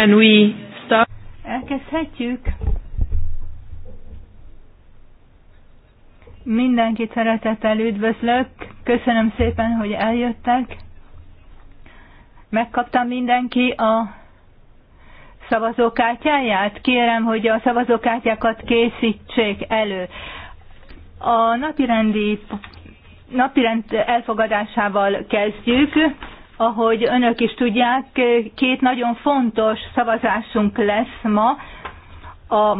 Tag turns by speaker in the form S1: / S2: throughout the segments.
S1: And we start? Elkezdhetjük. Mindenkit szeretettel üdvözlök. Köszönöm szépen, hogy eljöttek. Megkaptam mindenki a szavazókártyáját. Kérem, hogy a szavazókártyákat készítsék elő. A napirendi napirend elfogadásával kezdjük. Ahogy önök is tudják, két nagyon fontos szavazásunk lesz ma. A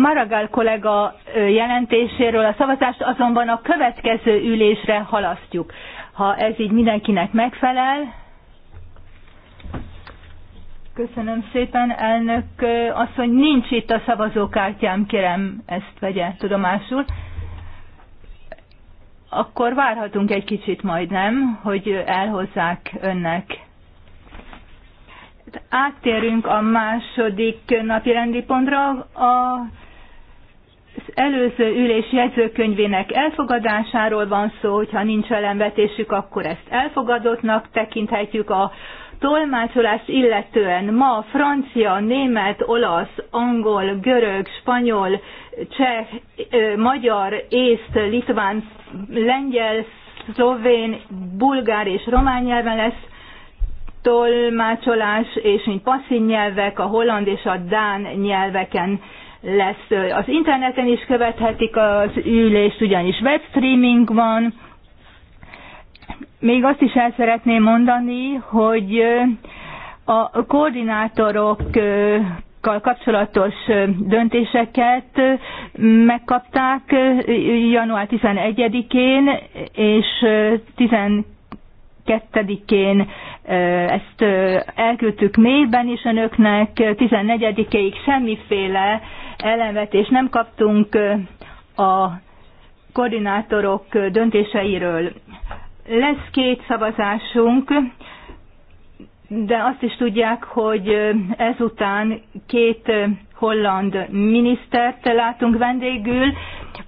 S1: Maragall kollega jelentéséről a szavazást azonban a következő ülésre halasztjuk. Ha ez így mindenkinek megfelel. Köszönöm szépen, elnök asszony, nincs itt a szavazókártyám, kérem ezt vegye tudomásul akkor várhatunk egy kicsit majdnem, hogy elhozzák önnek. Áttérünk a második napi rendi pontra, a az előző ülés jegyzőkönyvének elfogadásáról van szó, hogyha nincs ellenvetésük, akkor ezt elfogadottnak tekinthetjük a tolmácsolást illetően ma francia, német, olasz, angol, görög, spanyol, cseh, magyar, észt, litván, lengyel, szlovén, bulgár és román nyelven lesz tolmácsolás, és mint passzín nyelvek, a holland és a dán nyelveken lesz. Az interneten is követhetik az ülést, ugyanis webstreaming van. Még azt is el szeretném mondani, hogy a koordinátorok kal kapcsolatos döntéseket megkapták január 11-én és 12-én ezt elküldtük mélyben is önöknek, 14-ig semmiféle ellenvetést nem kaptunk a koordinátorok döntéseiről. Lesz két szavazásunk, de azt is tudják, hogy ezután két holland minisztert látunk vendégül,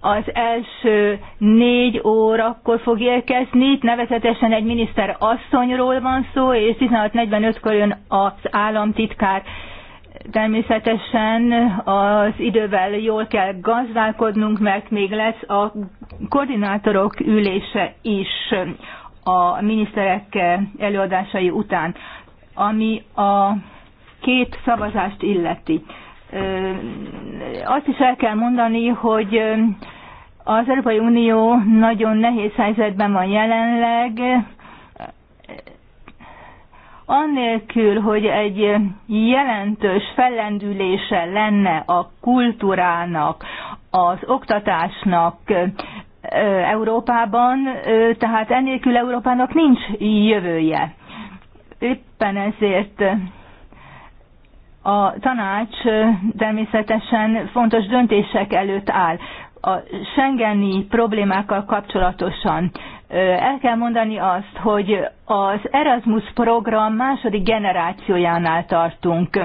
S1: az első négy órakor fog érkezni, nevezetesen egy miniszter asszonyról van szó, és 16.45-kor jön az államtitkár. Természetesen az idővel jól kell gazdálkodnunk, mert még lesz a koordinátorok ülése is a miniszterek előadásai után ami a két szavazást illeti. Azt is el kell mondani, hogy az Európai Unió nagyon nehéz helyzetben van jelenleg, annélkül, hogy egy jelentős fellendülése lenne a kultúrának, az oktatásnak Európában, tehát ennélkül Európának nincs jövője. Éppen ezért a tanács természetesen fontos döntések előtt áll. A Schengeni problémákkal kapcsolatosan el kell mondani azt, hogy az Erasmus program második generációjánál tartunk.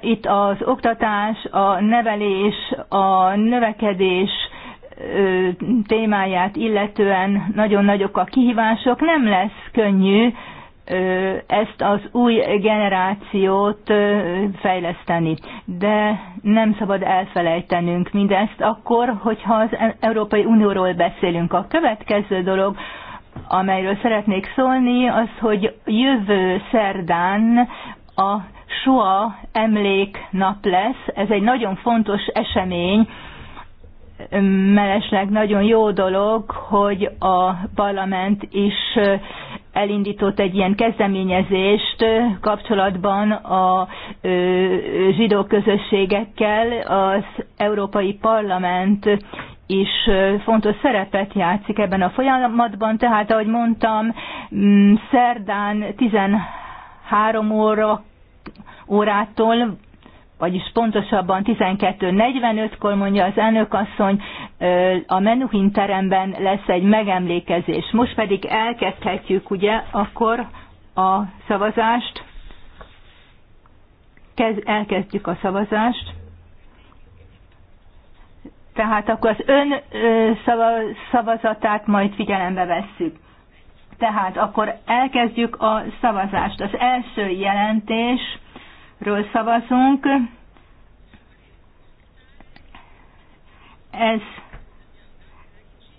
S1: Itt az oktatás, a nevelés, a növekedés, témáját illetően nagyon nagyok a kihívások, nem lesz könnyű ezt az új generációt fejleszteni. De nem szabad elfelejtenünk mindezt akkor, hogyha az e- Európai Unióról beszélünk. A következő dolog, amelyről szeretnék szólni, az, hogy jövő szerdán a Soa emléknap lesz. Ez egy nagyon fontos esemény mellesleg nagyon jó dolog, hogy a parlament is elindított egy ilyen kezdeményezést kapcsolatban a zsidó közösségekkel. Az Európai Parlament is fontos szerepet játszik ebben a folyamatban, tehát ahogy mondtam, mm, szerdán 13 óra órától vagyis pontosabban 12.45-kor mondja az elnökasszony, a Menuhin teremben lesz egy megemlékezés. Most pedig elkezdhetjük ugye akkor a szavazást. Kez, elkezdjük a szavazást. Tehát akkor az ön szavazatát majd figyelembe vesszük. Tehát akkor elkezdjük a szavazást. Az első jelentés ről szavazunk. Ez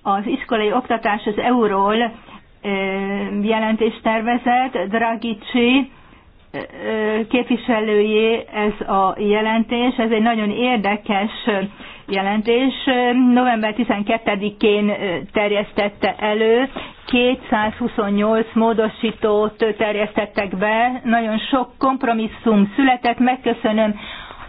S1: az iskolai oktatás az euról jelentéstervezet, Dragicsi képviselőjé ez a jelentés. Ez egy nagyon érdekes jelentés november 12-én terjesztette elő, 228 módosítót terjesztettek be, nagyon sok kompromisszum született, megköszönöm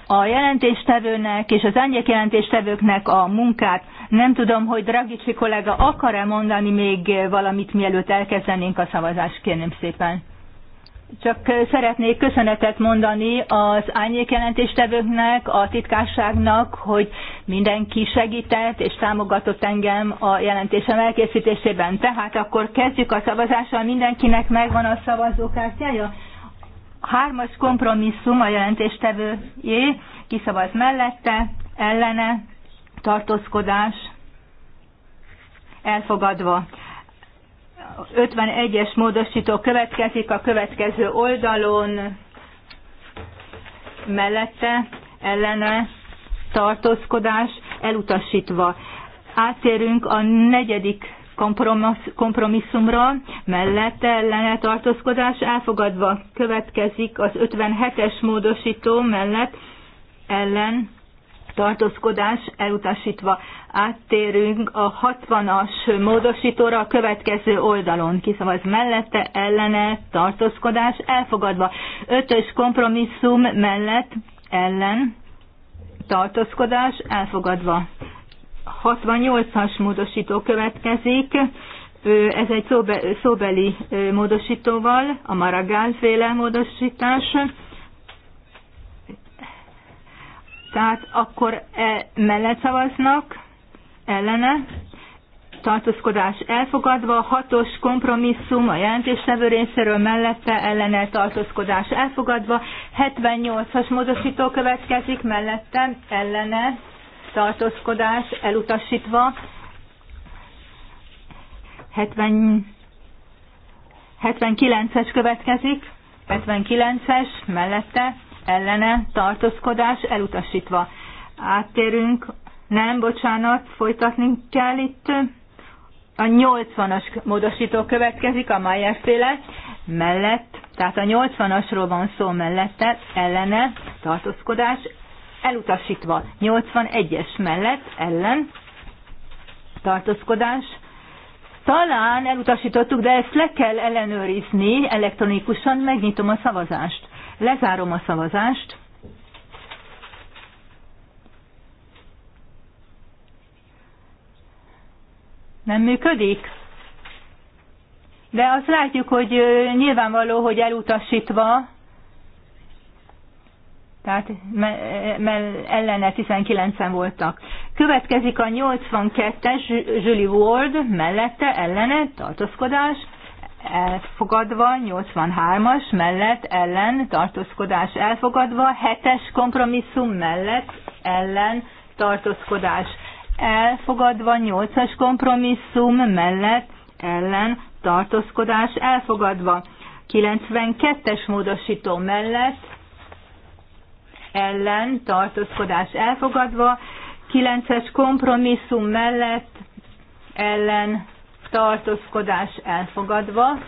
S1: a jelentéstevőnek és az ennyi jelentéstevőknek a munkát. Nem tudom, hogy Dragicsi kollega akar-e mondani még valamit, mielőtt elkezdenénk a szavazást, kérném szépen. Csak szeretnék köszönetet mondani az jelentéstevőknek, a titkárságnak, hogy mindenki segített és támogatott engem a jelentésem elkészítésében. Tehát akkor kezdjük a szavazással, mindenkinek megvan a szavazókártyája. Hármas kompromisszum a jelentéstevőjé, kiszavaz mellette, ellene, tartózkodás, elfogadva. 51-es módosító következik a következő oldalon, mellette ellene tartózkodás elutasítva. Átérünk a negyedik kompromisszumra, mellette ellene tartózkodás elfogadva. Következik az 57-es módosító mellett ellen tartózkodás elutasítva. Áttérünk a 60-as módosítóra a következő oldalon. Kiszavaz mellette, ellene, tartózkodás elfogadva. 5 kompromisszum mellett, ellen, tartózkodás elfogadva. 68-as módosító következik. Ez egy szóbeli módosítóval, a maragálféle féle módosítás tehát akkor e mellett szavaznak, ellene, tartózkodás elfogadva, hatos kompromisszum a jelentéstevő részéről mellette ellene tartózkodás elfogadva, 78-as módosító következik mellette ellene tartózkodás elutasítva, 70, 79-es következik, 79-es mellette ellene tartózkodás elutasítva. Áttérünk, nem, bocsánat, folytatni kell itt. A 80-as módosító következik, a Mayer-féle mellett, tehát a 80-asról van szó mellette, ellene tartózkodás elutasítva. 81-es mellett ellen tartózkodás talán elutasítottuk, de ezt le kell ellenőrizni elektronikusan, megnyitom a szavazást. Lezárom a szavazást. Nem működik? De azt látjuk, hogy nyilvánvaló, hogy elutasítva, tehát ellene 19-en voltak. Következik a 82-es Julie Ward, mellette ellene tartózkodás, elfogadva, 83-as mellett ellen tartózkodás elfogadva, 7-es kompromisszum mellett ellen tartózkodás elfogadva, 8-as kompromisszum mellett ellen tartózkodás elfogadva, 92-es módosító mellett ellen tartózkodás elfogadva, 9-es kompromisszum mellett ellen tartózkodás elfogadva.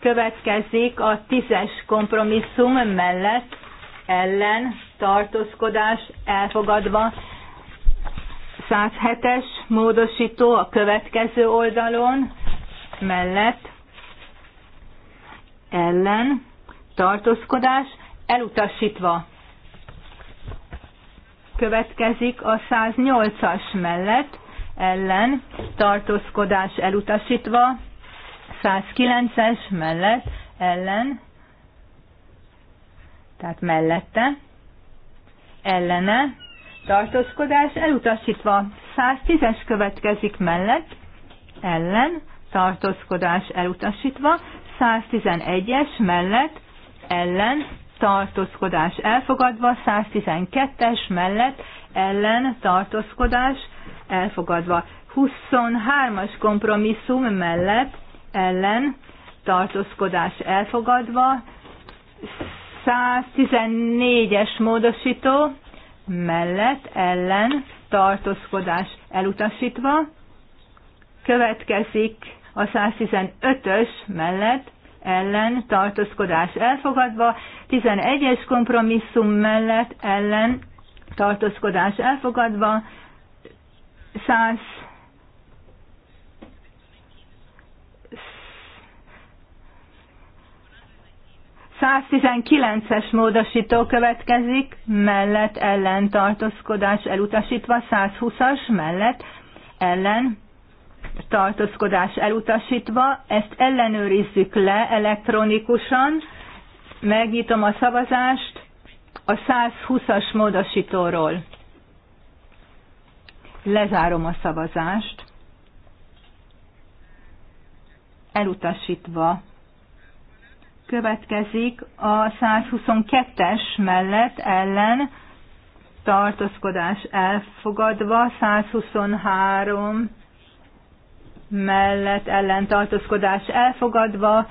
S1: Következik a tízes kompromisszum mellett ellen tartózkodás elfogadva. 107-es módosító a következő oldalon mellett ellen tartózkodás elutasítva. Következik a 108-as mellett ellen tartózkodás elutasítva, 109-es mellett ellen, tehát mellette, ellene, tartózkodás elutasítva, 110-es következik mellett, ellen, tartózkodás elutasítva, 111-es mellett, ellen, tartózkodás elfogadva, 112-es mellett, ellen, tartózkodás elfogadva. 23-as kompromisszum mellett ellen tartózkodás elfogadva, 114-es módosító mellett ellen tartózkodás elutasítva, következik a 115-ös mellett ellen tartózkodás elfogadva, 11-es kompromisszum mellett ellen tartózkodás elfogadva, Száz száz es módosító következik, mellett ellen tartózkodás elutasítva, száz húszas mellett ellen tartózkodás elutasítva. Ezt ellenőrizzük le elektronikusan. Megnyitom a szavazást a 120-as módosítóról. Lezárom a szavazást. Elutasítva. Következik a 122-es mellett ellen tartózkodás elfogadva, 123 mellett ellen tartózkodás elfogadva,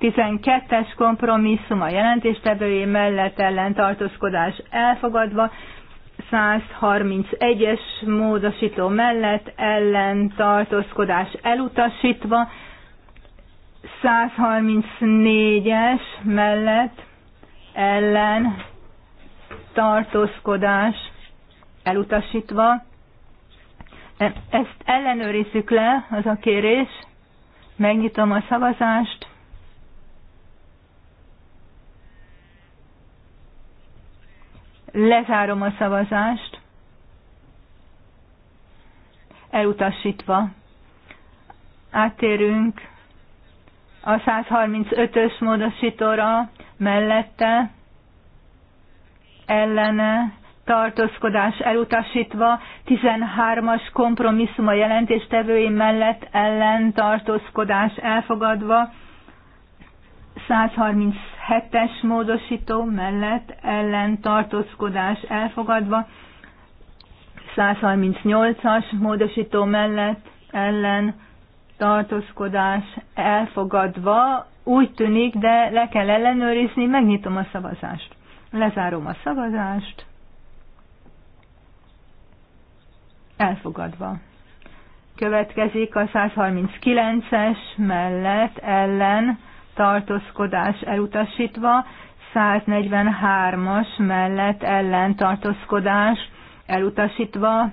S1: 12-es kompromisszum a jelentéstevői mellett ellen tartózkodás elfogadva, 131-es módosító mellett ellen tartózkodás elutasítva, 134-es mellett ellen tartózkodás elutasítva. Ezt ellenőrizzük le, az a kérés. Megnyitom a szavazást. Lezárom a szavazást. Elutasítva. Átérünk a 135-ös módosítóra mellette ellene tartózkodás elutasítva, 13-as kompromisszum a jelentéstevői mellett ellen tartózkodás elfogadva, hetes módosító mellett ellen tartózkodás elfogadva, 138-as módosító mellett ellen tartózkodás elfogadva, úgy tűnik, de le kell ellenőrizni, megnyitom a szavazást. Lezárom a szavazást. Elfogadva. Következik a 139-es mellett ellen tartózkodás elutasítva, 143-as mellett ellen tartózkodás elutasítva,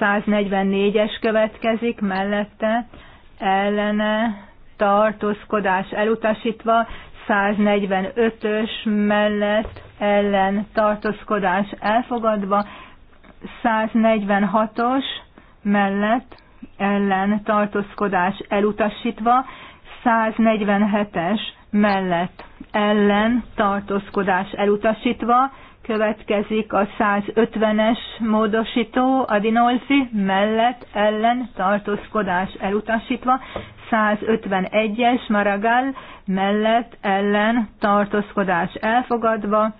S1: 144-es következik mellette, ellene tartózkodás elutasítva, 145-ös mellett ellen tartózkodás elfogadva, 146-os mellett ellen tartózkodás elutasítva, 147-es mellett ellen tartózkodás elutasítva, következik a 150-es módosító, adinolfi mellett ellen tartózkodás elutasítva, 151-es Maragall mellett ellen tartózkodás elfogadva,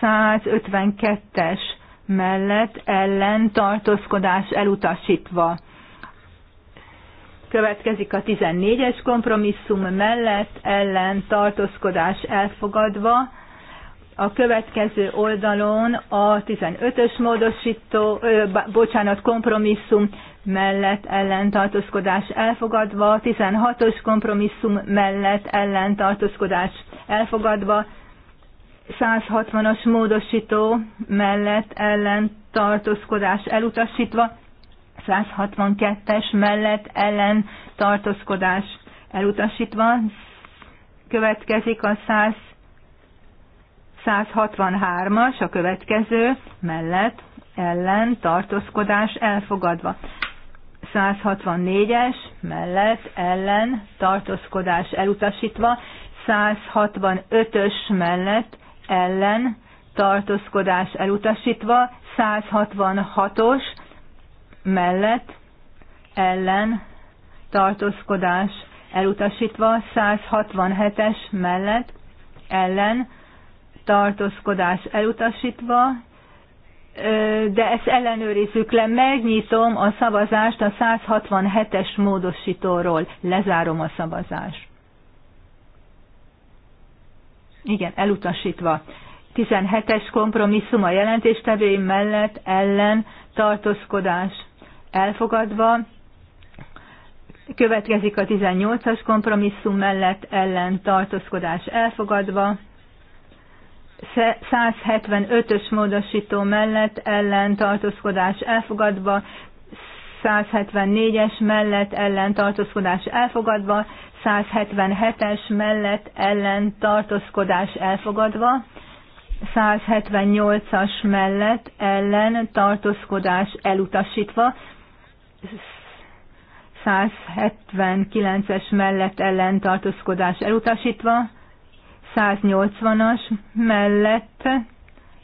S1: 152-es mellett ellen tartózkodás elutasítva. Következik a 14-es kompromisszum mellett ellen tartózkodás elfogadva. A következő oldalon a 15-ös módosító, ö, bocsánat, kompromisszum mellett ellentartózkodás elfogadva, 16-os kompromisszum mellett ellentartózkodás elfogadva, 160-as módosító mellett ellentartózkodás elutasítva, 162-es mellett ellen tartózkodás elutasítva. Következik a 100 163-as a következő mellett ellen tartózkodás elfogadva. 164-es mellett ellen tartózkodás elutasítva, 165-ös mellett ellen tartózkodás elutasítva, 166-os mellett ellen tartózkodás elutasítva, 167-es mellett ellen tartózkodás elutasítva, de ezt ellenőrizzük le, megnyitom a szavazást a 167-es módosítóról, lezárom a szavazást. Igen, elutasítva. 17-es kompromisszum a jelentéstevői mellett ellen tartózkodás elfogadva, következik a 18-as kompromisszum mellett ellen tartózkodás elfogadva, 175-ös módosító mellett ellen tartózkodás elfogadva, 174-es mellett ellen tartózkodás elfogadva, 177-es mellett ellen tartózkodás elfogadva, 178-as mellett ellen tartózkodás elutasítva, 179-es mellett ellen tartózkodás elutasítva, 180-as mellett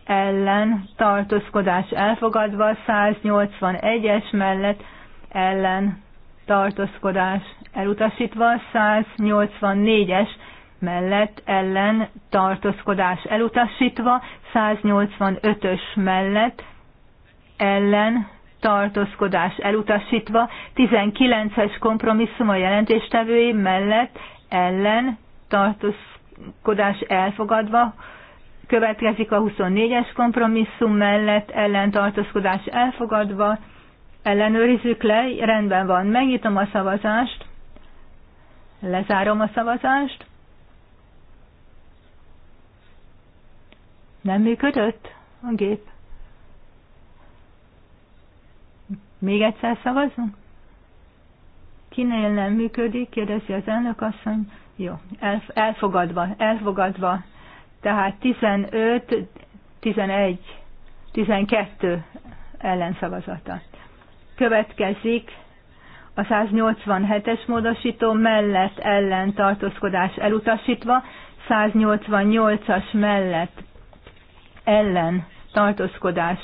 S1: ellen tartózkodás elfogadva, 181-es mellett ellen tartózkodás elutasítva, 184-es mellett ellen tartózkodás elutasítva, 185-ös mellett ellen tartózkodás elutasítva, 19-es kompromisszum a jelentéstevői mellett ellen tartózkodás elfogadva, következik a 24-es kompromisszum mellett ellen tartózkodás elfogadva, ellenőrizzük le, rendben van, megnyitom a szavazást, lezárom a szavazást, nem működött a gép. Még egyszer szavazunk? Kinél nem működik? Kérdezi az elnök asszony. Jó, elfogadva, elfogadva. Tehát 15, 11, 12 ellenszavazata. Következik a 187-es módosító mellett ellen tartózkodás elutasítva, 188-as mellett ellen tartózkodás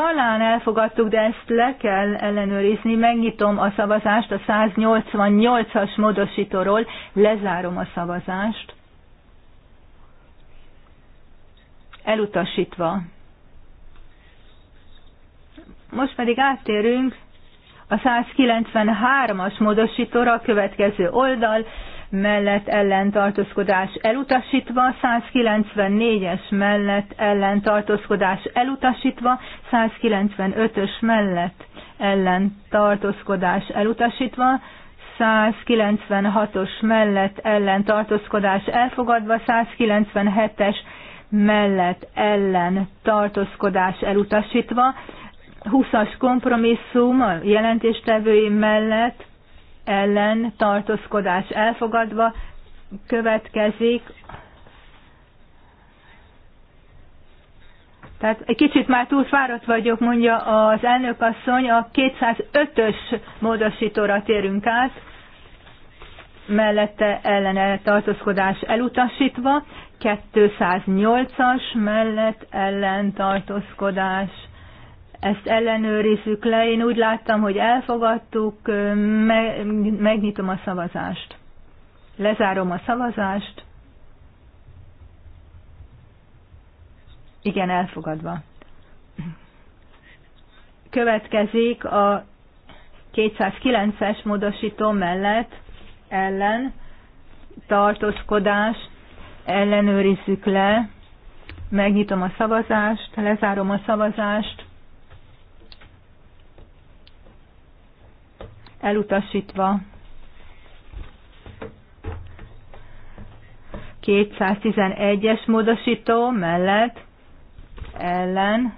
S1: talán elfogadtuk, de ezt le kell ellenőrizni. Megnyitom a szavazást a 188-as módosítóról, lezárom a szavazást. Elutasítva. Most pedig áttérünk a 193-as módosítóra a következő oldal mellett ellentartózkodás elutasítva, 194-es mellett ellentartózkodás elutasítva, 195-ös mellett ellentartózkodás elutasítva, 196-os mellett ellentartózkodás elfogadva, 197-es mellett ellen elutasítva, 20-as kompromisszum a jelentéstevői mellett ellen tartózkodás elfogadva, következik. Tehát egy kicsit már túl fáradt vagyok, mondja az elnökasszony, a 205-ös módosítóra térünk át, mellette ellene tartózkodás elutasítva, 208-as mellett ellen tartózkodás ezt ellenőrizzük le. Én úgy láttam, hogy elfogadtuk, megnyitom a szavazást. Lezárom a szavazást. Igen, elfogadva. Következik a 209-es módosító mellett ellen tartózkodás, ellenőrizzük le, megnyitom a szavazást, lezárom a szavazást, elutasítva. 211-es módosító mellett ellen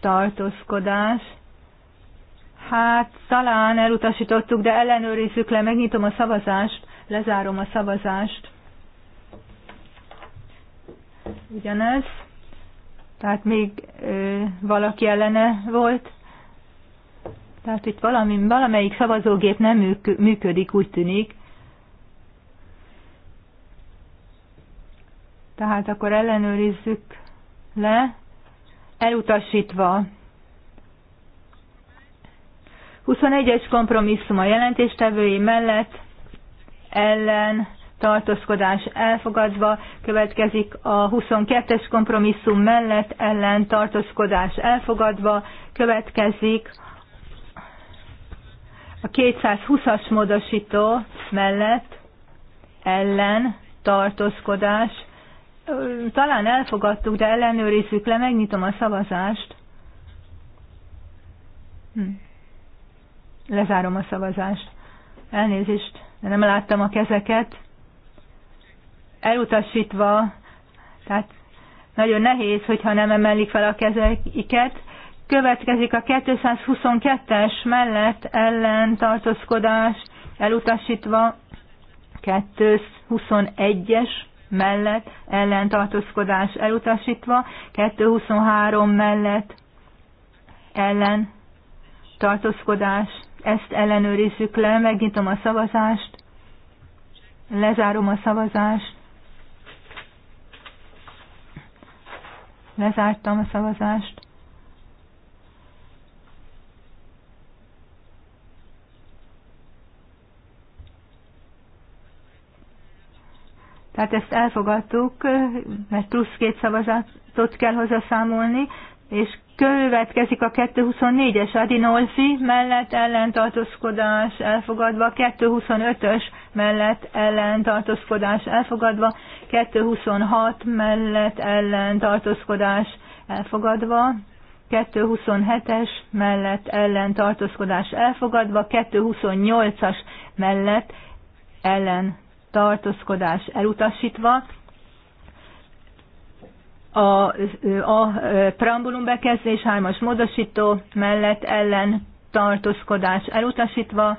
S1: tartózkodás. Hát talán elutasítottuk, de ellenőrizzük le, megnyitom a szavazást, lezárom a szavazást. Ugyanez. Tehát még ö, valaki ellene volt. Tehát itt valami, valamelyik szavazógép nem működik, úgy tűnik. Tehát akkor ellenőrizzük le, elutasítva. 21-es kompromisszum a jelentéstevői mellett, ellen, tartózkodás elfogadva, következik a 22-es kompromisszum mellett, ellen, tartózkodás elfogadva, következik a 220-as módosító mellett ellen tartózkodás. Talán elfogadtuk, de ellenőrizzük le, megnyitom a szavazást. Hm. Lezárom a szavazást. Elnézést, de nem láttam a kezeket. Elutasítva, tehát nagyon nehéz, hogyha nem emelik fel a kezeiket. Következik a 222-es mellett ellen tartózkodás elutasítva, 221-es mellett ellen tartózkodás elutasítva, 223 mellett ellen tartózkodás. Ezt ellenőrizzük le, megnyitom a szavazást, lezárom a szavazást, lezártam a szavazást. Tehát ezt elfogadtuk, mert plusz két szavazatot kell hozzászámolni, és következik a 224-es Adinolfi mellett ellentartózkodás elfogadva, 225-ös mellett ellentartózkodás elfogadva, 226 mellett ellentartózkodás elfogadva, 227-es mellett ellentartózkodás elfogadva, 228-as mellett ellen tartózkodás elutasítva, a, a preambulum bekezdés hármas módosító mellett ellen tartózkodás elutasítva,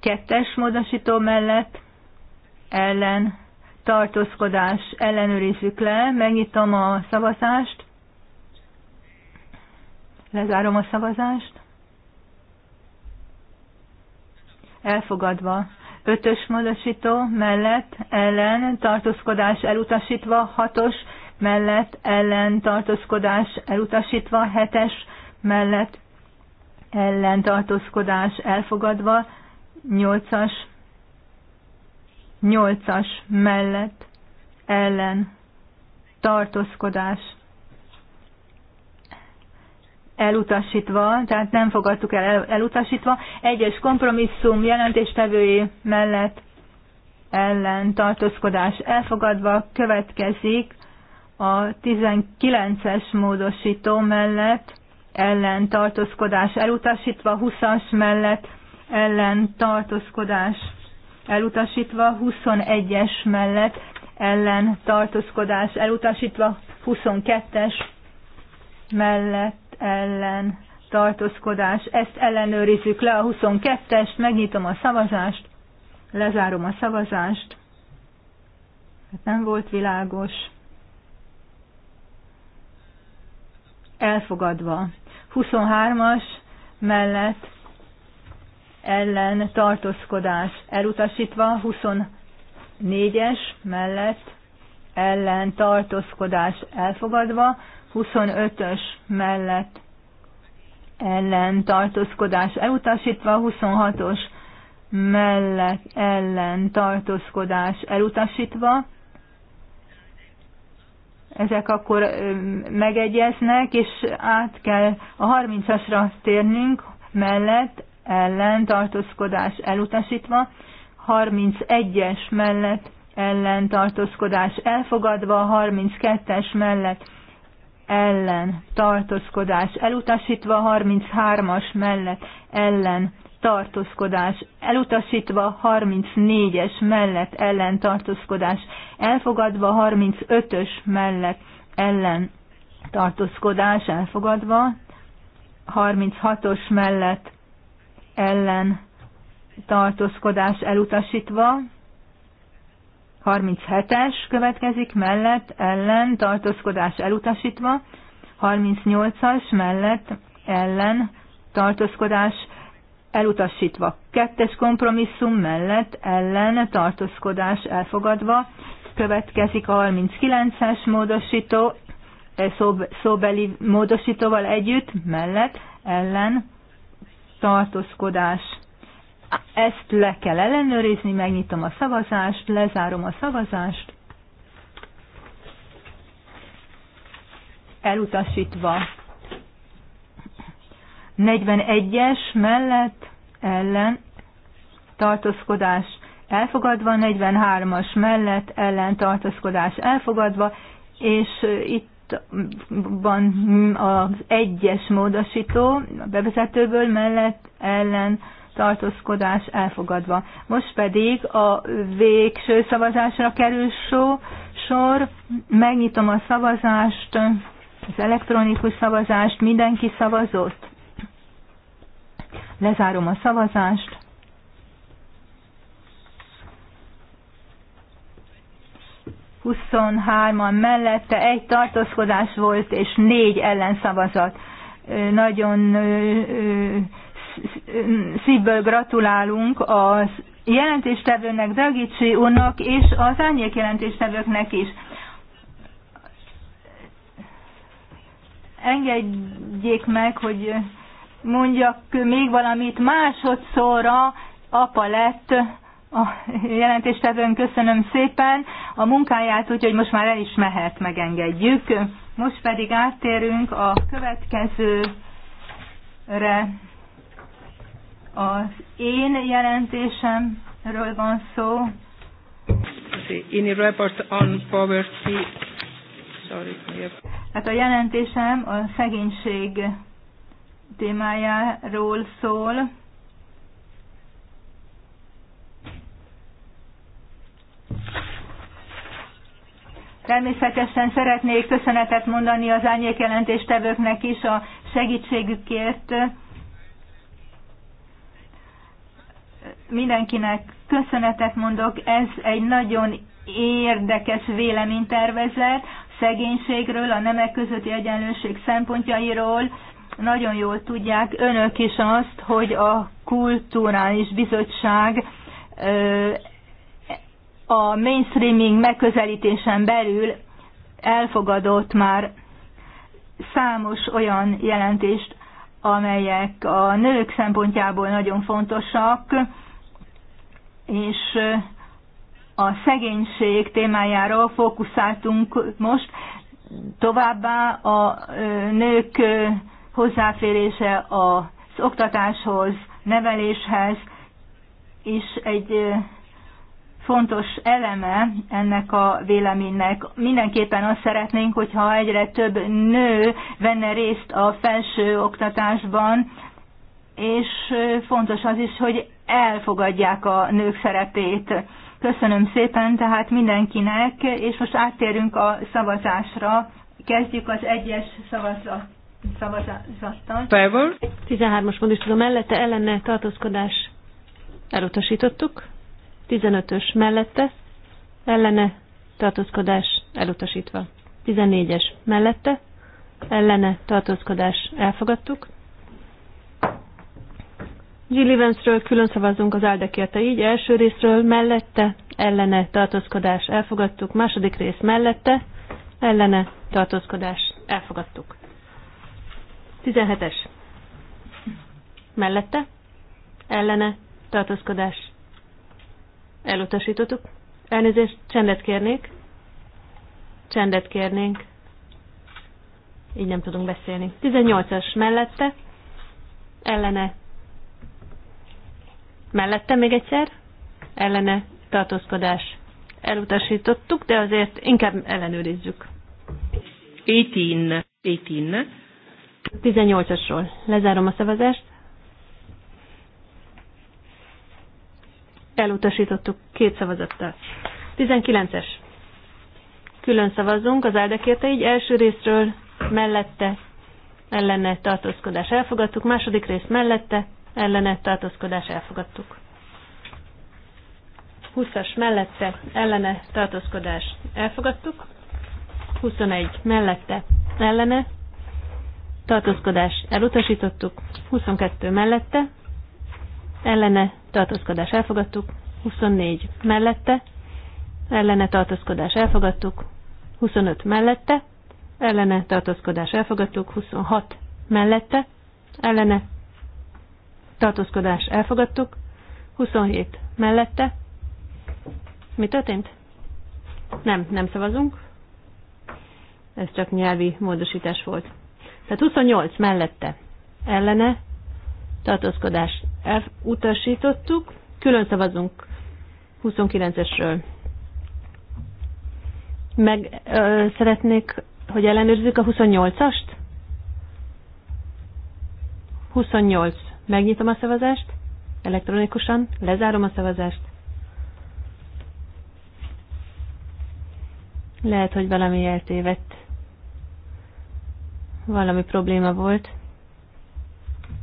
S1: kettes módosító mellett ellen tartózkodás ellenőrizzük le, megnyitom a szavazást, lezárom a szavazást, elfogadva ötös módosító mellett ellen tartózkodás elutasítva, hatos mellett ellen tartózkodás elutasítva, hetes mellett ellen tartózkodás elfogadva, nyolcas, nyolcas mellett ellen tartózkodás elutasítva, tehát nem fogadtuk el elutasítva, egyes kompromisszum jelentéstevői mellett ellen tartózkodás elfogadva következik a 19-es módosító mellett ellen tartózkodás elutasítva, 20-as mellett ellen tartózkodás elutasítva, 21-es mellett ellen tartózkodás elutasítva, 22-es mellett ellen tartózkodás, ezt ellenőrizzük le a 22-est, megnyitom a szavazást, lezárom a szavazást, hát nem volt világos. Elfogadva. 23-as mellett ellen tartózkodás elutasítva, 24-es mellett ellen tartózkodás elfogadva, 25-ös mellett ellen tartózkodás elutasítva, 26-os mellett ellen tartózkodás elutasítva. Ezek akkor megegyeznek, és át kell a 30-asra térnünk mellett ellen tartózkodás elutasítva, 31-es mellett ellen tartózkodás elfogadva, 32-es mellett ellen tartózkodás elutasítva, 33-as mellett ellen tartózkodás elutasítva, 34-es mellett ellen tartózkodás elfogadva, 35-ös mellett ellen tartózkodás elfogadva, 36-os mellett ellen tartózkodás elutasítva, 37-es következik mellett, ellen, tartózkodás elutasítva. 38-as mellett, ellen, tartózkodás elutasítva. Kettes kompromisszum mellett, ellen, tartózkodás elfogadva. Következik a 39-es módosító, eh, szóbeli módosítóval együtt, mellett, ellen, tartózkodás ezt le kell ellenőrizni, megnyitom a szavazást, lezárom a szavazást. Elutasítva 41-es mellett ellen tartózkodás elfogadva, 43-as mellett ellen tartózkodás elfogadva, és itt van az egyes módosító a bevezetőből mellett ellen tartózkodás elfogadva. Most pedig a végső szavazásra kerül sor. Megnyitom a szavazást, az elektronikus szavazást. Mindenki szavazott? Lezárom a szavazást. 23-an mellette egy tartózkodás volt, és négy ellenszavazat. Nagyon szívből gratulálunk az jelentéstevőnek, Dragicsi úrnak és az árnyék jelentéstevőknek is. Engedjék meg, hogy mondjak még valamit másodszorra, apa lett a jelentéstevőn, köszönöm szépen a munkáját, úgyhogy most már el is mehet, megengedjük. Most pedig áttérünk a következőre. Az én jelentésemről van szó.
S2: In report on poverty. Sorry.
S1: Hát a jelentésem a szegénység témájáról szól. Természetesen szeretnék köszönetet mondani az jelentéstevőknek is a segítségükért mindenkinek köszönetet mondok, ez egy nagyon érdekes véleménytervezet szegénységről, a nemek közötti egyenlőség szempontjairól. Nagyon jól tudják önök is azt, hogy a Kulturális Bizottság a mainstreaming megközelítésen belül elfogadott már számos olyan jelentést, amelyek a nők szempontjából nagyon fontosak, és a szegénység témájáról fókuszáltunk most, továbbá a nők hozzáférése az oktatáshoz, neveléshez és egy fontos eleme ennek a véleménynek. Mindenképpen azt szeretnénk, hogyha egyre több nő venne részt a felső oktatásban, és fontos az is, hogy elfogadják a nők szerepét. Köszönöm szépen tehát mindenkinek, és most áttérünk a szavazásra. Kezdjük az egyes szavazat, szavazattal.
S2: Favor.
S3: 13-as tudom, mellette ellenne tartózkodás elutasítottuk. 15-ös mellette ellene tartózkodás elutasítva. 14-es mellette ellene tartózkodás elfogadtuk. Jill Evansről külön szavazunk az áldekérte így. Első részről mellette, ellene tartózkodás elfogadtuk. Második rész mellette, ellene tartózkodás elfogadtuk. 17-es. Mellette, ellene tartózkodás elutasítottuk. Elnézést, csendet kérnék. Csendet kérnénk. Így nem tudunk beszélni. 18-as mellette, ellene Mellette még egyszer? Ellene tartózkodás. Elutasítottuk, de azért inkább ellenőrizzük.
S2: 18. 18.
S3: 18-asról. Lezárom a szavazást. Elutasítottuk két szavazattal. 19-es. Külön szavazzunk az áldekérte, így első részről mellette ellene tartózkodás elfogadtuk, második rész mellette ellene tartózkodás elfogadtuk. 20-as mellette ellene tartózkodás elfogadtuk. 21 mellette ellene tartózkodás elutasítottuk. 22 mellette ellene tartózkodás elfogadtuk. 24 mellette ellene tartózkodás elfogadtuk. 25 mellette ellene tartózkodás elfogadtuk. 26 mellette ellene tartózkodás elfogadtuk, 27 mellette. Mi történt? Nem, nem szavazunk. Ez csak nyelvi módosítás volt. Tehát 28 mellette ellene tartózkodás elutasítottuk. Külön szavazunk 29-esről. Meg ö, szeretnék, hogy ellenőrzzük a 28-ast? 28. Megnyitom a szavazást, elektronikusan, lezárom a szavazást. Lehet, hogy valami eltévedt. Valami probléma volt.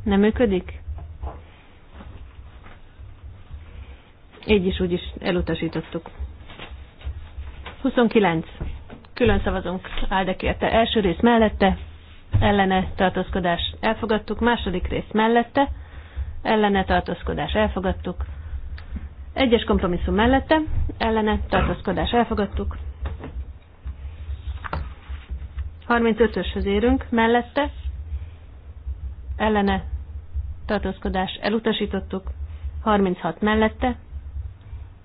S3: Nem működik? Így is úgy is elutasítottuk. 29. Külön szavazunk áldekérte első rész mellette, ellene tartózkodás elfogadtuk, második rész mellette, ellene tartózkodás elfogadtuk, egyes kompromisszum mellette, ellene tartózkodás elfogadtuk, 35-öshöz érünk, mellette, ellene tartózkodás elutasítottuk, 36 mellette,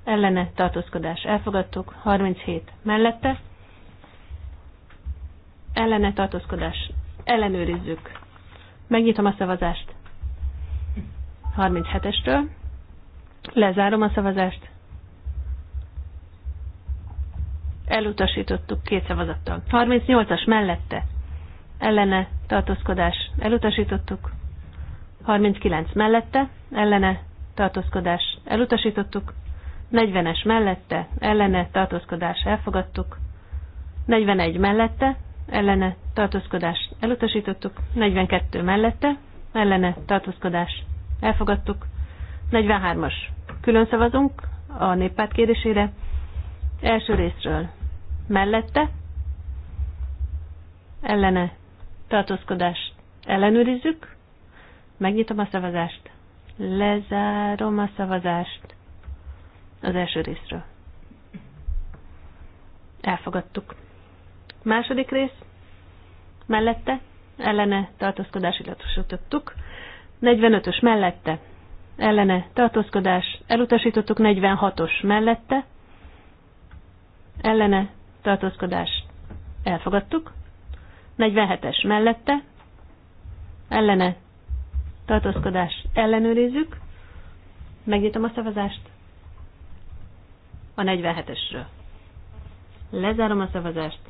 S3: ellene tartózkodás elfogadtuk, 37 mellette, ellene tartózkodás Ellenőrizzük. Megnyitom a szavazást. 37-estől. Lezárom a szavazást. Elutasítottuk két szavazattal. 38-as mellette. Ellene tartózkodás. Elutasítottuk. 39 mellette. Ellene tartózkodás. Elutasítottuk. 40-es mellette. Ellene tartózkodás. Elfogadtuk. 41 mellette ellene tartózkodás elutasítottuk, 42 mellette ellene tartózkodás elfogadtuk, 43-as külön szavazunk a néppárt kérésére, első részről mellette ellene tartózkodást ellenőrizzük, megnyitom a szavazást, lezárom a szavazást az első részről. Elfogadtuk. Második rész, mellette, ellene tartózkodás elutasítottuk. 45-ös mellette, ellene tartózkodás elutasítottuk. 46-os mellette, ellene tartózkodás elfogadtuk. 47-es mellette, ellene tartózkodás ellenőrizzük. Megnyitom a szavazást a 47-esről. Lezárom a szavazást.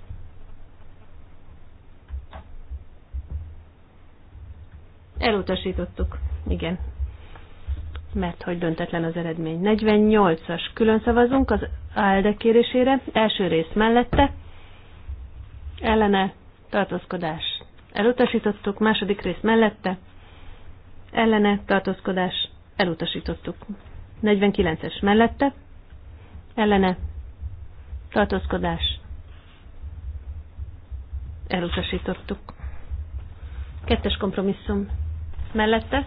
S3: Elutasítottuk. Igen. Mert hogy döntetlen az eredmény. 48-as. Külön szavazunk az ALDE kérésére. Első rész mellette. Ellene tartózkodás. Elutasítottuk. Második rész mellette. Ellene tartózkodás. Elutasítottuk. 49-es mellette. Ellene tartózkodás. Elutasítottuk. Kettes kompromisszum mellette,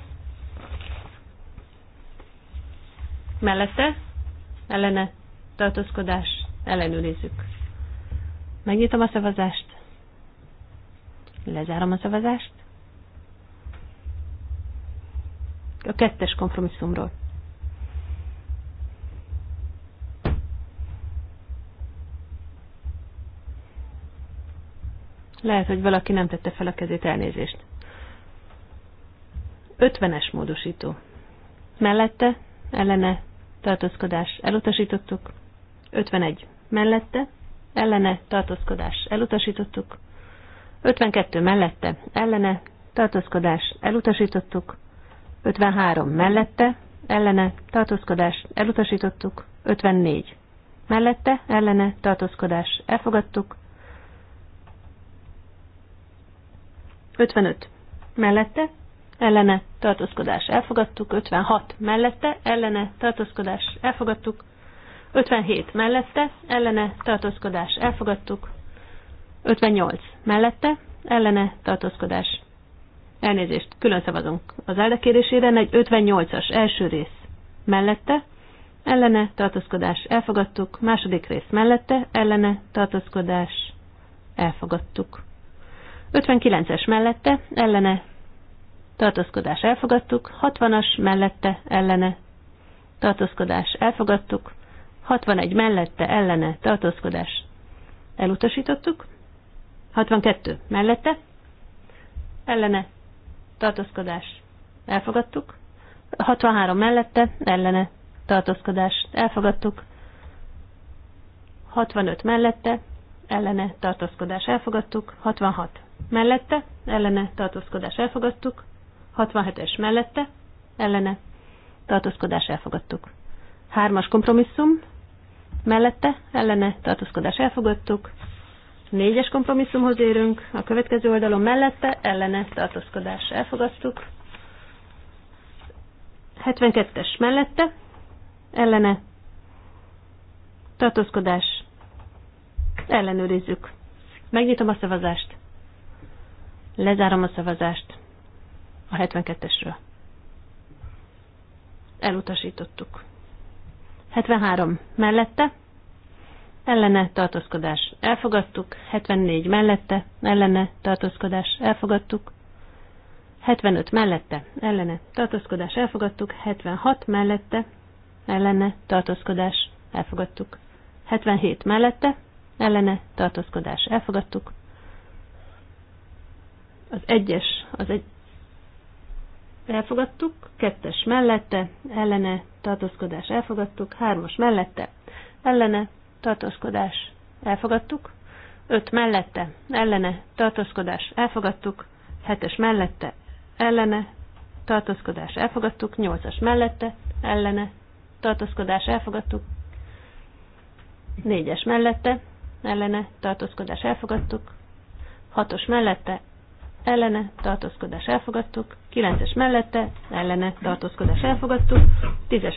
S3: mellette, ellene, tartózkodás, ellenőrizzük. Megnyitom a szavazást. Lezárom a szavazást. A kettes kompromisszumról. Lehet, hogy valaki nem tette fel a kezét elnézést. 50-es módosító. Mellette, ellene, tartózkodás elutasítottuk. 51. Mellette, ellene, tartózkodás elutasítottuk. 52. Mellette, ellene, tartózkodás elutasítottuk. 53. Mellette, ellene, tartózkodás elutasítottuk. 54. Mellette, ellene, tartózkodás elfogadtuk. 55. Mellette, ellene tartózkodás elfogadtuk, 56 mellette ellene tartózkodás elfogadtuk, 57 mellette ellene tartózkodás elfogadtuk, 58 mellette ellene tartózkodás. Elnézést, külön szavazunk az eldekérésére, egy 58-as első rész mellette ellene tartózkodás elfogadtuk, második rész mellette ellene tartózkodás elfogadtuk. 59-es mellette ellene tartózkodás elfogadtuk, 60-as mellette ellene tartózkodás elfogadtuk, 61 mellette ellene tartózkodás elutasítottuk, 62 mellette ellene tartózkodás elfogadtuk, 63 mellette ellene tartózkodás elfogadtuk, 65 mellette ellene tartózkodás elfogadtuk, 66 mellette ellene tartózkodás elfogadtuk, 67-es mellette, ellene, tartózkodás elfogadtuk. 3-as kompromisszum, mellette, ellene, tartózkodás elfogadtuk. 4-es kompromisszumhoz érünk, a következő oldalon mellette, ellene, tartózkodás elfogadtuk. 72-es mellette, ellene, tartózkodás, ellenőrizzük. Megnyitom a szavazást. Lezárom a szavazást a 72-esről. Elutasítottuk. 73 mellette, ellene tartózkodás elfogadtuk, 74 mellette, ellene tartózkodás elfogadtuk, 75 mellette, ellene tartózkodás elfogadtuk, 76 mellette, ellene tartózkodás elfogadtuk, 77 mellette, ellene tartózkodás elfogadtuk, az egyes, az egy elfogadtuk, kettes mellette, ellene, tartózkodás, elfogadtuk, hármas mellette, ellene, tartózkodás, elfogadtuk, öt mellette, ellene, tartózkodás, elfogadtuk, hetes mellette, ellene, tartózkodás, elfogadtuk, nyolcas mellette, ellene, tartózkodás, elfogadtuk, négyes mellette, ellene, tartózkodás, elfogadtuk, hatos mellette, ellene tartózkodás elfogadtuk, 9-es mellette ellene tartózkodás elfogadtuk, 10-es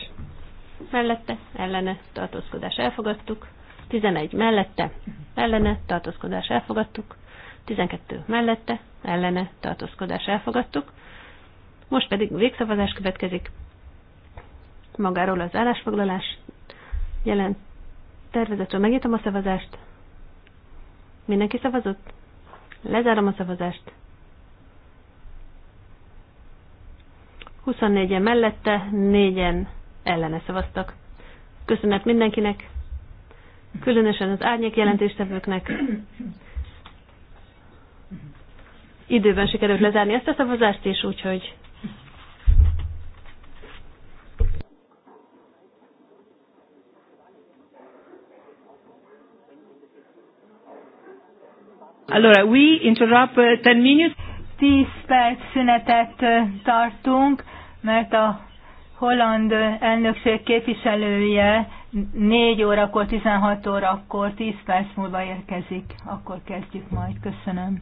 S3: mellette ellene tartózkodás elfogadtuk, 11 mellette ellene tartózkodás elfogadtuk, 12 mellette ellene tartózkodás elfogadtuk. Most pedig végszavazás következik magáról az állásfoglalás jelent tervezetről. Megnyitom a szavazást. Mindenki szavazott? Lezárom a szavazást. 24-en mellette, 4-en ellene szavaztak. Köszönet mindenkinek, különösen az árnyék jelentéstevőknek. Időben sikerült lezárni ezt a szavazást is, úgyhogy
S1: Allora, we interrupt 10 uh, minutes. 10 perc szünetet tartunk, mert a holland elnökség képviselője 4 órakor, 16 órakor, 10 perc múlva érkezik. Akkor kezdjük majd. Köszönöm.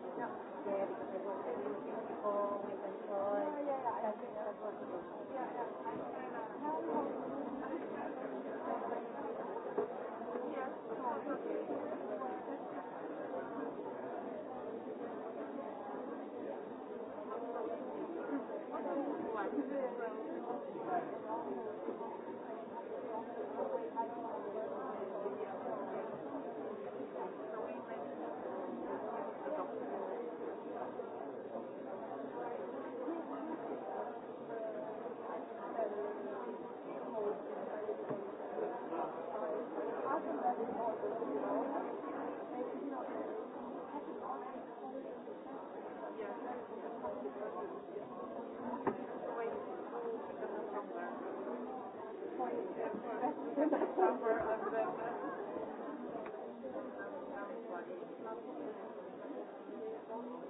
S4: Thank you.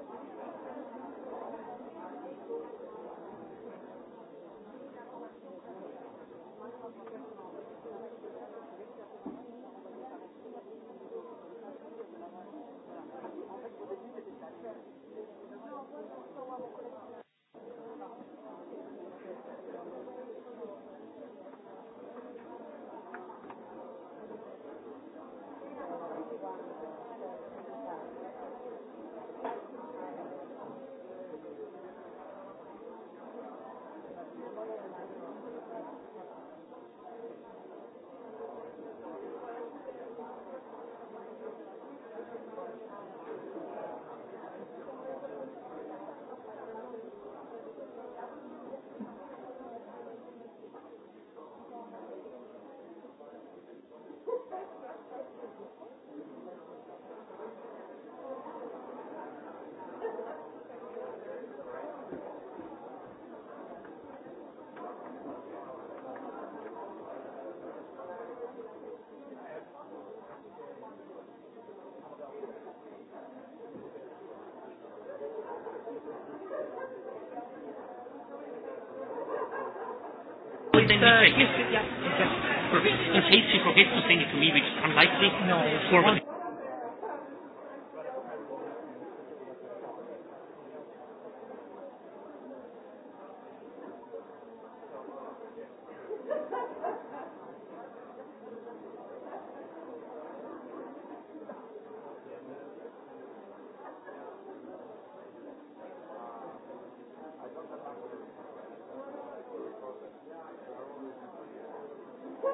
S4: it then uh, yes, yeah, yeah. Perfect. In case you forget to send it to me, which is unlikely. No. Formal.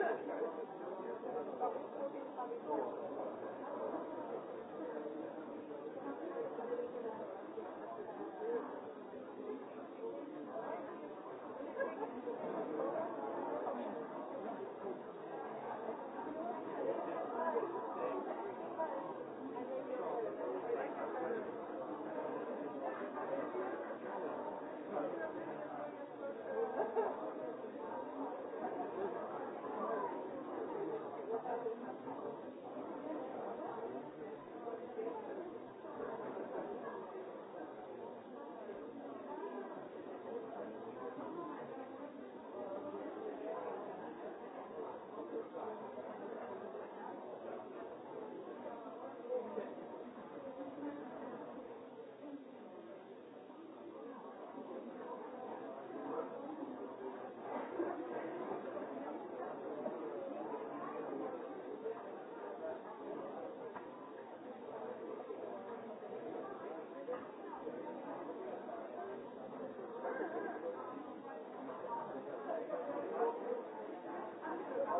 S4: Thank you.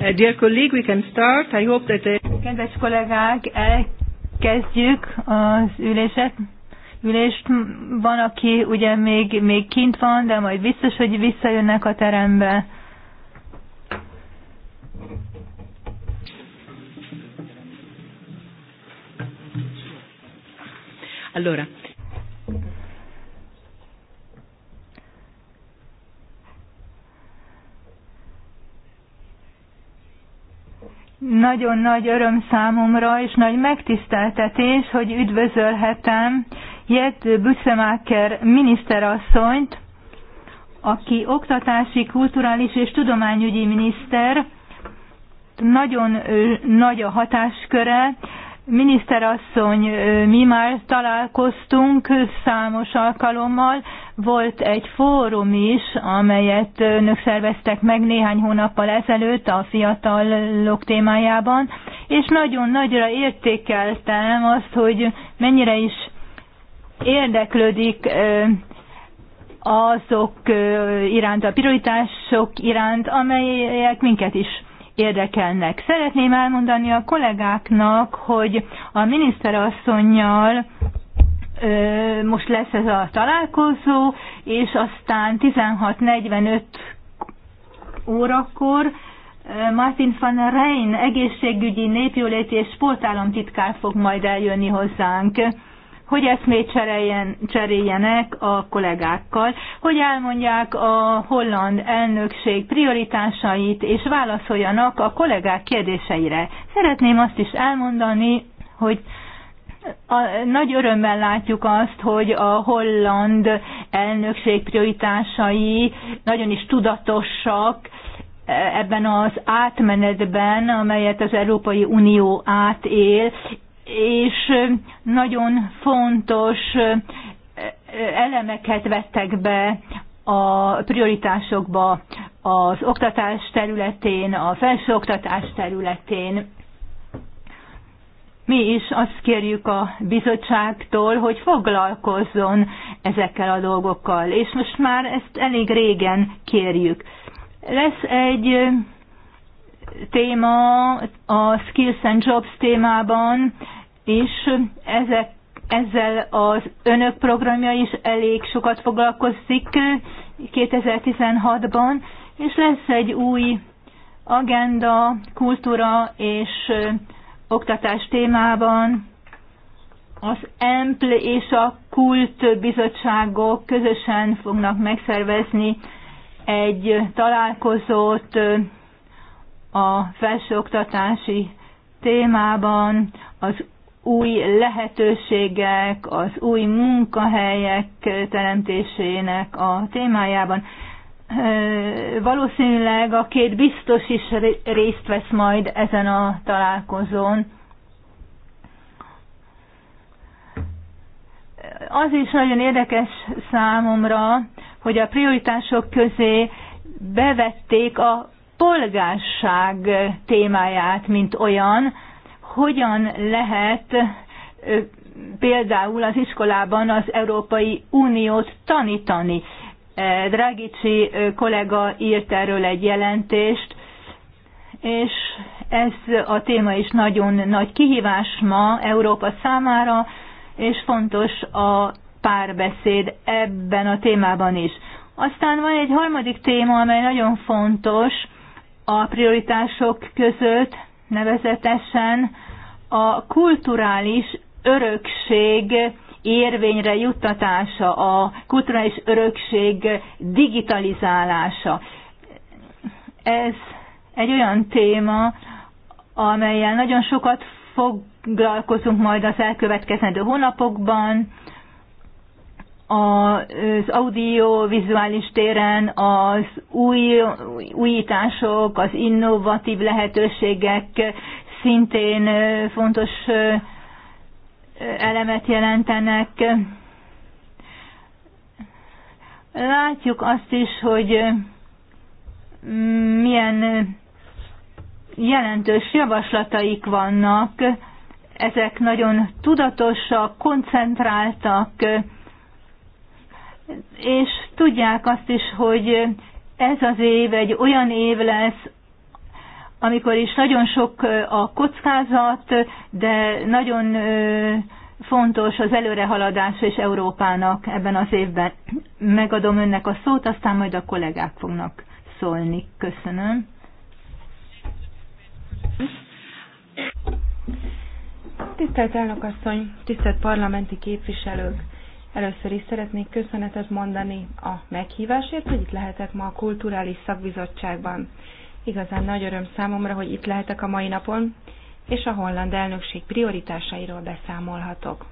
S2: Uh, dear colleague, we can start. I
S1: hope that they... Uh, Kedves kollégák, elkezdjük az üléset. Ülést van, aki ugye még, még kint van, de majd biztos, hogy visszajönnek a terembe. Allora, Nagyon nagy öröm számomra, és nagy megtiszteltetés, hogy üdvözölhetem Jett Büszemáker miniszterasszonyt, aki oktatási, kulturális és tudományügyi miniszter, nagyon nagy a hatásköre. Miniszterasszony, mi már találkoztunk számos alkalommal, volt egy fórum is, amelyet önök szerveztek meg néhány hónappal ezelőtt a fiatalok témájában, és nagyon nagyra értékeltem azt, hogy mennyire is érdeklődik azok iránt, a prioritások iránt, amelyek minket is érdekelnek. Szeretném elmondani a kollégáknak, hogy a miniszterasszonynal most lesz ez a találkozó, és aztán 16.45 órakor Martin van Rein egészségügyi, népjóléti és sportállamtitkár fog majd eljönni hozzánk hogy eszmét cseréljen, cseréljenek a kollégákkal, hogy elmondják a holland elnökség prioritásait, és válaszoljanak a kollégák kérdéseire. Szeretném azt is elmondani, hogy a, nagy örömmel látjuk azt, hogy a holland elnökség prioritásai nagyon is tudatosak e, ebben az átmenetben, amelyet az Európai Unió átél, és nagyon fontos e, elemeket vettek be a prioritásokba az oktatás területén, a felsőoktatás területén mi is azt kérjük a bizottságtól, hogy foglalkozzon ezekkel a dolgokkal, és most már ezt elég régen kérjük. Lesz egy téma a Skills and Jobs témában, és ezek, ezzel az önök programja is elég sokat foglalkozik 2016-ban, és lesz egy új agenda, kultúra és oktatás témában az EMPL és a KULT bizottságok közösen fognak megszervezni egy találkozót a felsőoktatási témában, az új lehetőségek, az új munkahelyek teremtésének a témájában valószínűleg a két biztos is részt vesz majd ezen a találkozón. Az is nagyon érdekes számomra, hogy a prioritások közé bevették a polgárság témáját, mint olyan, hogyan lehet például az iskolában az Európai Uniót tanítani. Dragici kollega írt erről egy jelentést, és ez a téma is nagyon nagy kihívás ma Európa számára, és fontos a párbeszéd ebben a témában is. Aztán van egy harmadik téma, amely nagyon fontos a prioritások között, nevezetesen a kulturális örökség érvényre juttatása, a kulturális örökség digitalizálása. Ez egy olyan téma, amelyel nagyon sokat foglalkozunk majd az elkövetkezendő hónapokban, az audiovizuális téren az új, újítások, az innovatív lehetőségek szintén fontos elemet jelentenek. Látjuk azt is, hogy milyen jelentős javaslataik vannak, ezek nagyon tudatosak, koncentráltak, és tudják azt is, hogy ez az év egy olyan év lesz, amikor is nagyon sok a kockázat, de nagyon fontos az előrehaladás és Európának ebben az évben. Megadom önnek a szót, aztán majd a kollégák fognak
S2: szólni. Köszönöm. Tisztelt elnökasszony, tisztelt parlamenti képviselők! Először is szeretnék köszönetet mondani a meghívásért, hogy itt lehetek ma a Kulturális Szakbizottságban. Igazán nagy öröm számomra, hogy itt lehetek a mai napon, és a holland elnökség prioritásairól beszámolhatok.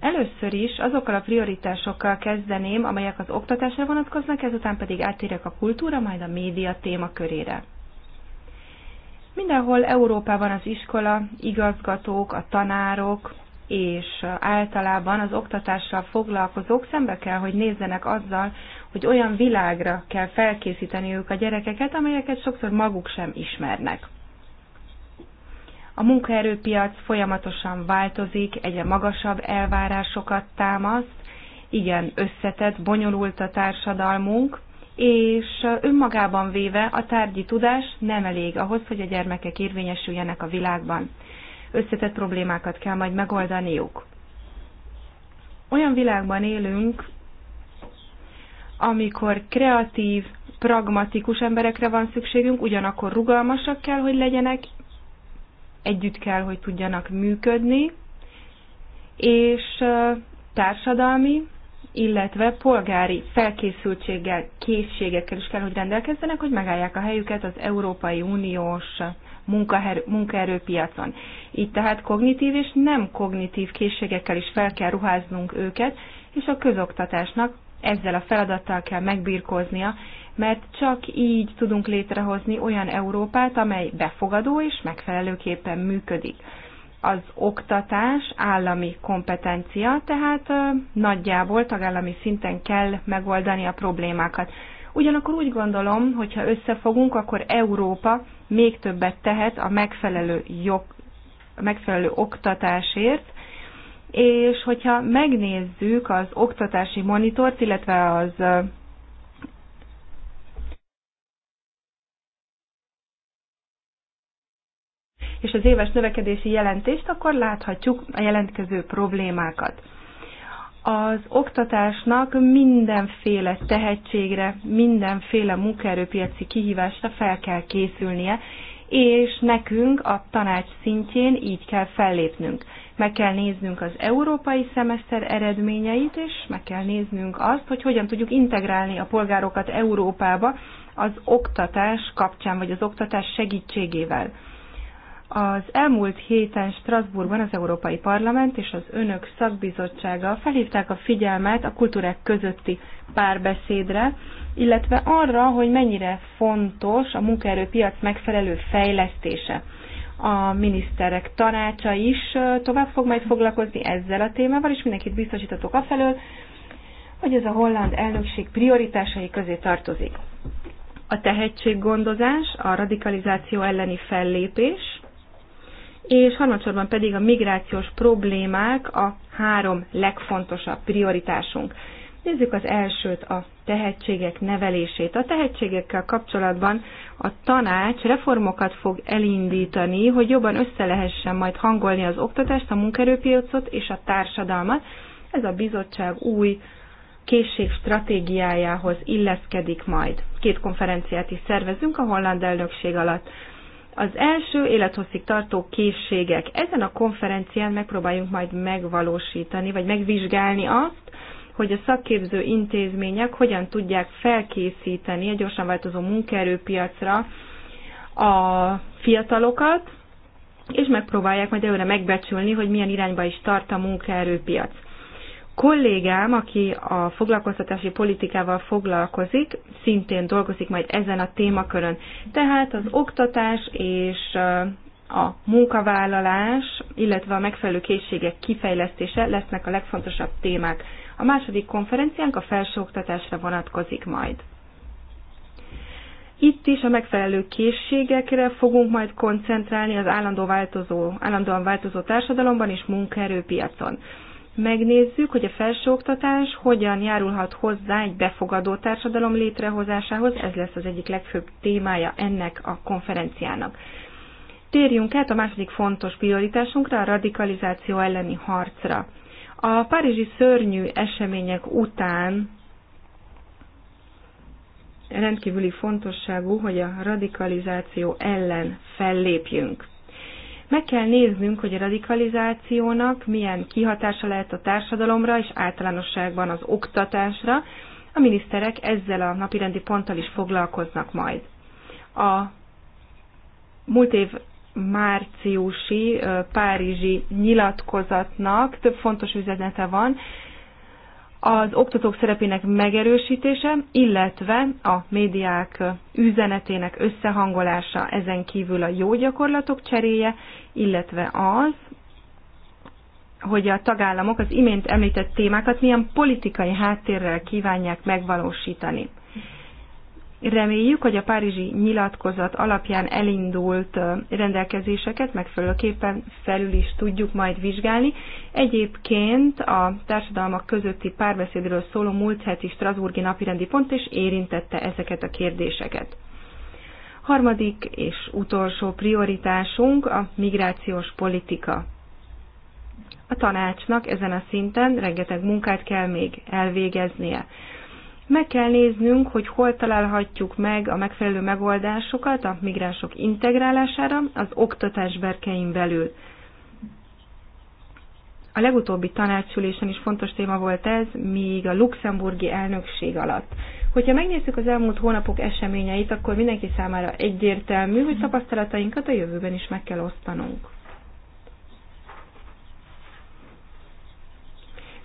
S2: Először is azokkal a prioritásokkal kezdeném, amelyek az oktatásra vonatkoznak, ezután pedig áttérek a kultúra, majd a média témakörére. Mindenhol Európában az iskola, igazgatók, a tanárok és általában az oktatással foglalkozók szembe kell, hogy nézzenek azzal, hogy olyan világra kell felkészíteniük a gyerekeket, amelyeket sokszor maguk sem ismernek. A munkaerőpiac folyamatosan változik, egyre magasabb elvárásokat támaszt, igen összetett, bonyolult a társadalmunk, és önmagában véve a tárgyi tudás nem elég ahhoz, hogy a gyermekek érvényesüljenek a világban. Összetett problémákat kell majd megoldaniuk. Olyan világban élünk, amikor kreatív, pragmatikus emberekre van szükségünk, ugyanakkor rugalmasak kell, hogy legyenek, együtt kell, hogy tudjanak működni, és társadalmi, illetve polgári felkészültséggel, készségekkel is kell, hogy rendelkezzenek, hogy megállják a helyüket az Európai Uniós munkaerőpiacon. Így tehát kognitív és nem kognitív készségekkel is fel kell ruháznunk őket, és a közoktatásnak ezzel a feladattal kell megbirkóznia, mert csak így tudunk létrehozni olyan Európát, amely befogadó és megfelelőképpen működik. Az oktatás állami kompetencia, tehát nagyjából tagállami szinten kell megoldani a problémákat. Ugyanakkor úgy gondolom, hogy ha összefogunk, akkor Európa még többet tehet a megfelelő, jog, megfelelő oktatásért, és hogyha megnézzük az oktatási monitort, illetve az és az éves növekedési jelentést, akkor láthatjuk a jelentkező problémákat. Az oktatásnak mindenféle tehetségre, mindenféle munkaerőpiaci kihívásra fel kell készülnie, és nekünk a tanács szintjén így kell fellépnünk. Meg kell néznünk az európai szemeszter eredményeit, és meg kell néznünk azt, hogy hogyan tudjuk integrálni a polgárokat Európába az oktatás kapcsán, vagy az oktatás segítségével az elmúlt héten Strasbourgban az Európai Parlament és az Önök szakbizottsága felhívták a figyelmet a kultúrák közötti párbeszédre, illetve arra, hogy mennyire fontos a munkaerőpiac megfelelő fejlesztése. A miniszterek tanácsa is tovább fog majd foglalkozni ezzel a témával, és mindenkit biztosítatok afelől, hogy ez a holland elnökség prioritásai közé tartozik. A tehetséggondozás, a radikalizáció elleni fellépés, és harmadsorban pedig a migrációs problémák a három legfontosabb prioritásunk. Nézzük az elsőt, a tehetségek nevelését. A tehetségekkel kapcsolatban a tanács reformokat fog elindítani, hogy jobban össze lehessen majd hangolni az oktatást, a munkerőpiacot és a társadalmat. Ez a bizottság új készség stratégiájához illeszkedik majd. Két konferenciát is szervezünk a holland elnökség alatt. Az első élethosszig tartó készségek. Ezen a konferencián megpróbáljuk majd megvalósítani, vagy megvizsgálni azt, hogy a szakképző intézmények hogyan tudják felkészíteni a gyorsan változó munkaerőpiacra a fiatalokat, és megpróbálják majd előre megbecsülni, hogy milyen irányba is tart a munkaerőpiac kollégám, aki a foglalkoztatási politikával foglalkozik, szintén dolgozik majd ezen a témakörön. Tehát az oktatás és a munkavállalás, illetve a megfelelő készségek kifejlesztése lesznek a legfontosabb témák. A második konferenciánk a felsőoktatásra vonatkozik majd. Itt is a megfelelő készségekre fogunk majd koncentrálni az állandó változó, állandóan változó társadalomban és munkaerőpiacon megnézzük, hogy a felsőoktatás hogyan járulhat hozzá egy befogadó társadalom létrehozásához, ez lesz az egyik legfőbb témája ennek a konferenciának. Térjünk át a második fontos prioritásunkra, a radikalizáció elleni harcra. A párizsi szörnyű események után rendkívüli fontosságú, hogy a radikalizáció ellen fellépjünk. Meg kell néznünk, hogy a radikalizációnak milyen kihatása lehet a társadalomra és általánosságban az oktatásra. A miniszterek ezzel a napirendi ponttal is foglalkoznak majd. A múlt év márciusi párizsi nyilatkozatnak több fontos üzenete van, az oktatók szerepének megerősítése, illetve a médiák üzenetének összehangolása, ezen kívül a jó gyakorlatok cseréje, illetve az, hogy a tagállamok az imént említett témákat milyen politikai háttérrel kívánják megvalósítani. Reméljük, hogy a Párizsi nyilatkozat alapján elindult rendelkezéseket megfelelőképpen felül is tudjuk majd vizsgálni. Egyébként a társadalmak közötti párbeszédről szóló múlt heti Strasburgi napirendi pont is érintette ezeket a kérdéseket. Harmadik és utolsó prioritásunk a migrációs politika. A tanácsnak ezen a szinten rengeteg munkát kell még elvégeznie. Meg kell néznünk, hogy hol találhatjuk meg a megfelelő megoldásokat a migránsok integrálására az oktatás berkein belül. A legutóbbi tanácsülésen is fontos téma volt ez, még a luxemburgi elnökség alatt. Hogyha megnézzük az elmúlt hónapok eseményeit, akkor mindenki számára egyértelmű, hogy tapasztalatainkat a jövőben is meg kell osztanunk.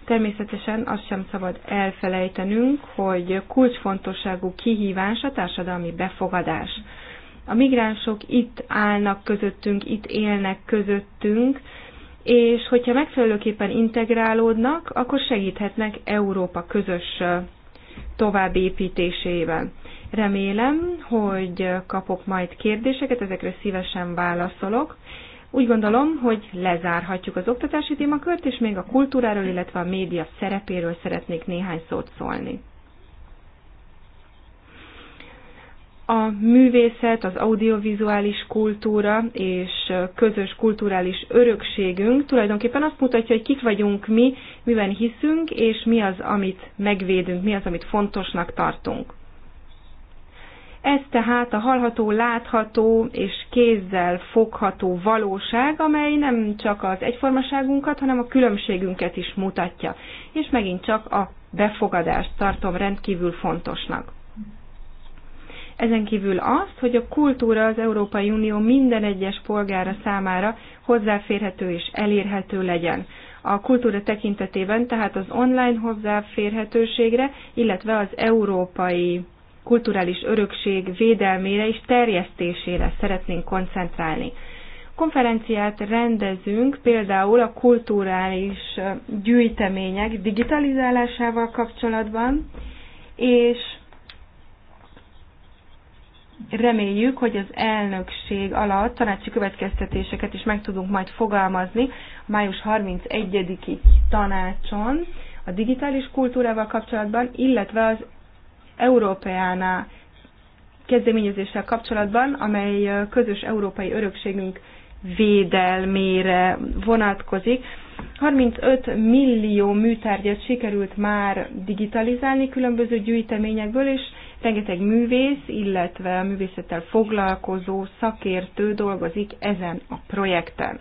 S2: Természetesen azt sem szabad elfelejtenünk, hogy kulcsfontosságú kihívás a társadalmi befogadás. A migránsok itt állnak közöttünk, itt élnek közöttünk, és hogyha megfelelőképpen integrálódnak, akkor segíthetnek Európa közös továbbépítésében. Remélem, hogy kapok majd kérdéseket, ezekre szívesen válaszolok. Úgy gondolom, hogy lezárhatjuk az oktatási témakört, és még a kultúráról, illetve a média szerepéről szeretnék néhány szót szólni. a művészet, az audiovizuális kultúra és közös kulturális örökségünk tulajdonképpen azt mutatja, hogy kik vagyunk mi, miben hiszünk, és mi az, amit megvédünk, mi az, amit fontosnak tartunk. Ez tehát a hallható, látható és kézzel fogható valóság, amely nem csak az egyformaságunkat, hanem a különbségünket is mutatja. És megint csak a befogadást tartom rendkívül fontosnak. Ezen kívül azt, hogy a kultúra az Európai Unió minden egyes polgára számára hozzáférhető és elérhető legyen. A kultúra tekintetében tehát az online hozzáférhetőségre, illetve az európai kulturális örökség védelmére és terjesztésére szeretnénk koncentrálni. Konferenciát rendezünk például a kulturális gyűjtemények digitalizálásával kapcsolatban, és reméljük, hogy az elnökség alatt tanácsi következtetéseket is meg tudunk majd fogalmazni május 31-i tanácson a digitális kultúrával kapcsolatban, illetve az Európeána kezdeményezéssel kapcsolatban, amely közös európai örökségünk védelmére vonatkozik. 35 millió műtárgyat sikerült már digitalizálni különböző gyűjteményekből, és rengeteg művész, illetve a művészettel foglalkozó szakértő dolgozik ezen a projekten.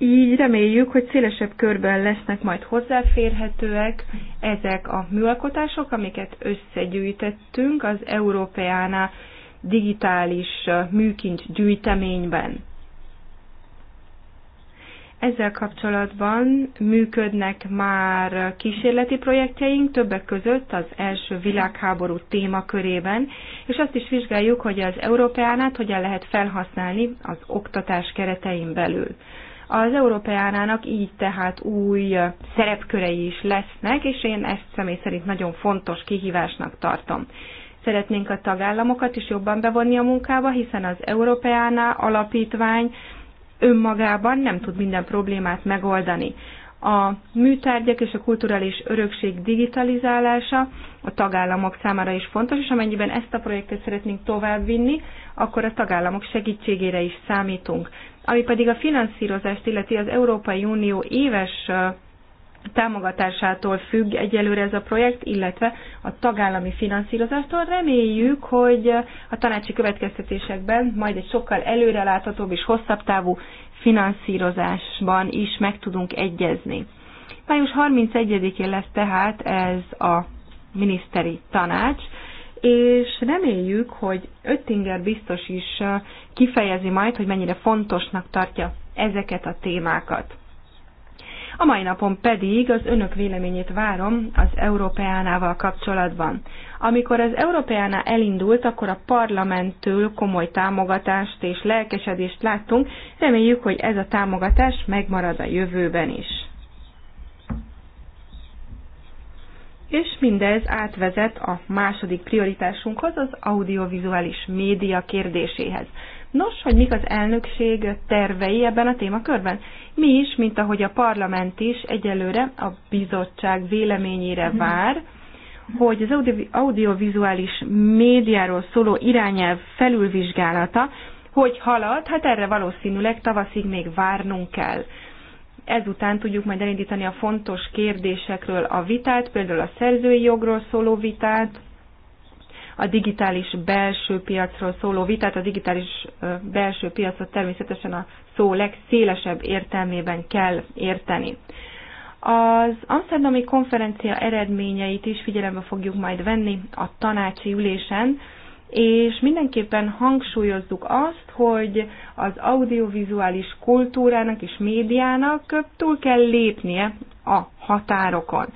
S2: Így reméljük, hogy szélesebb körben lesznek majd hozzáférhetőek ezek a műalkotások, amiket összegyűjtettünk az Európeánál digitális műkincs gyűjteményben. Ezzel kapcsolatban működnek már kísérleti projektjeink, többek között az első világháború témakörében, és azt is vizsgáljuk, hogy az Európeánát hogyan lehet felhasználni az oktatás keretein belül. Az Európeánának így tehát új szerepkörei is lesznek, és én ezt személy szerint nagyon fontos kihívásnak tartom. Szeretnénk a tagállamokat is jobban bevonni a munkába, hiszen az Európeánál alapítvány önmagában nem tud minden problémát megoldani. A műtárgyak és a kulturális örökség digitalizálása a tagállamok számára is fontos, és amennyiben ezt a projektet szeretnénk továbbvinni, akkor a tagállamok segítségére is számítunk. Ami pedig a finanszírozást illeti az Európai Unió éves támogatásától függ egyelőre ez a projekt, illetve a tagállami finanszírozástól. Reméljük, hogy a tanácsi következtetésekben majd egy sokkal előreláthatóbb és hosszabb távú finanszírozásban is meg tudunk egyezni. Május 31-én lesz tehát ez a miniszteri tanács, és reméljük, hogy Öttinger biztos is kifejezi majd, hogy mennyire fontosnak tartja ezeket a témákat. A mai napon pedig az önök véleményét várom az Európeánával kapcsolatban. Amikor az Európeánál elindult, akkor a parlamenttől komoly támogatást és lelkesedést láttunk, reméljük, hogy ez a támogatás megmarad a jövőben is. és mindez átvezet a második prioritásunkhoz, az audiovizuális média kérdéséhez. Nos, hogy mik az elnökség tervei ebben a témakörben? Mi is, mint ahogy a parlament is egyelőre a bizottság véleményére mhm. vár, hogy az audiovizuális médiáról szóló irányelv felülvizsgálata, hogy halad, hát erre valószínűleg tavaszig még várnunk kell. Ezután tudjuk majd elindítani a fontos kérdésekről a vitát, például a szerzői jogról szóló vitát, a digitális belső piacról szóló vitát, a digitális belső piacot természetesen a szó legszélesebb értelmében kell érteni. Az Amsterdami konferencia eredményeit is figyelembe fogjuk majd venni a tanácsi ülésen, és mindenképpen hangsúlyozzuk azt, hogy az audiovizuális kultúrának és médiának túl kell lépnie a határokon.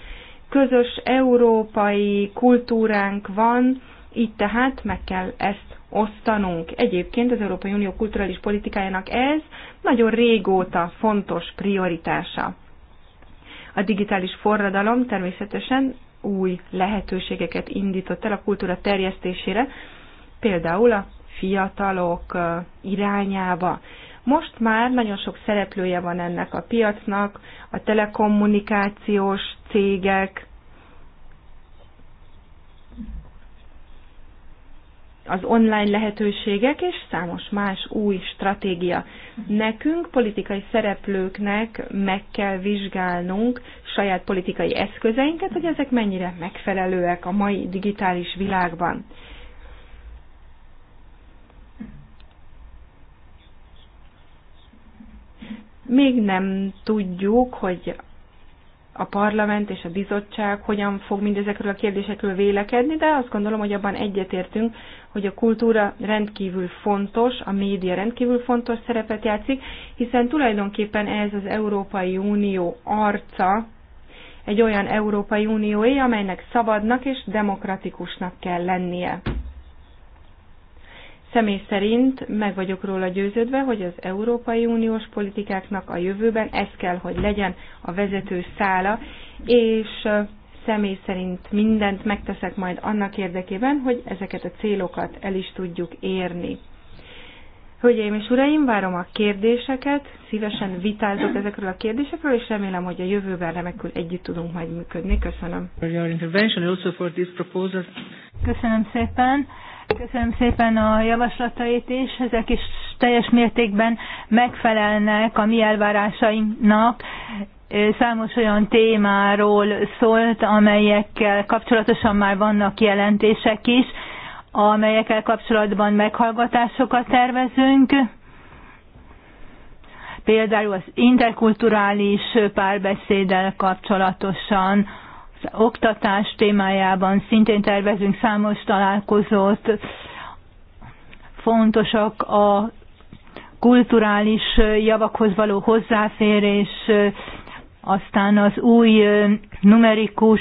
S2: Közös európai kultúránk van, így tehát meg kell ezt osztanunk. Egyébként az Európai Unió kulturális politikájának ez nagyon régóta fontos prioritása. A digitális forradalom természetesen új lehetőségeket indított el a kultúra terjesztésére, például a fiatalok irányába. Most már nagyon sok szereplője van ennek a piacnak, a telekommunikációs cégek, az online lehetőségek és számos más új stratégia. Nekünk, politikai szereplőknek meg kell vizsgálnunk saját politikai eszközeinket, hogy ezek mennyire megfelelőek a mai digitális világban. Még nem tudjuk, hogy a parlament és a bizottság hogyan fog mindezekről a kérdésekről vélekedni, de azt gondolom, hogy abban egyetértünk, hogy a kultúra rendkívül fontos, a média rendkívül fontos szerepet játszik, hiszen tulajdonképpen ez az Európai Unió arca, egy olyan Európai Unióé, amelynek szabadnak és demokratikusnak kell lennie. Személy szerint meg vagyok róla győződve, hogy az Európai Uniós politikáknak a jövőben ez kell, hogy legyen a vezető szála, és személy szerint mindent megteszek majd annak érdekében, hogy ezeket a célokat el is tudjuk érni. Hölgyeim és uraim, várom a kérdéseket, szívesen vitázok ezekről a kérdésekről, és remélem, hogy a jövőben remekül együtt tudunk majd működni. Köszönöm. Köszönöm szépen. Köszönöm szépen a
S1: javaslatait is, ezek is teljes mértékben megfelelnek a mi elvárásainknak. Számos olyan témáról szólt, amelyekkel kapcsolatosan már vannak jelentések is, amelyekkel kapcsolatban meghallgatásokat tervezünk. Például az interkulturális párbeszéddel kapcsolatosan, oktatás témájában szintén tervezünk számos találkozót. Fontosak a kulturális javakhoz való hozzáférés, aztán az új numerikus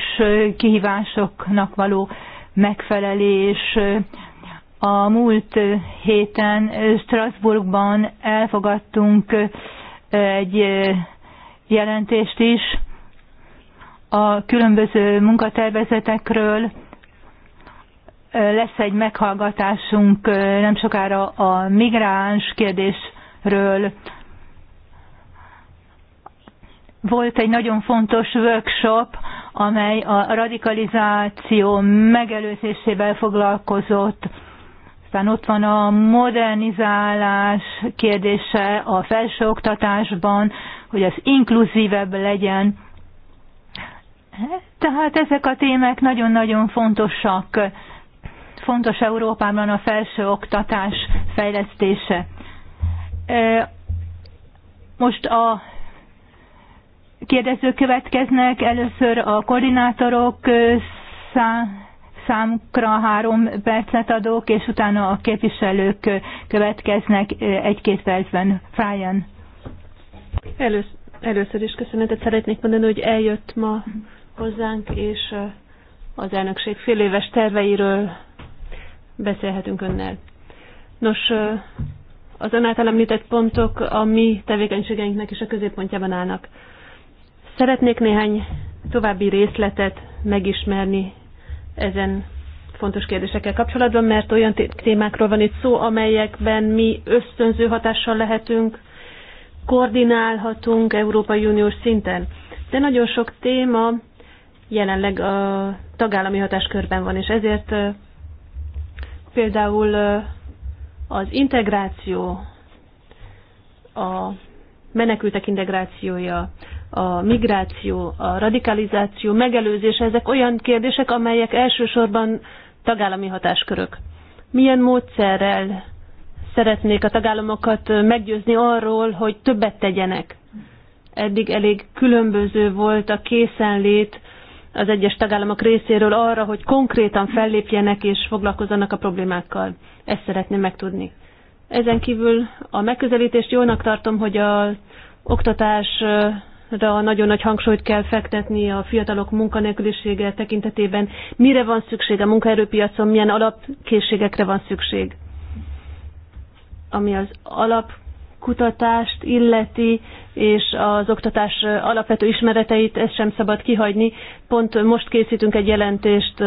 S1: kihívásoknak való megfelelés. A múlt héten Strasbourgban elfogadtunk egy jelentést is, a különböző munkatervezetekről. Lesz egy meghallgatásunk nem sokára a migráns kérdésről. Volt egy nagyon fontos workshop, amely a radikalizáció megelőzésével foglalkozott. Aztán ott van a modernizálás kérdése a felsőoktatásban, hogy ez inkluzívebb legyen tehát ezek a témák nagyon-nagyon fontosak. Fontos Európában a felső oktatás fejlesztése. Most a kérdezők következnek. Először a koordinátorok szám, számukra három percet adok, és utána a képviselők következnek egy-két percben. Frájan.
S3: Először, először is köszönetet szeretnék mondani, hogy eljött ma hozzánk, és az elnökség fél éves terveiről beszélhetünk önnel. Nos, az ön által említett pontok a mi tevékenységeinknek is a középpontjában állnak. Szeretnék néhány további részletet megismerni ezen fontos kérdésekkel kapcsolatban, mert olyan témákról van itt szó, amelyekben mi ösztönző hatással lehetünk, koordinálhatunk Európai Uniós szinten. De nagyon sok téma jelenleg a tagállami hatáskörben van, és ezért például az integráció, a menekültek integrációja, a migráció, a radikalizáció, megelőzése, ezek olyan kérdések, amelyek elsősorban tagállami hatáskörök. Milyen módszerrel szeretnék a tagállamokat meggyőzni arról, hogy többet tegyenek? Eddig elég különböző volt a készenlét az egyes tagállamok részéről arra, hogy konkrétan fellépjenek és foglalkozzanak a problémákkal. Ezt szeretném megtudni. Ezen kívül a megközelítést jónak tartom, hogy az oktatásra nagyon nagy hangsúlyt kell fektetni a fiatalok munkanélkülisége tekintetében. Mire van szükség a munkaerőpiacon, milyen alapkészségekre van szükség? Ami az alap kutatást illeti, és az oktatás alapvető ismereteit, ezt sem szabad kihagyni. Pont most készítünk egy jelentést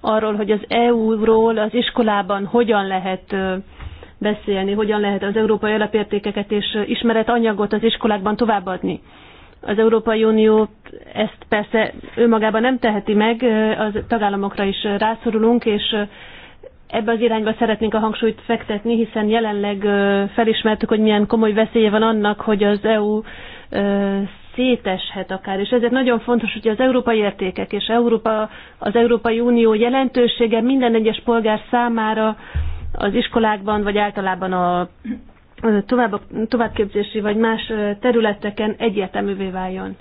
S3: arról, hogy az EU-ról az iskolában hogyan lehet beszélni, hogyan lehet az európai alapértékeket és ismeretanyagot az iskolákban továbbadni. Az Európai Unió ezt persze önmagában nem teheti meg, az tagállamokra is rászorulunk, és ebbe az irányba szeretnénk a hangsúlyt fektetni, hiszen jelenleg felismertük, hogy milyen komoly veszélye van annak, hogy az EU széteshet akár. És ezért nagyon fontos, hogy az európai értékek és Európa, az Európai Unió jelentősége minden egyes polgár számára az iskolákban, vagy általában a tovább, továbbképzési vagy más területeken egyértelművé váljon.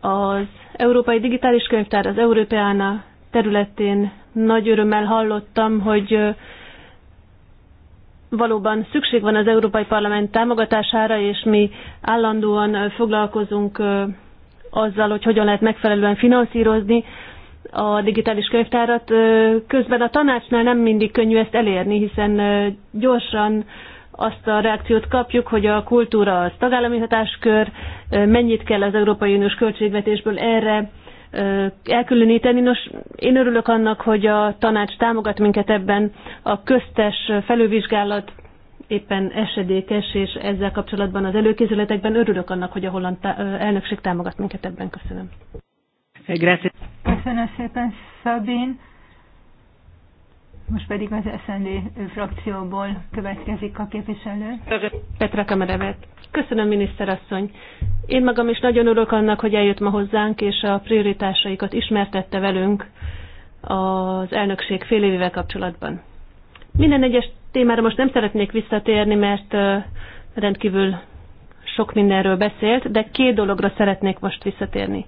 S3: Az Európai Digitális Könyvtár az Európeána területén nagy örömmel hallottam, hogy valóban szükség van az Európai Parlament támogatására, és mi állandóan foglalkozunk azzal, hogy hogyan lehet megfelelően finanszírozni a digitális könyvtárat. Közben a tanácsnál nem mindig könnyű ezt elérni, hiszen gyorsan azt a reakciót kapjuk, hogy a kultúra az tagállami hatáskör, mennyit kell az Európai Uniós költségvetésből erre elkülöníteni. Nos, én örülök annak, hogy a tanács támogat minket ebben a köztes felülvizsgálat éppen esedékes, és ezzel kapcsolatban az előkészületekben örülök annak, hogy a holland elnökség támogat minket ebben. Köszönöm. Köszönöm szépen, Szabin. Most pedig az SND
S1: frakcióból következik a képviselő.
S3: Petra Kamerevet. Köszönöm, miniszterasszony. Én magam is nagyon örülök annak, hogy eljött ma hozzánk, és a prioritásaikat ismertette velünk az elnökség fél évével kapcsolatban. Minden egyes témára most nem szeretnék visszatérni, mert rendkívül sok mindenről beszélt, de két dologra szeretnék most visszatérni.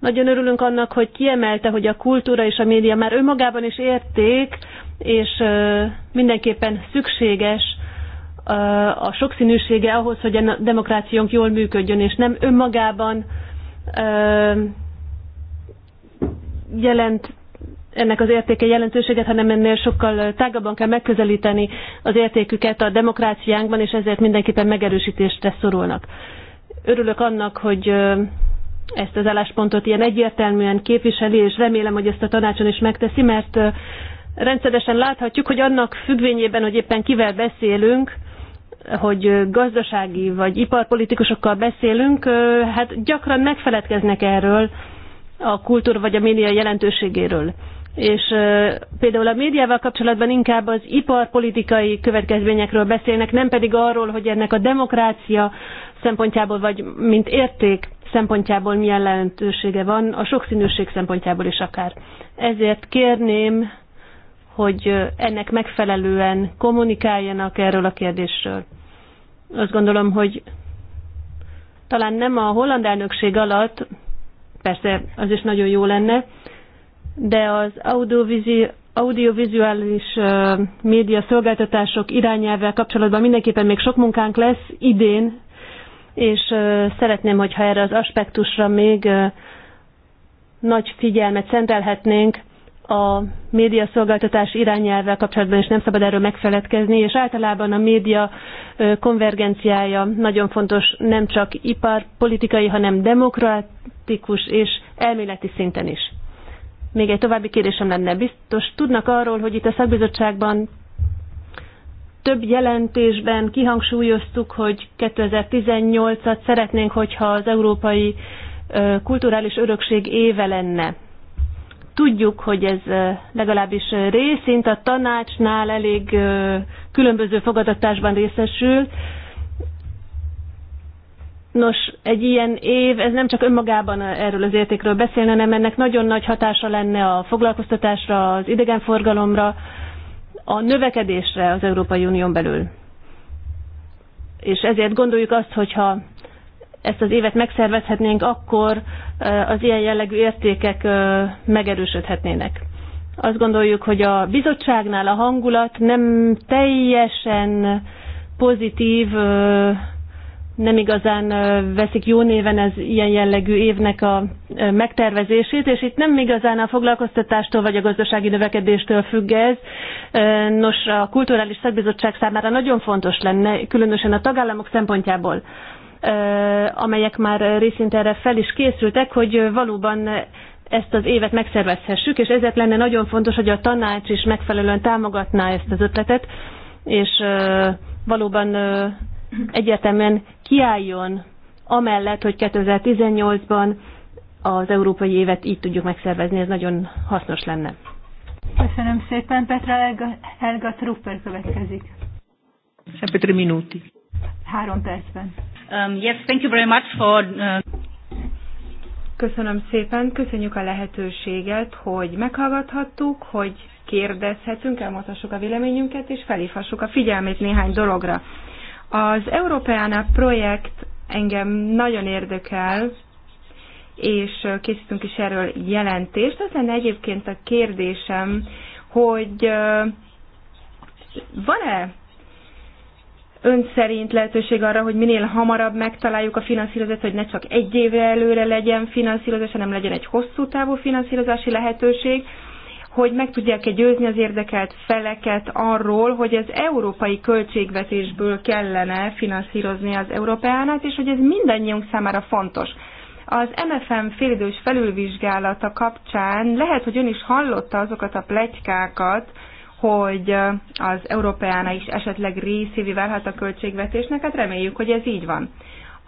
S3: Nagyon örülünk annak, hogy kiemelte, hogy a kultúra és a média már önmagában is érték, és mindenképpen szükséges a sokszínűsége ahhoz, hogy a demokrációnk jól működjön, és nem önmagában jelent ennek az értéke jelentőséget, hanem ennél sokkal tágabban kell megközelíteni az értéküket a demokráciánkban, és ezért mindenképpen megerősítésre szorulnak. Örülök annak, hogy ezt az álláspontot ilyen egyértelműen képviseli, és remélem, hogy ezt a tanácson is megteszi, mert rendszeresen láthatjuk, hogy annak függvényében, hogy éppen kivel beszélünk, hogy gazdasági vagy iparpolitikusokkal beszélünk, hát gyakran megfeledkeznek erről a kultúra vagy a média jelentőségéről. És például a médiával kapcsolatban inkább az iparpolitikai következményekről beszélnek, nem pedig arról, hogy ennek a demokrácia szempontjából, vagy mint érték szempontjából milyen jelentősége van, a sokszínűség szempontjából is akár. Ezért kérném, hogy ennek megfelelően kommunikáljanak erről a kérdésről. Azt gondolom, hogy talán nem a holland elnökség alatt, persze az is nagyon jó lenne, de az audiovizi, audiovizuális média szolgáltatások irányelvvel kapcsolatban mindenképpen még sok munkánk lesz idén, és szeretném, hogyha erre az aspektusra még nagy figyelmet szentelhetnénk, a médiaszolgáltatás irányelvvel kapcsolatban is nem szabad erről megfeledkezni, és általában a média konvergenciája nagyon fontos nem csak iparpolitikai, hanem demokratikus és elméleti szinten is. Még egy további kérdésem lenne. Biztos tudnak arról, hogy itt a szakbizottságban több jelentésben kihangsúlyoztuk, hogy 2018-at szeretnénk, hogyha az európai kulturális örökség éve lenne Tudjuk, hogy ez legalábbis részint a tanácsnál elég különböző fogadatásban részesül. Nos, egy ilyen év, ez nem csak önmagában erről az értékről beszélne, hanem ennek nagyon nagy hatása lenne a foglalkoztatásra, az idegenforgalomra, a növekedésre az Európai Unión belül. És ezért gondoljuk azt, hogyha ezt az évet megszervezhetnénk, akkor az ilyen jellegű értékek megerősödhetnének. Azt gondoljuk, hogy a bizottságnál a hangulat nem teljesen pozitív, nem igazán veszik jó néven ez ilyen jellegű évnek a megtervezését, és itt nem igazán a foglalkoztatástól vagy a gazdasági növekedéstől függ ez. Nos, a kulturális szakbizottság számára nagyon fontos lenne, különösen a tagállamok szempontjából, amelyek már részint erre fel is készültek, hogy valóban ezt az évet megszervezhessük, és ezért lenne nagyon fontos, hogy a tanács is megfelelően támogatná ezt az ötletet, és valóban egyértelműen kiálljon amellett, hogy 2018-ban az európai évet így tudjuk megszervezni, ez nagyon hasznos lenne.
S1: Köszönöm szépen, Petra Helga, Helga Trupper következik.
S2: Petre Minuti.
S1: Három percben. Um, yes, thank you very much for... Uh...
S2: Köszönöm szépen, köszönjük a lehetőséget, hogy meghallgathattuk, hogy kérdezhetünk, elmondhassuk a véleményünket, és felhívhassuk a figyelmét néhány dologra. Az Európeana projekt engem nagyon érdekel, és készítünk is erről jelentést. Az lenne egyébként a kérdésem, hogy uh, van-e ön szerint lehetőség arra, hogy minél hamarabb megtaláljuk a finanszírozást, hogy ne csak egy évre előre legyen finanszírozás, hanem legyen egy hosszú távú finanszírozási lehetőség, hogy meg tudják-e győzni az érdekelt feleket arról, hogy az európai költségvetésből kellene finanszírozni az Európeánát, és hogy ez mindannyiunk számára fontos. Az MFM félidős felülvizsgálata kapcsán lehet, hogy ön is hallotta azokat a plegykákat, hogy az Európeána is esetleg részévé válhat a költségvetésnek, hát reméljük, hogy ez így van.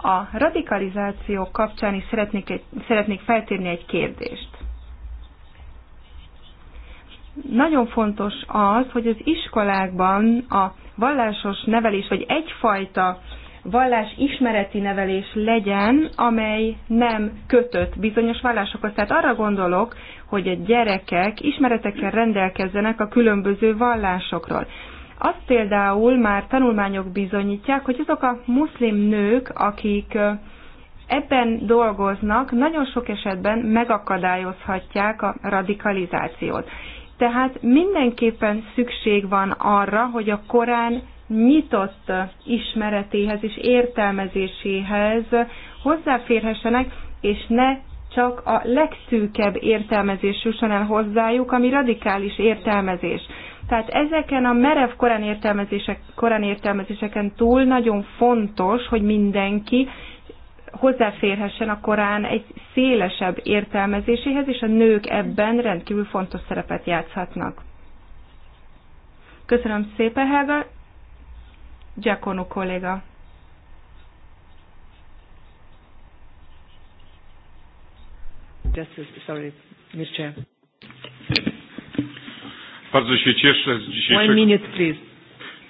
S2: A radikalizáció kapcsán is szeretnék, szeretnék feltérni egy kérdést. Nagyon fontos az, hogy az iskolákban a vallásos nevelés, vagy egyfajta vallás ismereti nevelés legyen, amely nem kötött bizonyos vallásokhoz. Tehát arra gondolok, hogy a gyerekek ismeretekkel rendelkezzenek a különböző vallásokról. Azt például már tanulmányok bizonyítják, hogy azok a muszlim nők, akik ebben dolgoznak, nagyon sok esetben megakadályozhatják a radikalizációt. Tehát mindenképpen szükség van arra, hogy a Korán nyitott ismeretéhez és értelmezéséhez hozzáférhessenek, és ne csak a legszűkebb értelmezés jusson el hozzájuk, ami radikális értelmezés. Tehát ezeken a merev korán, értelmezések, korán értelmezéseken túl nagyon fontos, hogy mindenki hozzáférhessen a Korán egy szélesebb értelmezéséhez, és a nők ebben rendkívül fontos szerepet játszhatnak. Köszönöm szépen, Helga. Giacono kolléga.
S4: sorry,
S5: Bardzo się cieszę z dzisiejszego... One minute, please.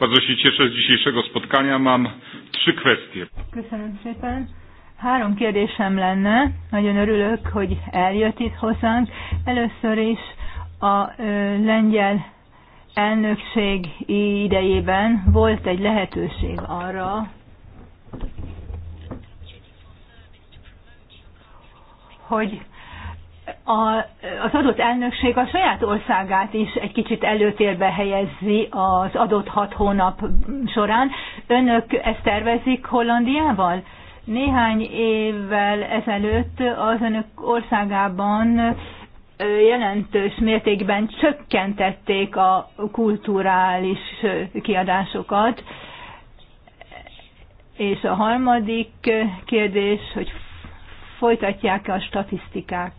S5: Bardzo się cieszę z dzisiejszego spotkania. Mam trzy kwestie.
S1: Köszönöm szépen. Három kérdésem lenne. Nagyon örülök, hogy eljött itt hozzánk. Először is a ö, lengyel elnökség idejében volt egy lehetőség arra, hogy a, az adott elnökség a saját országát is egy kicsit előtérbe helyezzi az adott hat hónap során. Önök ezt tervezik Hollandiával? Néhány évvel ezelőtt az önök országában jelentős mértékben csökkentették a kulturális kiadásokat. És a harmadik kérdés, hogy folytatják -e a statisztikákat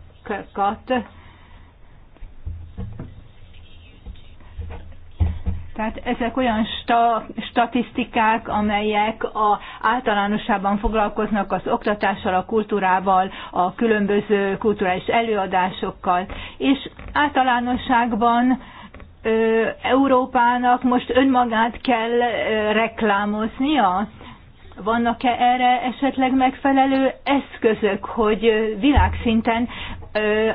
S1: Tehát ezek olyan sta, statisztikák, amelyek a, általánosában foglalkoznak az oktatással, a kultúrával, a különböző kulturális előadásokkal, és általánosságban ö, Európának most önmagát kell ö, reklámoznia, vannak-e erre esetleg megfelelő eszközök, hogy világszinten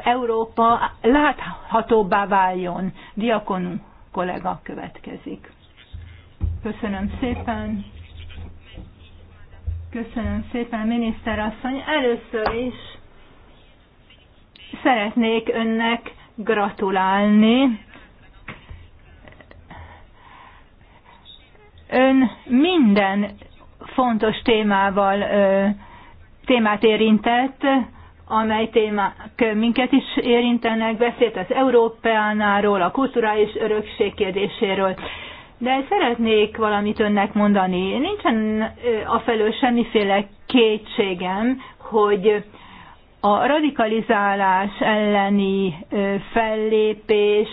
S1: Európa láthatóbbá váljon? Diakonú kollega következik. Köszönöm szépen. Köszönöm szépen, miniszterasszony. Először is szeretnék önnek gratulálni. Ön minden fontos témával, témát érintett, amely témák minket is érintenek, beszélt az Európeánáról, a kulturális örökség kérdéséről. De szeretnék valamit önnek mondani. Nincsen a felől semmiféle kétségem, hogy a radikalizálás elleni fellépés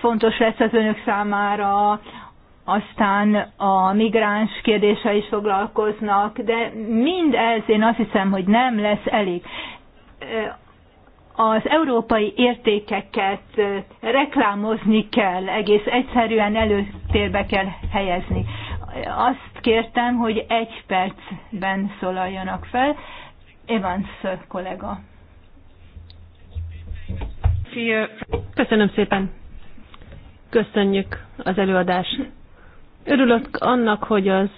S1: fontos lesz az önök számára, aztán a migráns kérdése is foglalkoznak, de ez én azt hiszem, hogy nem lesz elég. Az európai értékeket reklámozni kell, egész egyszerűen előtérbe kell helyezni. Azt kértem, hogy egy percben szólaljanak fel. Evans kollega.
S3: Köszönöm szépen. Köszönjük az előadást. Örülök annak, hogy az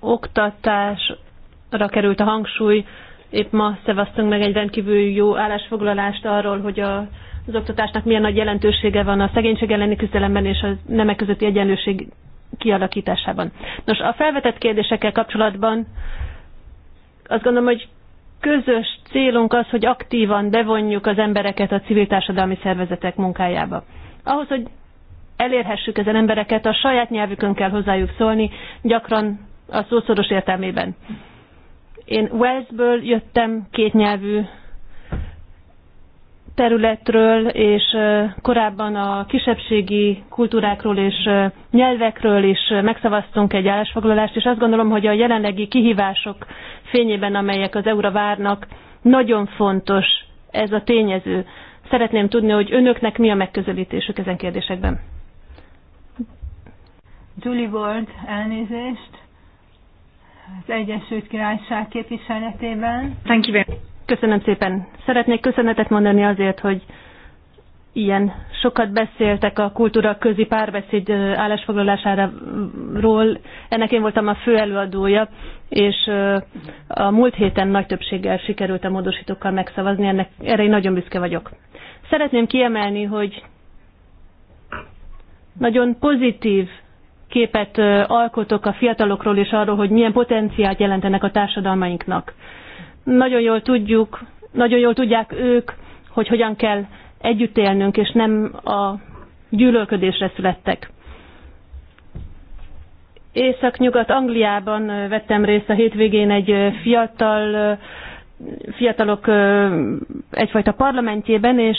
S3: oktatásra került a hangsúly. Épp ma szevasztunk meg egy rendkívül jó állásfoglalást arról, hogy a, az oktatásnak milyen nagy jelentősége van a szegénység elleni küzdelemben és a nemek közötti egyenlőség kialakításában. Nos, a felvetett kérdésekkel kapcsolatban azt gondolom, hogy közös célunk az, hogy aktívan bevonjuk az embereket a civil társadalmi szervezetek munkájába. Ahhoz, hogy elérhessük ezen embereket, a saját nyelvükön kell hozzájuk szólni, gyakran a szószoros értelmében. Én Walesből jöttem, kétnyelvű területről, és korábban a kisebbségi kultúrákról és nyelvekről is megszavaztunk egy állásfoglalást, és azt gondolom, hogy a jelenlegi kihívások fényében, amelyek az EU-ra várnak, nagyon fontos ez a tényező. Szeretném tudni, hogy önöknek mi a megközelítésük ezen kérdésekben.
S1: Julie Ward elnézést az Egyesült Királyság képviseletében.
S3: Thank you very much. Köszönöm szépen. Szeretnék köszönetet mondani azért, hogy ilyen sokat beszéltek a kultúra közi párbeszéd állásfoglalásáról. Ennek én voltam a fő előadója, és a múlt héten nagy többséggel sikerült a módosítókkal megszavazni, ennek, erre én nagyon büszke vagyok. Szeretném kiemelni, hogy nagyon pozitív képet alkotok a fiatalokról és arról, hogy milyen potenciált jelentenek a társadalmainknak. Nagyon jól tudjuk, nagyon jól tudják ők, hogy hogyan kell együtt élnünk, és nem a gyűlölködésre születtek. Észak-nyugat Angliában vettem részt a hétvégén egy fiatal fiatalok egyfajta parlamentjében, és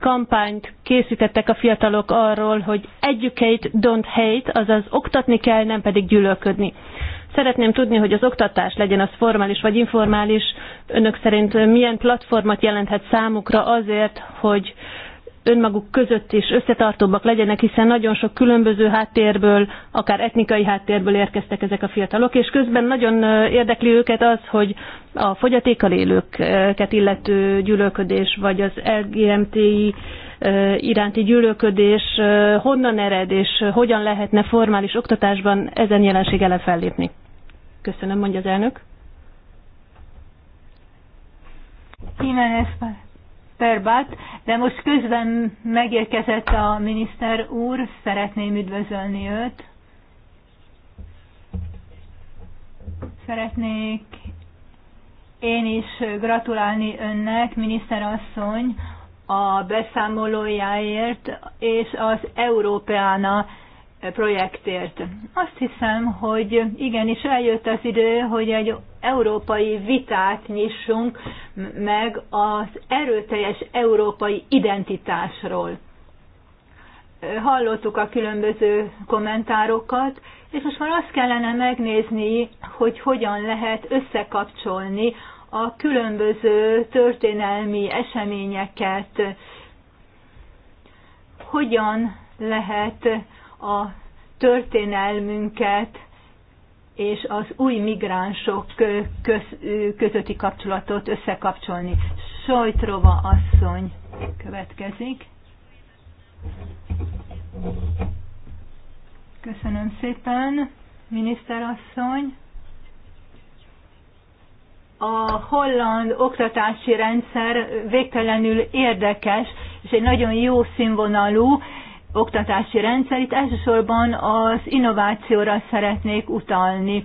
S3: kampányt készítettek a fiatalok arról, hogy educate, don't hate, azaz oktatni kell, nem pedig gyűlölködni. Szeretném tudni, hogy az oktatás legyen az formális vagy informális, önök szerint milyen platformot jelenthet számukra azért, hogy önmaguk között is összetartóbbak legyenek, hiszen nagyon sok különböző háttérből, akár etnikai háttérből érkeztek ezek a fiatalok, és közben nagyon érdekli őket az, hogy a fogyatékkal élőket illető gyűlölködés, vagy az LGMTI iránti gyűlölködés honnan ered, és hogyan lehetne formális oktatásban ezen jelenség ellen fellépni. Köszönöm, mondja az elnök.
S1: Jiménez Ferbat, de most közben megérkezett a miniszter úr, szeretném üdvözölni őt. Szeretnék én is gratulálni önnek, miniszterasszony, a beszámolójáért és az Európeána projektért. Azt hiszem, hogy igenis eljött az idő, hogy egy európai vitát nyissunk meg az erőteljes európai identitásról. Hallottuk a különböző kommentárokat, és most már azt kellene megnézni, hogy hogyan lehet összekapcsolni a különböző történelmi eseményeket, hogyan lehet a történelmünket és az új migránsok köz, közötti kapcsolatot összekapcsolni. Sojtrova asszony következik. Köszönöm szépen, miniszterasszony. A holland oktatási rendszer végtelenül érdekes, és egy nagyon jó színvonalú, oktatási rendszer. Itt elsősorban az innovációra szeretnék utalni.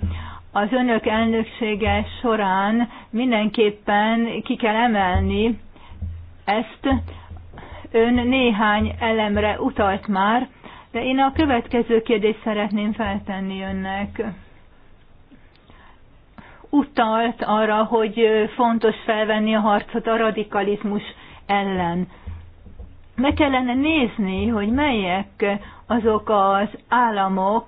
S1: Az önök elnöksége során mindenképpen ki kell emelni ezt. Ön néhány elemre utalt már, de én a következő kérdést szeretném feltenni önnek utalt arra, hogy fontos felvenni a harcot a radikalizmus ellen meg kellene nézni, hogy melyek azok az államok,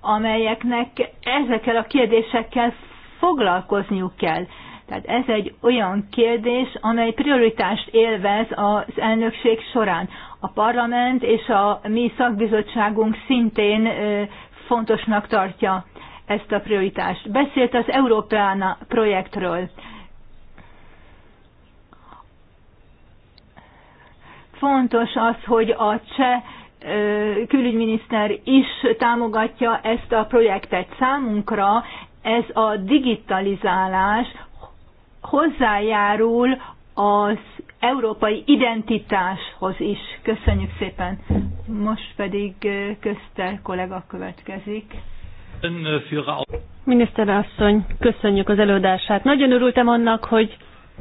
S1: amelyeknek ezekkel a kérdésekkel foglalkozniuk kell. Tehát ez egy olyan kérdés, amely prioritást élvez az elnökség során. A parlament és a mi szakbizottságunk szintén fontosnak tartja ezt a prioritást. Beszélt az Európána projektről. Fontos az, hogy a cseh külügyminiszter is támogatja ezt a projektet számunkra. Ez a digitalizálás hozzájárul az európai identitáshoz is. Köszönjük szépen. Most pedig
S3: közte kollega következik. Miniszter asszony, köszönjük az előadását. Nagyon örültem annak, hogy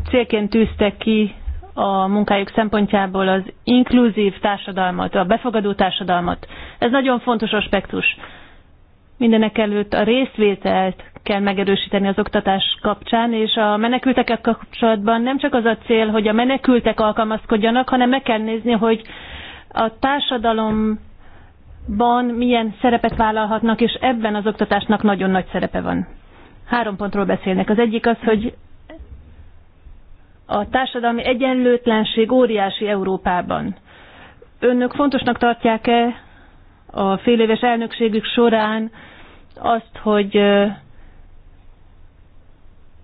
S3: célként tűzte ki a munkájuk szempontjából az inkluzív társadalmat, a befogadó társadalmat. Ez nagyon fontos aspektus. Mindenek előtt a részvételt kell megerősíteni az oktatás kapcsán, és a menekültekkel kapcsolatban nem csak az a cél, hogy a menekültek alkalmazkodjanak, hanem meg kell nézni, hogy a társadalomban milyen szerepet vállalhatnak, és ebben az oktatásnak nagyon nagy szerepe van. Három pontról beszélnek. Az egyik az, hogy a társadalmi egyenlőtlenség óriási Európában. Önök fontosnak tartják-e a féléves elnökségük során azt, hogy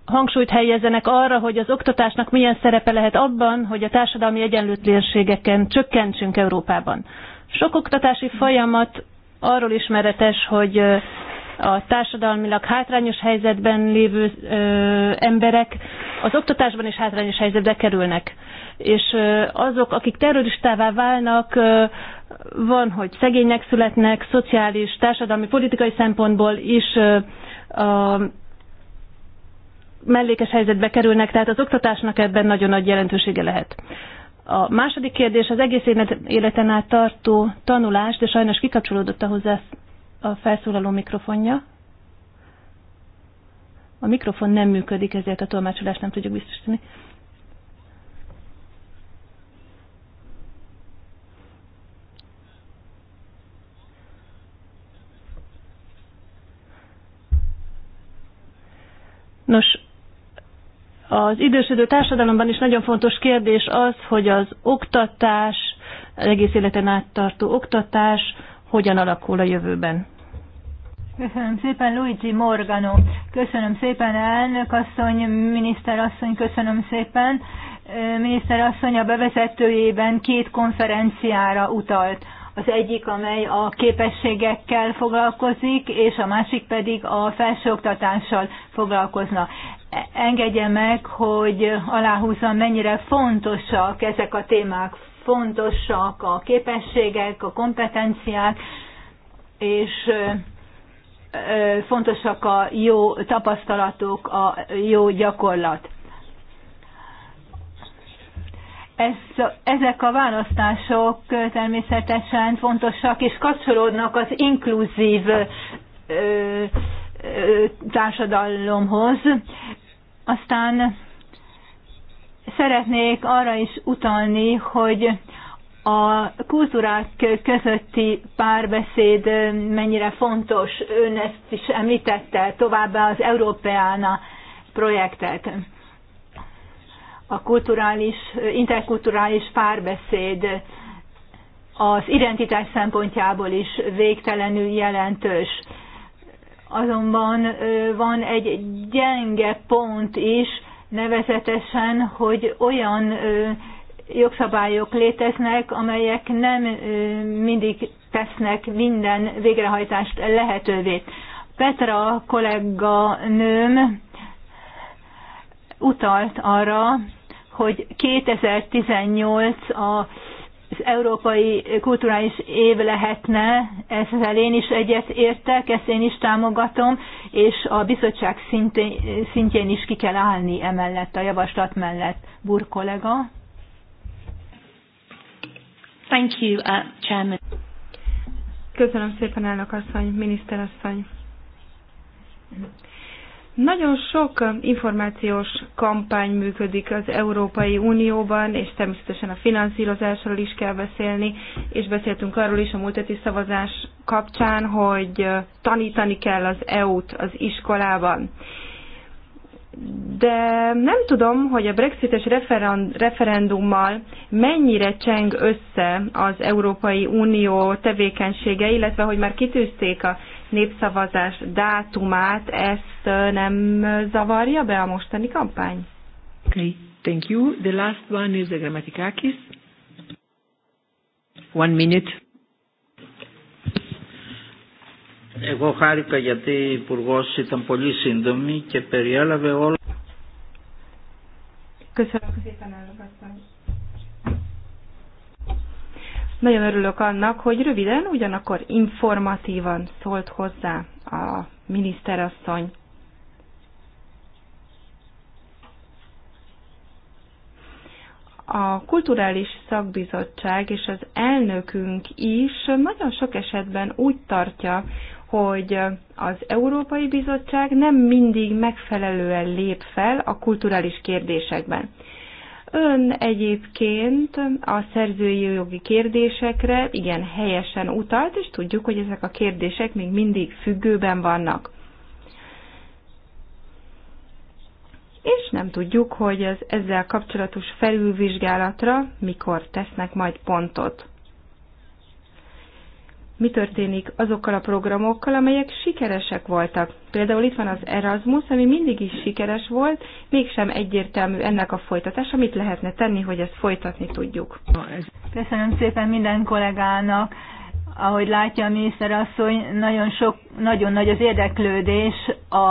S3: hangsúlyt helyezzenek arra, hogy az oktatásnak milyen szerepe lehet abban, hogy a társadalmi egyenlőtlenségeken csökkentsünk Európában. Sok oktatási folyamat arról ismeretes, hogy a társadalmilag hátrányos helyzetben lévő ö, emberek az oktatásban is hátrányos helyzetbe kerülnek. És ö, azok, akik terroristává válnak, ö, van, hogy szegények születnek, szociális, társadalmi, politikai szempontból is ö, a, mellékes helyzetbe kerülnek, tehát az oktatásnak ebben nagyon nagy jelentősége lehet. A második kérdés az egész életen át tartó tanulás, de sajnos kikapcsolódott a hozzá a felszólaló mikrofonja. A mikrofon nem működik, ezért a tolmácsolást nem tudjuk biztosítani. Nos, az idősödő társadalomban is nagyon fontos kérdés az, hogy az oktatás, egész életen áttartó oktatás, hogyan alakul a jövőben.
S1: Köszönöm szépen, Luigi Morgano. Köszönöm szépen, elnök asszony, miniszter asszony, köszönöm szépen. Miniszter asszony a bevezetőjében két konferenciára utalt. Az egyik, amely a képességekkel foglalkozik, és a másik pedig a felsőoktatással foglalkozna. E-, engedje meg, hogy aláhúzom, mennyire fontosak ezek a témák, fontosak a képességek, a kompetenciák, és fontosak a jó tapasztalatok, a jó gyakorlat. Ez, ezek a választások természetesen fontosak, és kapcsolódnak az inkluzív ö, társadalomhoz. Aztán Szeretnék arra is utalni, hogy a kultúrák közötti párbeszéd mennyire fontos, ön ezt is említette, továbbá az Európeána projektet. A kulturális, interkulturális párbeszéd az identitás szempontjából is végtelenül jelentős. Azonban van egy gyenge pont is, nevezetesen, hogy olyan jogszabályok léteznek, amelyek nem mindig tesznek minden végrehajtást lehetővé. Petra kollega nőm utalt arra, hogy 2018 a az európai kulturális év lehetne, ezzel én is egyet értek, ezt én is támogatom, és a bizottság szintén, szintjén is ki kell állni emellett, a javaslat mellett. Bur kollega.
S2: Thank you, uh, Chairman. Köszönöm szépen, elnök asszony, miniszter asszony. Nagyon sok um, információs kampány működik az Európai Unióban, és természetesen a finanszírozásról is kell beszélni, és beszéltünk arról is a múlt heti szavazás kapcsán, hogy uh, tanítani kell az EU-t az iskolában. De nem tudom, hogy a brexites referendummal mennyire cseng össze az Európai Unió tevékenysége, illetve hogy már kitűzték a népszavazás dátumát, ezt nem zavarja be a mostani kampány? Okay, thank you. The last one is the grammaticakis. One minute.
S5: Εγώ χάρηκα γιατί η υπουργό ήταν πολύ σύντομη
S2: και περιέλαβε όλα. Köszönöm szépen, nagyon örülök annak, hogy röviden, ugyanakkor informatívan szólt hozzá a miniszterasszony. a kulturális szakbizottság és az elnökünk is nagyon sok esetben úgy tartja, hogy az Európai Bizottság nem mindig megfelelően lép fel a kulturális kérdésekben. Ön egyébként a szerzői jogi kérdésekre igen helyesen utalt, és tudjuk, hogy ezek a kérdések még mindig függőben vannak. És nem tudjuk, hogy az ezzel kapcsolatos felülvizsgálatra mikor tesznek majd pontot mi történik azokkal a programokkal, amelyek sikeresek voltak. Például itt van az Erasmus, ami mindig is sikeres volt, mégsem egyértelmű ennek a folytatása, mit lehetne tenni, hogy ezt folytatni tudjuk.
S1: Köszönöm szépen minden kollégának. Ahogy látja a miniszter asszony, nagyon, sok, nagyon nagy az érdeklődés a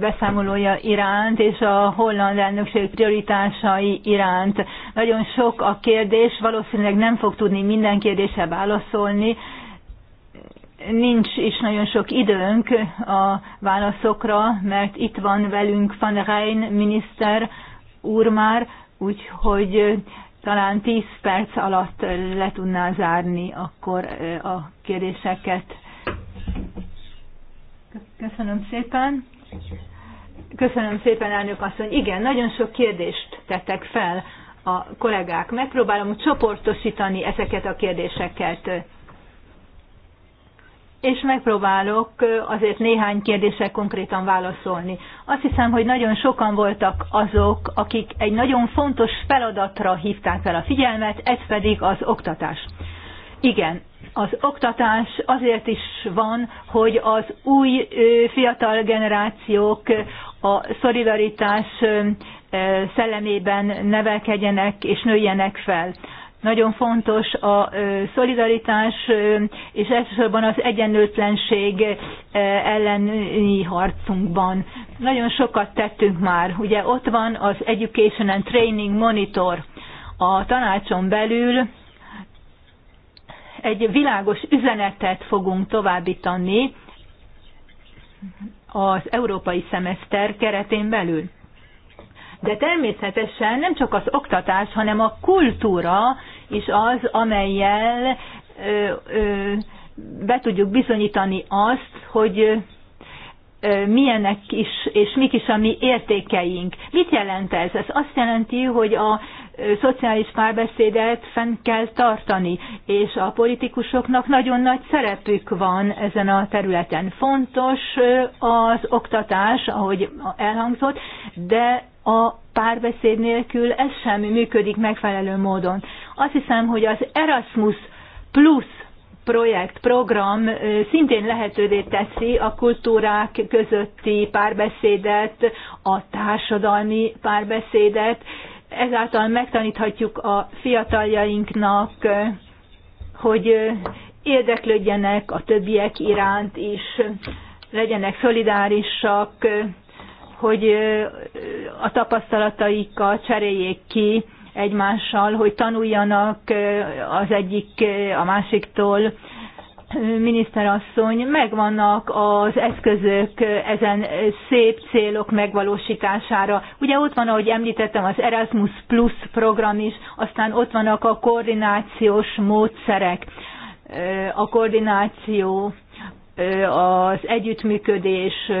S1: beszámolója iránt és a holland elnökség prioritásai iránt. Nagyon sok a kérdés, valószínűleg nem fog tudni minden kérdése válaszolni. Nincs is nagyon sok időnk a válaszokra, mert itt van velünk Van Rein miniszter úr már, úgyhogy talán 10 perc alatt le tudná zárni akkor a kérdéseket. Köszönöm szépen. Köszönöm szépen, elnök asszony. Igen, nagyon sok kérdést tettek fel a kollégák. Megpróbálom csoportosítani ezeket a kérdéseket. És megpróbálok azért néhány kérdésre konkrétan válaszolni. Azt hiszem, hogy nagyon sokan voltak azok, akik egy nagyon fontos feladatra hívták fel a figyelmet, ez pedig az oktatás. Igen, az oktatás azért is van, hogy az új fiatal generációk a szolidaritás szellemében nevelkedjenek és nőjenek fel. Nagyon fontos a szolidaritás és elsősorban az egyenlőtlenség elleni harcunkban. Nagyon sokat tettünk már. Ugye ott van az Education and Training Monitor a tanácson belül, egy világos üzenetet fogunk továbbítani az európai szemeszter keretén belül. De természetesen nem csak az oktatás, hanem a kultúra is az, amelyel ö, ö, be tudjuk bizonyítani azt, hogy milyenek is, és mik is a mi értékeink. Mit jelent ez? Ez azt jelenti, hogy a szociális párbeszédet fenn kell tartani, és a politikusoknak nagyon nagy szerepük van ezen a területen. Fontos az oktatás, ahogy elhangzott, de a párbeszéd nélkül ez sem működik megfelelő módon. Azt hiszem, hogy az Erasmus plusz projekt, program szintén lehetővé teszi a kultúrák közötti párbeszédet, a társadalmi párbeszédet. Ezáltal megtaníthatjuk a fiataljainknak, hogy érdeklődjenek a többiek iránt is, legyenek szolidárisak, hogy a tapasztalataikkal cseréljék ki egymással, hogy tanuljanak az egyik a másiktól. Miniszterasszony, megvannak az eszközök ezen szép célok megvalósítására. Ugye ott van, ahogy említettem, az Erasmus Plus program is, aztán ott vannak a koordinációs módszerek, a koordináció, az együttműködés,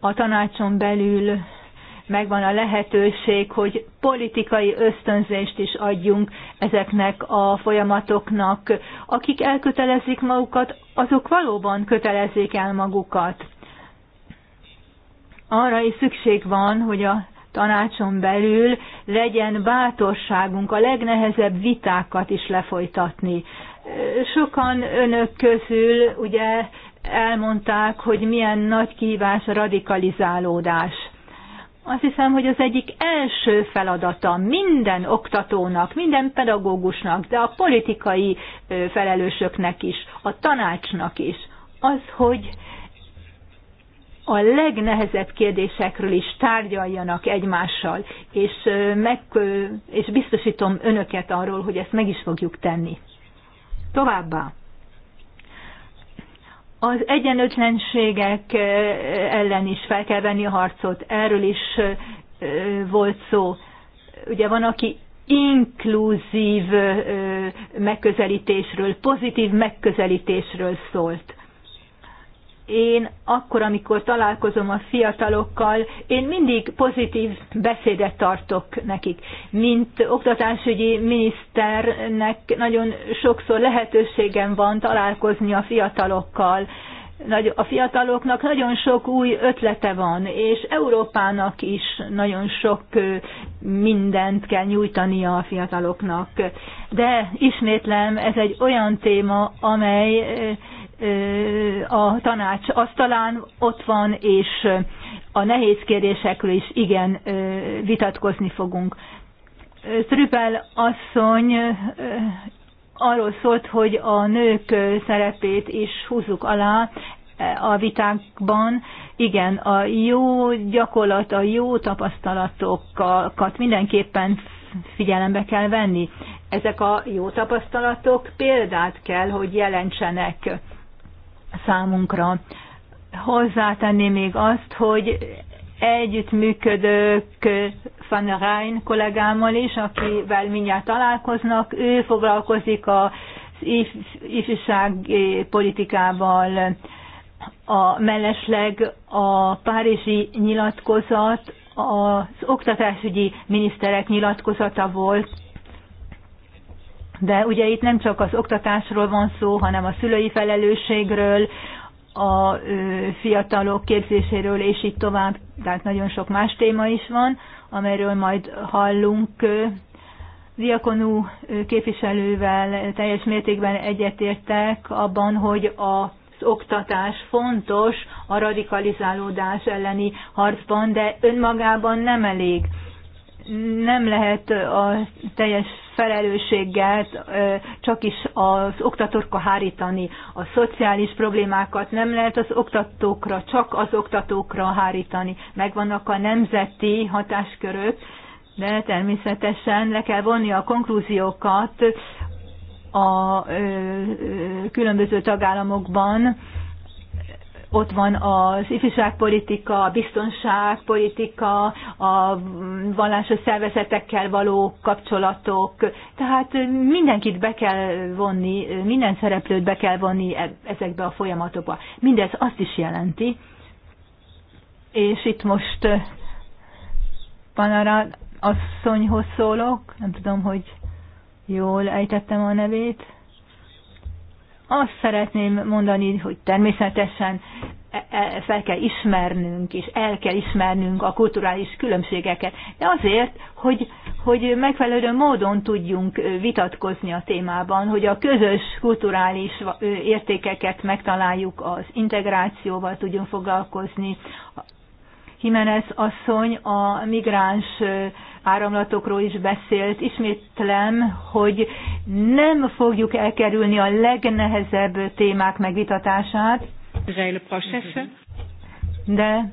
S1: a tanácson belül megvan a lehetőség, hogy politikai ösztönzést is adjunk ezeknek a folyamatoknak. Akik elkötelezik magukat, azok valóban kötelezik el magukat. Arra is szükség van, hogy a tanácson belül legyen bátorságunk a legnehezebb vitákat is lefolytatni. Sokan önök közül ugye elmondták, hogy milyen nagy kihívás a radikalizálódás azt hiszem, hogy az egyik első feladata minden oktatónak, minden pedagógusnak, de a politikai felelősöknek is, a tanácsnak is, az, hogy a legnehezebb kérdésekről is tárgyaljanak egymással, és, meg, és biztosítom önöket arról, hogy ezt meg is fogjuk tenni. Továbbá. Az egyenlőtlenségek ellen is fel kell venni a harcot, erről is volt szó. Ugye van, aki inkluzív megközelítésről, pozitív megközelítésről szólt én akkor, amikor találkozom a fiatalokkal, én mindig pozitív beszédet tartok nekik. Mint oktatásügyi miniszternek nagyon sokszor lehetőségem van találkozni a fiatalokkal. A fiataloknak nagyon sok új ötlete van, és Európának is nagyon sok mindent kell nyújtania a fiataloknak. De ismétlem, ez egy olyan téma, amely a tanács asztalán ott van, és a nehéz kérdésekről is igen vitatkozni fogunk. Trüppel asszony arról szólt, hogy a nők szerepét is húzzuk alá e, a vitákban. Igen, a jó gyakorlat, a jó tapasztalatokat mindenképpen figyelembe kell venni. Ezek a jó tapasztalatok példát kell, hogy jelentsenek számunkra. Hozzátenni még azt, hogy együttműködök Van Rijn kollégámmal is, akivel mindjárt találkoznak. Ő foglalkozik az ifjúság politikával, a mellesleg a párizsi nyilatkozat az oktatásügyi miniszterek nyilatkozata volt de ugye itt nem csak az oktatásról van szó, hanem a szülői felelősségről, a fiatalok képzéséről, és így tovább. Tehát nagyon sok más téma is van, amelyről majd hallunk. Diakonú képviselővel teljes mértékben egyetértek abban, hogy a oktatás fontos a radikalizálódás elleni harcban, de önmagában nem elég nem lehet a teljes felelősséget csak is az oktatókra hárítani. A szociális problémákat nem lehet az oktatókra, csak az oktatókra hárítani. Megvannak a nemzeti hatáskörök, de természetesen le kell vonni a konklúziókat a különböző tagállamokban ott van az ifjúságpolitika, a biztonságpolitika, a vallásos szervezetekkel való kapcsolatok. Tehát mindenkit be kell vonni, minden szereplőt be kell vonni e- ezekbe a folyamatokba. Mindez azt is jelenti, és itt most eh, Panara asszonyhoz szólok, nem tudom, hogy jól ejtettem a nevét. Azt szeretném mondani, hogy természetesen e, e, fel kell ismernünk, és el kell ismernünk a kulturális különbségeket, de azért, hogy, hogy megfelelő módon tudjunk vitatkozni a témában, hogy a közös kulturális értékeket megtaláljuk, az integrációval tudjunk foglalkozni, Jimenez asszony a migráns áramlatokról is beszélt. Ismétlem, hogy nem fogjuk elkerülni a legnehezebb témák megvitatását, de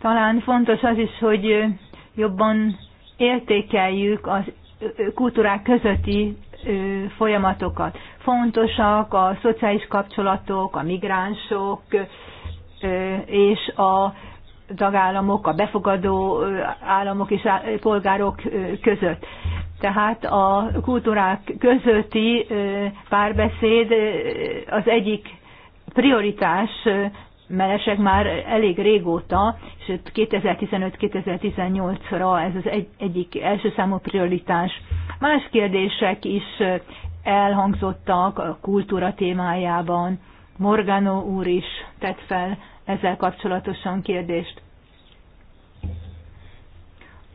S1: talán fontos az is, hogy jobban értékeljük az kultúrák közötti folyamatokat. Fontosak a szociális kapcsolatok, a migránsok, és a tagállamok, a befogadó államok és polgárok között. Tehát a kultúrák közötti párbeszéd az egyik prioritás, mert már elég régóta, és 2015-2018-ra ez az egy, egyik első számú prioritás. Más kérdések is elhangzottak a kultúra témájában Morgano úr is tett fel ezzel kapcsolatosan kérdést.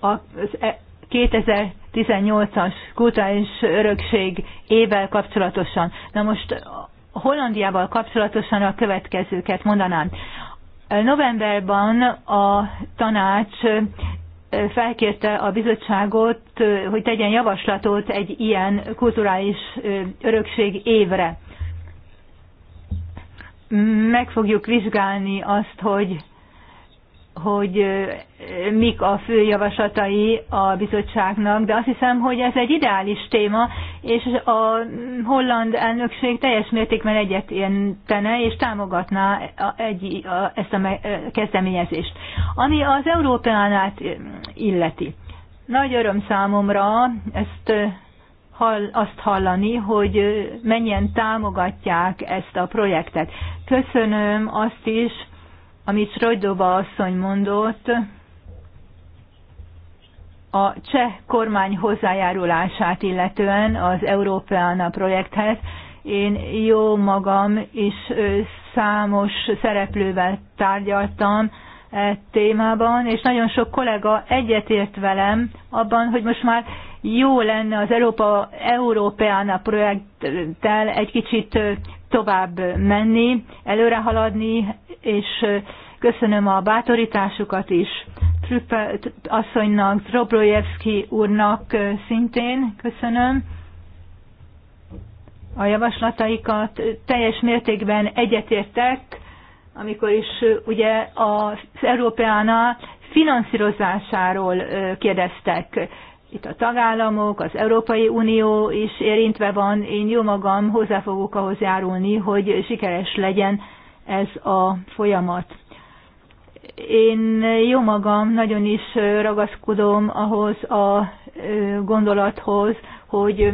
S1: A 2018-as kulturális örökség ével kapcsolatosan. Na most Hollandiával kapcsolatosan a következőket mondanám. Novemberban a tanács felkérte a bizottságot, hogy tegyen javaslatot egy ilyen kulturális örökség évre meg fogjuk vizsgálni azt, hogy hogy mik a fő javaslatai a bizottságnak, de azt hiszem, hogy ez egy ideális téma, és a holland elnökség teljes mértékben egyetértene és támogatná egy, a, ezt a kezdeményezést. Ami az Európánát illeti. Nagy öröm számomra ezt hall, azt hallani, hogy mennyien támogatják ezt a projektet. Köszönöm azt is, amit Rojdova asszony mondott, a cseh kormány hozzájárulását illetően az Európeana projekthez. Én jó magam is számos szereplővel tárgyaltam, E, témában, és nagyon sok kollega egyetért velem abban, hogy most már jó lenne az Európa Európeana projekttel egy kicsit tovább menni, előre haladni, és köszönöm a bátorításukat is. Trüppelt asszonynak, Zrobrojevski úrnak szintén köszönöm a javaslataikat. Teljes mértékben egyetértek amikor is ugye az európeana finanszírozásáról kérdeztek. Itt a tagállamok, az Európai Unió is érintve van, én jó magam hozzá fogok ahhoz járulni, hogy sikeres legyen ez a folyamat. Én jó magam nagyon is ragaszkodom ahhoz a gondolathoz, hogy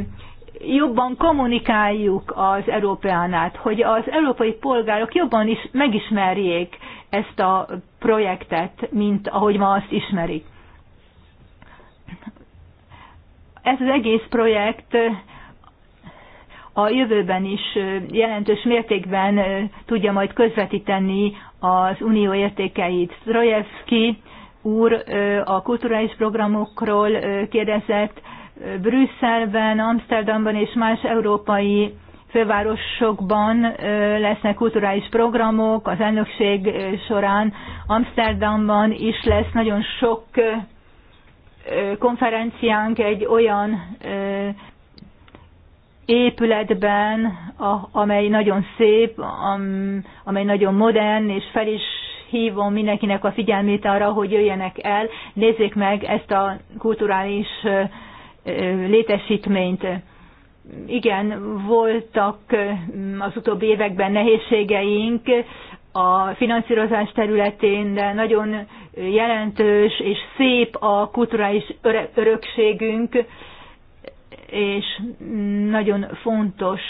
S1: jobban kommunikáljuk az Európeánát, hogy az európai polgárok jobban is megismerjék ezt a projektet, mint ahogy ma azt ismerik. Ez az egész projekt a jövőben is jelentős mértékben tudja majd közvetíteni az unió értékeit. Zrojevski úr a kulturális programokról kérdezett, Brüsszelben, Amsterdamban és más európai fővárosokban lesznek kulturális programok, az elnökség során Amsterdamban is lesz nagyon sok konferenciánk egy olyan épületben, amely nagyon szép, amely nagyon modern, és fel is hívom mindenkinek a figyelmét arra, hogy jöjjenek el, nézzék meg ezt a kulturális létesítményt. Igen, voltak az utóbbi években nehézségeink a finanszírozás területén, de nagyon jelentős és szép a kulturális örökségünk, és nagyon fontos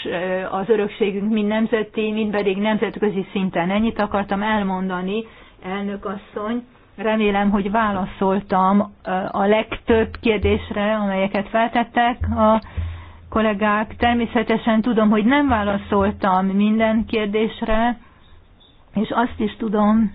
S1: az örökségünk mind nemzeti, mind pedig nemzetközi szinten. Ennyit akartam elmondani, elnök asszony. Remélem, hogy válaszoltam eh, a legtöbb kérdésre, amelyeket feltettek a kollégák. Természetesen tudom, hogy nem válaszoltam minden kérdésre, és azt is tudom,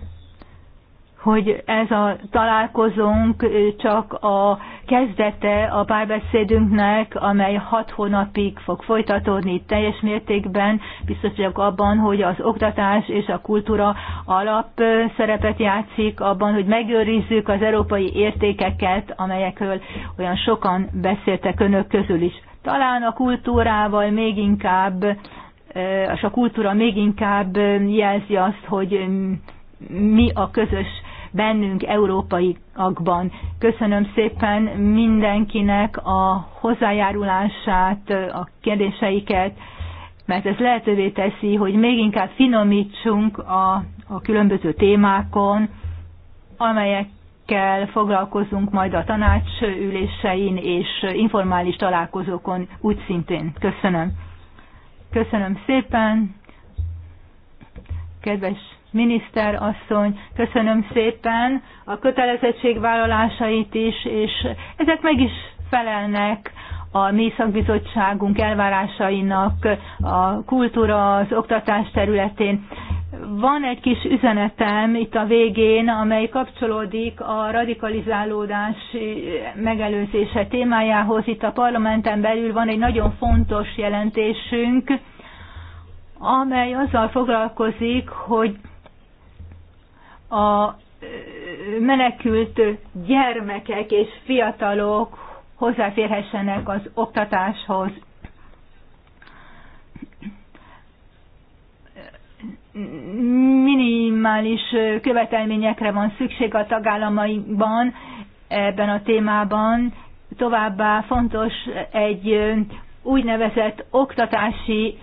S1: hogy ez a találkozónk csak a kezdete a párbeszédünknek, amely hat hónapig fog folytatódni teljes mértékben. Biztos vagyok abban, hogy az oktatás és a kultúra alap szerepet játszik abban, hogy megőrizzük az európai értékeket, amelyekről olyan sokan beszéltek önök közül is. Talán a kultúrával még inkább, és eh, a kultúra még inkább jelzi azt, hogy mi a közös bennünk, európaiakban. Köszönöm szépen mindenkinek a hozzájárulását, a kérdéseiket, mert ez lehetővé teszi, hogy még inkább finomítsunk a, a különböző témákon, amelyek kell foglalkozunk majd a tanácsülésein és informális találkozókon úgy szintén. Köszönöm. Köszönöm szépen. Kedves miniszter asszony, köszönöm szépen a kötelezettségvállalásait is, és ezek meg is felelnek a mi szakbizottságunk elvárásainak a kultúra, az oktatás területén. Van egy kis üzenetem itt a végén, amely kapcsolódik a radikalizálódás megelőzése témájához. Itt a parlamenten belül van egy nagyon fontos jelentésünk, amely azzal foglalkozik, hogy a menekült gyermekek és fiatalok hozzáférhessenek az oktatáshoz. Minimális követelményekre van szükség a tagállamaiban ebben a témában. Továbbá fontos egy úgynevezett oktatási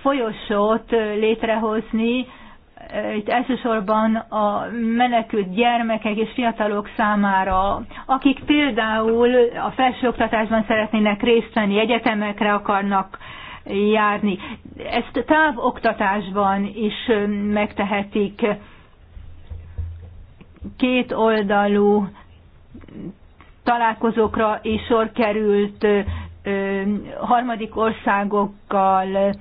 S1: folyosót létrehozni, Eh, itt elsősorban a menekült gyermekek és fiatalok számára, akik például a felsőoktatásban szeretnének részt venni, egyetemekre akarnak járni. Ezt távoktatásban is eh, megtehetik két oldalú találkozókra és sor került eh, harmadik országokkal,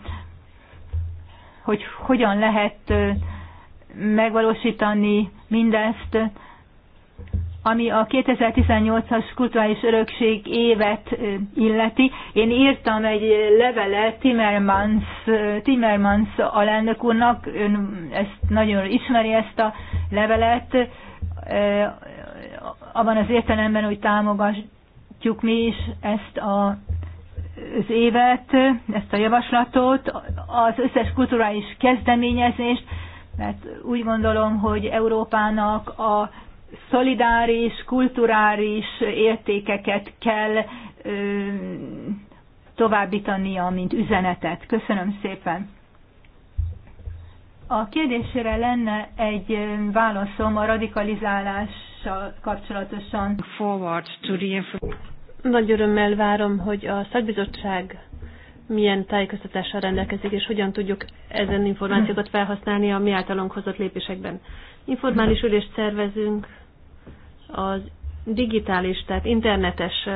S1: hogy hogyan lehet megvalósítani mindezt, ami a 2018-as kulturális örökség évet illeti. Én írtam egy levelet Timmermans, Timmermans alelnök úrnak, ön ezt nagyon ismeri ezt a levelet, abban az értelemben, hogy támogatjuk mi is ezt a az évet, ezt a javaslatot, az összes kulturális kezdeményezést, mert úgy gondolom, hogy Európának a szolidáris, kulturális értékeket kell ö, továbbítania, mint üzenetet. Köszönöm szépen. A kérdésére lenne egy válaszom a radikalizálással kapcsolatosan. Forward
S2: to the
S3: Nagy örömmel várom, hogy a szakbizottság milyen tájékoztatással rendelkezik, és hogyan tudjuk ezen információkat felhasználni a mi általunk hozott lépésekben. Informális ülést szervezünk az digitális, tehát internetes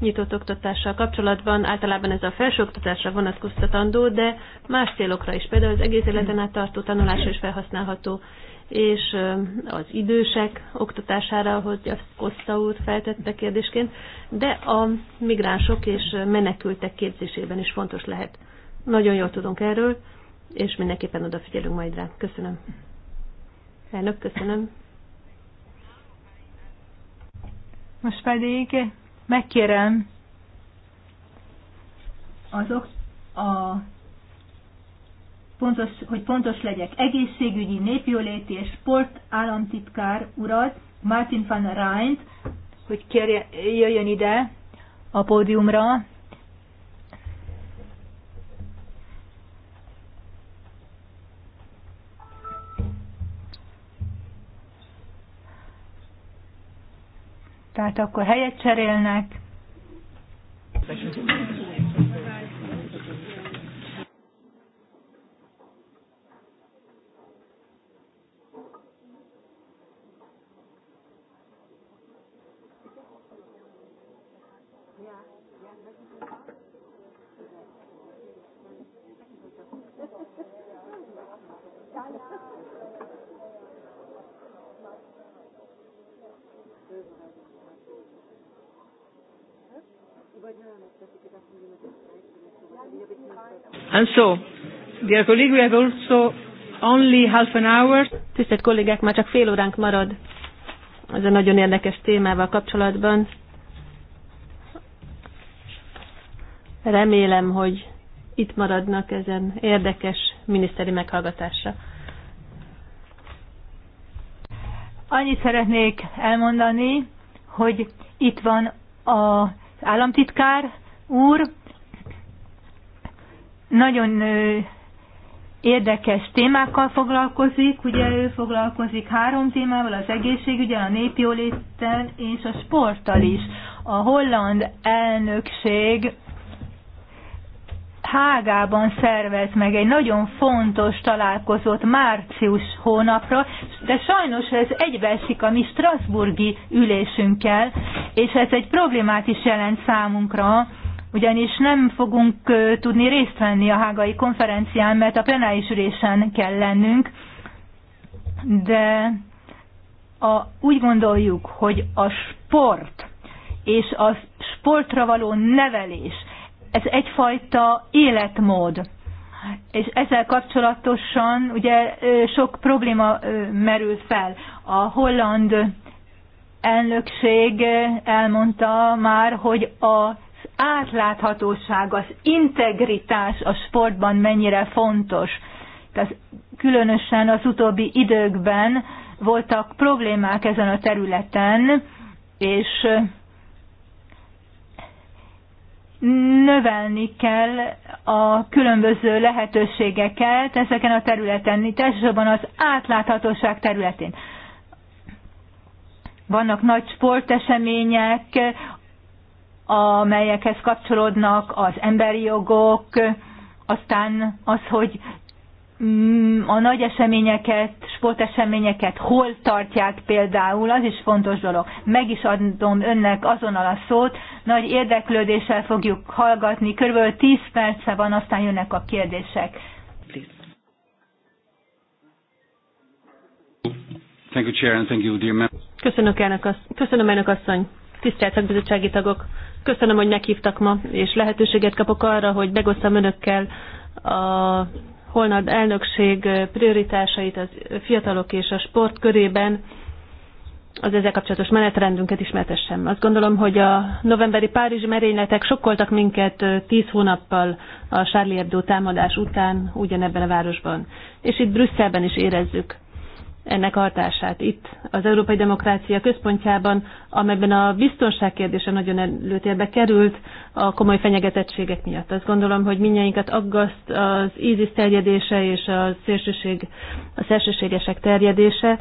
S3: nyitott oktatással kapcsolatban általában ez a felsőoktatásra vonatkoztatandó, de más célokra is, például az egész életen át tartó tanulásra is felhasználható és az idősek oktatására, hogy a Kossza úr feltette kérdésként, de a migránsok és menekültek képzésében is fontos lehet. Nagyon jól tudunk erről, és mindenképpen odafigyelünk majd rá. Köszönöm. Elnök, köszönöm.
S1: Most pedig megkérem azok a pontos, hogy pontos legyek, egészségügyi, népjóléti és sport államtitkár urat, Martin van rijn hogy kérje, jöjjön ide a pódiumra. Tehát akkor helyet cserélnek.
S4: Köszönöm.
S2: And so, dear colleague, we have also only half
S3: an hour. Tisztelt kollégák, már csak fél óránk marad ez a nagyon érdekes témával kapcsolatban. Remélem, hogy itt maradnak ezen érdekes miniszteri meghallgatásra. Annyit szeretnék elmondani,
S1: hogy itt van az államtitkár, úr. Nagyon érdekes témákkal foglalkozik, ugye ő foglalkozik három témával, az egészségügyel, a népjóléttel és a sporttal is. A holland elnökség Hágában szervez meg egy nagyon fontos találkozót március hónapra, de sajnos ez egybeesik a mi Strasburgi ülésünkkel, és ez egy problémát is jelent számunkra, ugyanis nem fogunk tudni részt venni a hágai konferencián, mert a plenáris ülésen kell lennünk, de a, úgy gondoljuk, hogy a sport és a sportra való nevelés, ez egyfajta életmód. És ezzel kapcsolatosan ugye sok probléma merül fel. A holland elnökség elmondta már, hogy a átláthatóság, az integritás a sportban mennyire fontos. Tehát különösen az utóbbi időkben voltak problémák ezen a területen, és növelni kell a különböző lehetőségeket ezeken a területen, itt elsősorban az átláthatóság területén. Vannak nagy sportesemények, amelyekhez kapcsolódnak az emberi jogok, aztán az, hogy mm, a nagy eseményeket, sporteseményeket hol tartják például, az is fontos dolog. Meg is adom önnek azonnal a szót, nagy érdeklődéssel fogjuk hallgatni, körülbelül 10
S3: perce van, aztán jönnek a kérdések. Köszönöm, elnök, köszönöm elnök asszony, tisztelt szakbizottsági tagok. Köszönöm, hogy meghívtak ma, és lehetőséget kapok arra, hogy megosztam önökkel a holnap elnökség prioritásait az fiatalok és a sport körében az ezzel kapcsolatos menetrendünket ismertessem. Azt gondolom, hogy a novemberi párizsi merényletek sokkoltak minket tíz hónappal a Charlie Hebdo támadás után ugyanebben a városban. És itt Brüsszelben is érezzük ennek hatását. Itt az európai demokrácia központjában, amelyben a biztonság kérdése nagyon előtérbe került a komoly fenyegetettségek miatt. Azt gondolom, hogy minnyáinkat aggaszt az ISIS terjedése és a, szélsőség, a szélsőségesek terjedése.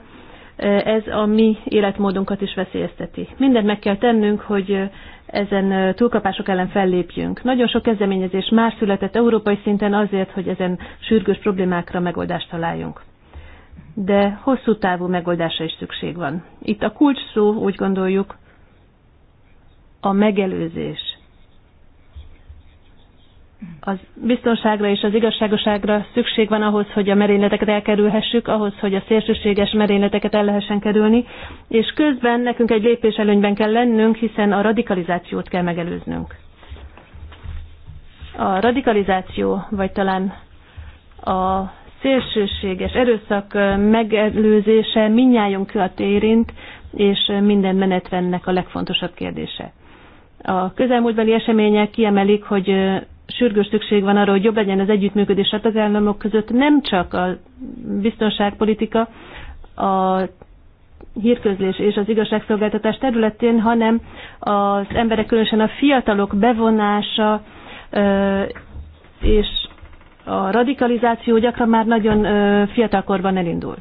S3: Ez a mi életmódunkat is veszélyezteti. Mindent meg kell tennünk, hogy ezen túlkapások ellen fellépjünk. Nagyon sok kezdeményezés már született európai szinten azért, hogy ezen sürgős problémákra megoldást találjunk de hosszú távú megoldásra is szükség van. Itt a kulcs szó, úgy gondoljuk, a megelőzés. Az biztonságra és az igazságoságra szükség van ahhoz, hogy a merényleteket elkerülhessük, ahhoz, hogy a szélsőséges merényleteket el lehessen kerülni, és közben nekünk egy lépés előnyben kell lennünk, hiszen a radikalizációt kell megelőznünk. A radikalizáció, vagy talán a szélsőséges erőszak megelőzése minnyájunkat érint, és minden menetrendnek a legfontosabb kérdése. A közelmúltbeli események kiemelik, hogy sürgős szükség van arra, hogy jobb legyen az együttműködés a tagállamok között, nem csak a biztonságpolitika, a hírközlés és az igazságszolgáltatás területén, hanem az emberek, különösen a fiatalok bevonása és a radikalizáció gyakran már nagyon fiatalkorban elindul.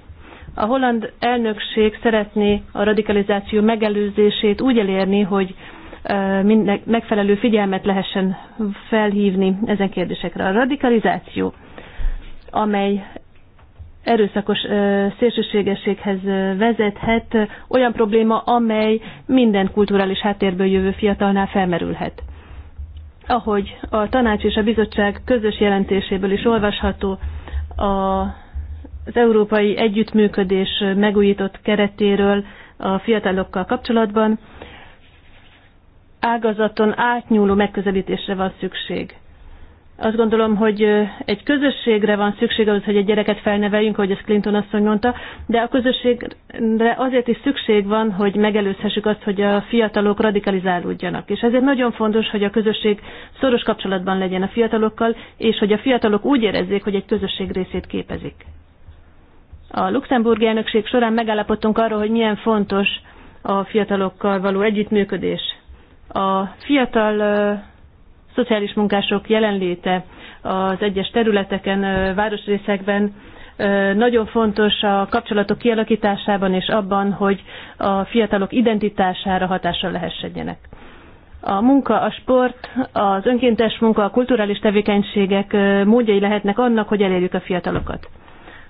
S3: A holland elnökség szeretné a radikalizáció megelőzését úgy elérni, hogy mindnek megfelelő figyelmet lehessen felhívni ezen kérdésekre. A radikalizáció, amely erőszakos szélsőségességhez vezethet, olyan probléma, amely minden kulturális háttérből jövő fiatalnál felmerülhet. Ahogy a tanács és a bizottság közös jelentéséből is olvasható, a az európai együttműködés megújított keretéről a fiatalokkal kapcsolatban ágazaton átnyúló megközelítésre van szükség. Azt gondolom, hogy egy közösségre van szükség ahhoz, hogy egy gyereket felneveljünk, ahogy ezt Clinton asszony mondta, de a közösségre azért is szükség van, hogy megelőzhessük azt, hogy a fiatalok radikalizálódjanak. És ezért nagyon fontos, hogy a közösség szoros kapcsolatban legyen a fiatalokkal, és hogy a fiatalok úgy érezzék, hogy egy közösség részét képezik. A luxemburgi elnökség során megállapodtunk arról, hogy milyen fontos a fiatalokkal való együttműködés. A fiatal szociális munkások jelenléte az egyes területeken, városrészekben nagyon fontos a kapcsolatok kialakításában és abban, hogy a fiatalok identitására hatással lehessenek. A munka, a sport, az önkéntes munka, a kulturális tevékenységek módjai lehetnek annak, hogy elérjük a fiatalokat.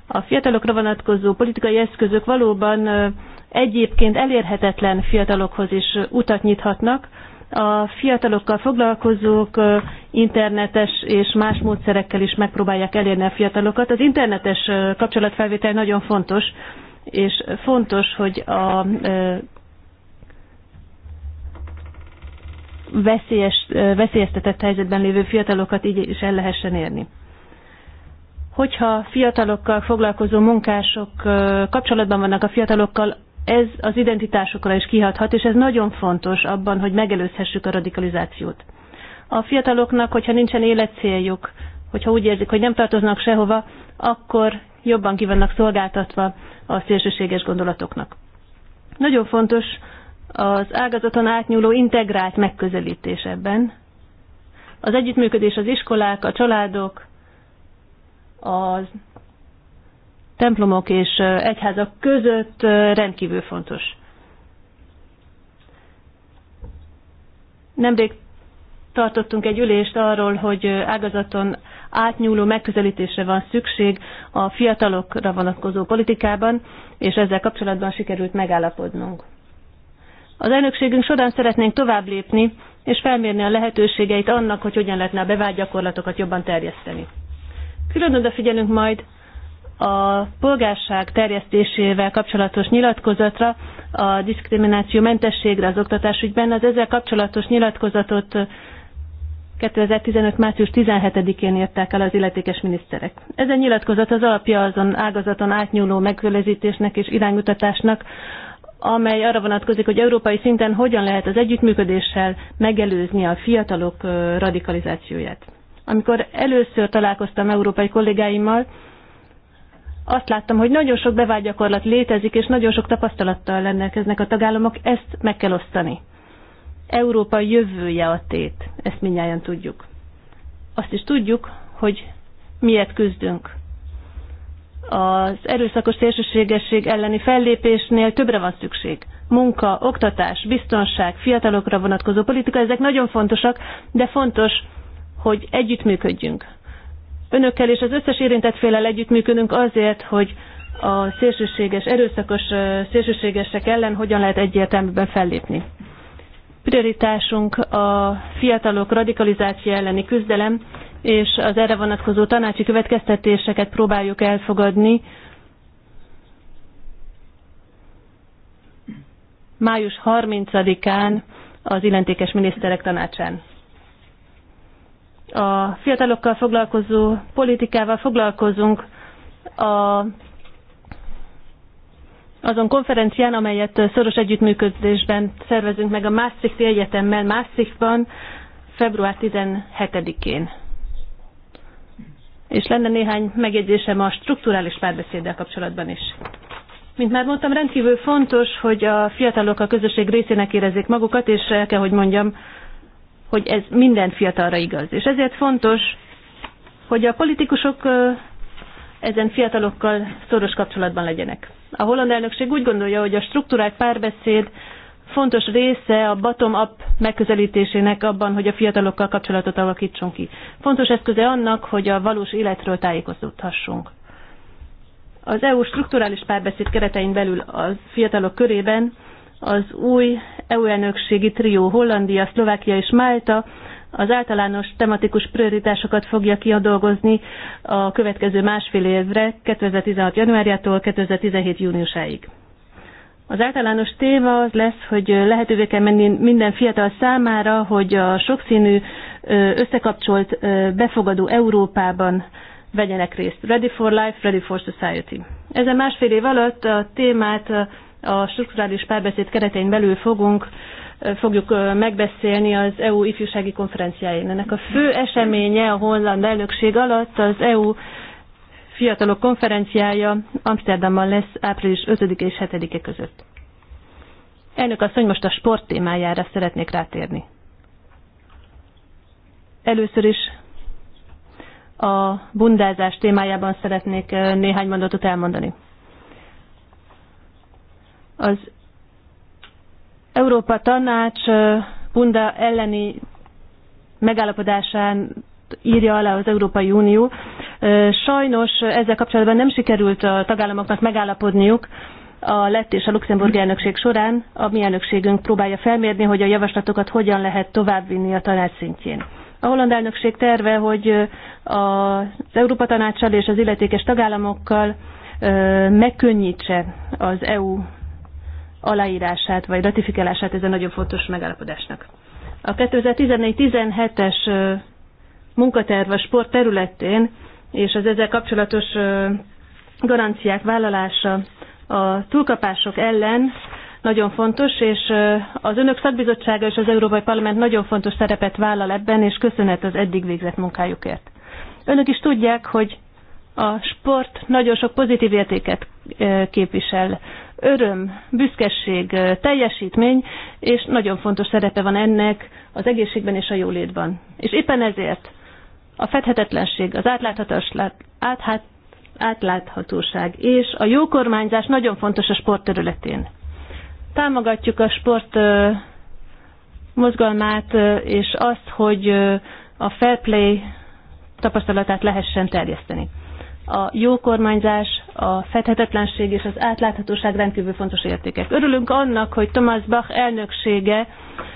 S3: A fiatalokra vonatkozó politikai eszközök valóban egyébként elérhetetlen fiatalokhoz is utat nyithatnak, a fiatalokkal foglalkozók internetes és más módszerekkel is megpróbálják elérni a fiatalokat. Az internetes kapcsolatfelvétel nagyon fontos, és fontos, hogy a veszélyes, veszélyeztetett helyzetben lévő fiatalokat így is el lehessen érni. Hogyha fiatalokkal foglalkozó munkások kapcsolatban vannak a fiatalokkal, ez az identitásokra is kihathat, és ez nagyon fontos abban, hogy megelőzhessük a radikalizációt. A fiataloknak, hogyha nincsen életcéljuk, hogyha úgy érzik, hogy nem tartoznak sehova, akkor jobban kivannak szolgáltatva a szélsőséges gondolatoknak. Nagyon fontos az ágazaton átnyúló integrált megközelítés ebben. Az együttműködés az iskolák, a családok, az templomok és egyházak között rendkívül fontos. Nemrég tartottunk egy ülést arról, hogy ágazaton átnyúló megközelítésre van szükség a fiatalokra vonatkozó politikában, és ezzel kapcsolatban sikerült megállapodnunk. Az elnökségünk során szeretnénk tovább lépni, és felmérni a lehetőségeit annak, hogy hogyan lehetne a bevált gyakorlatokat jobban terjeszteni. Külön odafigyelünk majd a polgárság terjesztésével kapcsolatos nyilatkozatra, a diszkrimináció mentességre az oktatásügyben. Az ezzel kapcsolatos nyilatkozatot 2015. március 17-én írták el az illetékes miniszterek. Ez a nyilatkozat az alapja azon ágazaton átnyúló megkülözítésnek és iránymutatásnak, amely arra vonatkozik, hogy európai szinten hogyan lehet az együttműködéssel megelőzni a fiatalok radikalizációját. Amikor először találkoztam európai kollégáimmal, azt láttam, hogy nagyon sok bevágyakorlat létezik, és nagyon sok tapasztalattal rendelkeznek a tagállamok, ezt meg kell osztani. Európa jövője a tét, ezt mindjárt tudjuk. Azt is tudjuk, hogy miért küzdünk. Az erőszakos szélsőségesség elleni fellépésnél többre van szükség. Munka, oktatás, biztonság, fiatalokra vonatkozó politika, ezek nagyon fontosak, de fontos, hogy együttműködjünk önökkel és az összes érintett félel együttműködünk azért, hogy a szélsőséges, erőszakos szélsőségesek ellen hogyan lehet egyértelműben fellépni. Prioritásunk a fiatalok radikalizáció elleni küzdelem, és az erre vonatkozó tanácsi következtetéseket próbáljuk elfogadni. Május 30-án az illentékes miniszterek tanácsán a fiatalokkal foglalkozó politikával foglalkozunk a, azon konferencián, amelyet szoros együttműködésben szervezünk meg a Maastrichti Egyetemmel Maastrichtban február 17-én. És lenne néhány megjegyzésem a strukturális párbeszéddel kapcsolatban is. Mint már mondtam, rendkívül fontos, hogy a fiatalok a közösség részének érezzék magukat, és el kell, hogy mondjam, hogy ez minden fiatalra igaz. És ezért fontos, hogy a politikusok ezen fiatalokkal szoros kapcsolatban legyenek. A holland elnökség úgy gondolja, hogy a struktúrált párbeszéd fontos része a bottom-up megközelítésének abban, hogy a fiatalokkal kapcsolatot alakítsunk ki. Fontos eszköze annak, hogy a valós életről tájékozódhassunk. Az EU strukturális párbeszéd keretein belül a fiatalok körében az új EU elnökségi trió Hollandia, Szlovákia és Málta az általános tematikus prioritásokat fogja kiadolgozni a következő másfél évre, 2016. januárjától 2017. júniusáig. Az általános téma az lesz, hogy lehetővé kell menni minden fiatal számára, hogy a sokszínű, összekapcsolt, befogadó Európában vegyenek részt. Ready for Life, Ready for Society. Ezen másfél év alatt a témát a strukturális párbeszéd keretein belül fogunk fogjuk megbeszélni az EU ifjúsági konferenciáin. Ennek a fő eseménye a holland elnökség alatt az EU fiatalok konferenciája Amsterdamban lesz április 5 és 7-e között. Elnök asszony, most a sport témájára szeretnék rátérni. Először is a bundázás témájában szeretnék néhány mondatot elmondani. Az Európa Tanács Bunda elleni megállapodásán írja alá az Európai Unió. Sajnos ezzel kapcsolatban nem sikerült a tagállamoknak megállapodniuk a lett és a luxemburgi elnökség során. A mi elnökségünk próbálja felmérni, hogy a javaslatokat hogyan lehet továbbvinni a tanács szintjén. A holland elnökség terve, hogy az Európa Tanácssal és az illetékes tagállamokkal megkönnyítse az EU aláírását vagy ratifikálását ezen nagyon fontos megállapodásnak. A 2014-17-es munkaterv a sport területén és az ezzel kapcsolatos garanciák vállalása a túlkapások ellen nagyon fontos, és az Önök szakbizottsága és az Európai Parlament nagyon fontos szerepet vállal ebben, és köszönet az eddig végzett munkájukért. Önök is tudják, hogy a sport nagyon sok pozitív értéket képvisel öröm, büszkeség, teljesítmény, és nagyon fontos szerepe van ennek az egészségben és a jólétben. És éppen ezért a fedhetetlenség, az átláthatóság, átláthatóság és a jó kormányzás nagyon fontos a sport területén. Támogatjuk a sport mozgalmát, és azt, hogy a fair play tapasztalatát lehessen terjeszteni a jó kormányzás, a fedhetetlenség és az átláthatóság rendkívül fontos értékek. Örülünk annak, hogy Thomas Bach elnöksége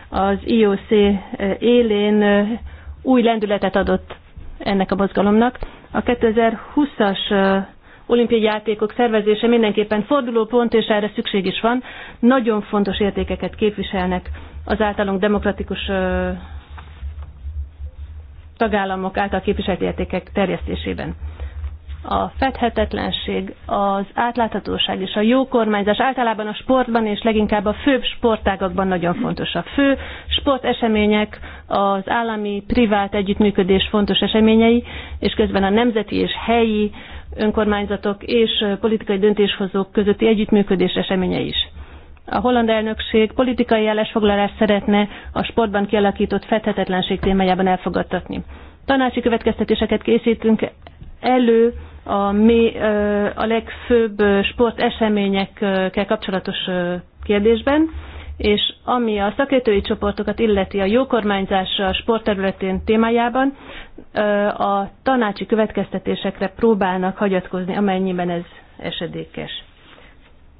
S3: az IOC eh, élén eh, új lendületet adott ennek a mozgalomnak. A 2020-as eh, olimpiai játékok szervezése mindenképpen forduló pont és erre szükség is van. Nagyon fontos értékeket képviselnek az általunk demokratikus tagállamok által képviselt értékek terjesztésében a fedhetetlenség, az átláthatóság és a jó kormányzás általában a sportban és leginkább a főbb sportágakban nagyon fontos. A fő sportesemények az állami, privát együttműködés fontos eseményei, és közben a nemzeti és helyi önkormányzatok és politikai döntéshozók közötti együttműködés eseménye is. A holland elnökség politikai állásfoglalást szeretne a sportban kialakított fedhetetlenség témájában elfogadtatni. Tanácsi következtetéseket készítünk elő a, mi, a legfőbb sporteseményekkel kapcsolatos kérdésben, és ami a szakértői csoportokat illeti a jókormányzás a sportterületén témájában, a tanácsi következtetésekre próbálnak hagyatkozni, amennyiben ez esedékes.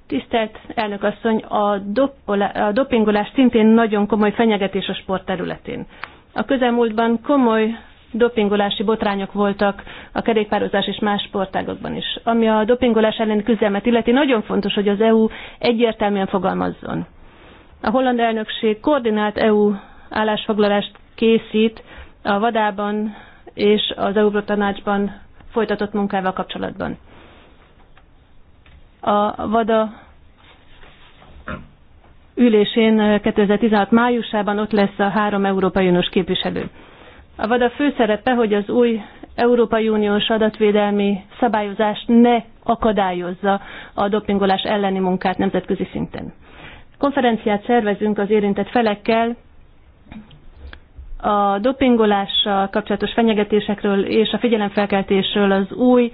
S3: Tisztelt elnök asszony, a, dopola, a dopingolás szintén nagyon komoly fenyegetés a sportterületén. A közelmúltban komoly dopingolási botrányok voltak a kerékpározás és más sportágokban is. Ami a dopingolás elleni küzdelmet illeti, nagyon fontos, hogy az EU egyértelműen fogalmazzon. A holland elnökség koordinált EU állásfoglalást készít a vadában és az EU Tanácsban folytatott munkával kapcsolatban. A vada ülésén 2016 eh, májusában ott lesz a három Európai Uniós képviselő. A VADA főszerepe, hogy az új Európai Uniós adatvédelmi szabályozást ne akadályozza a dopingolás elleni munkát nemzetközi szinten. Konferenciát szervezünk az érintett felekkel, a dopingolással kapcsolatos fenyegetésekről és a figyelemfelkeltésről az új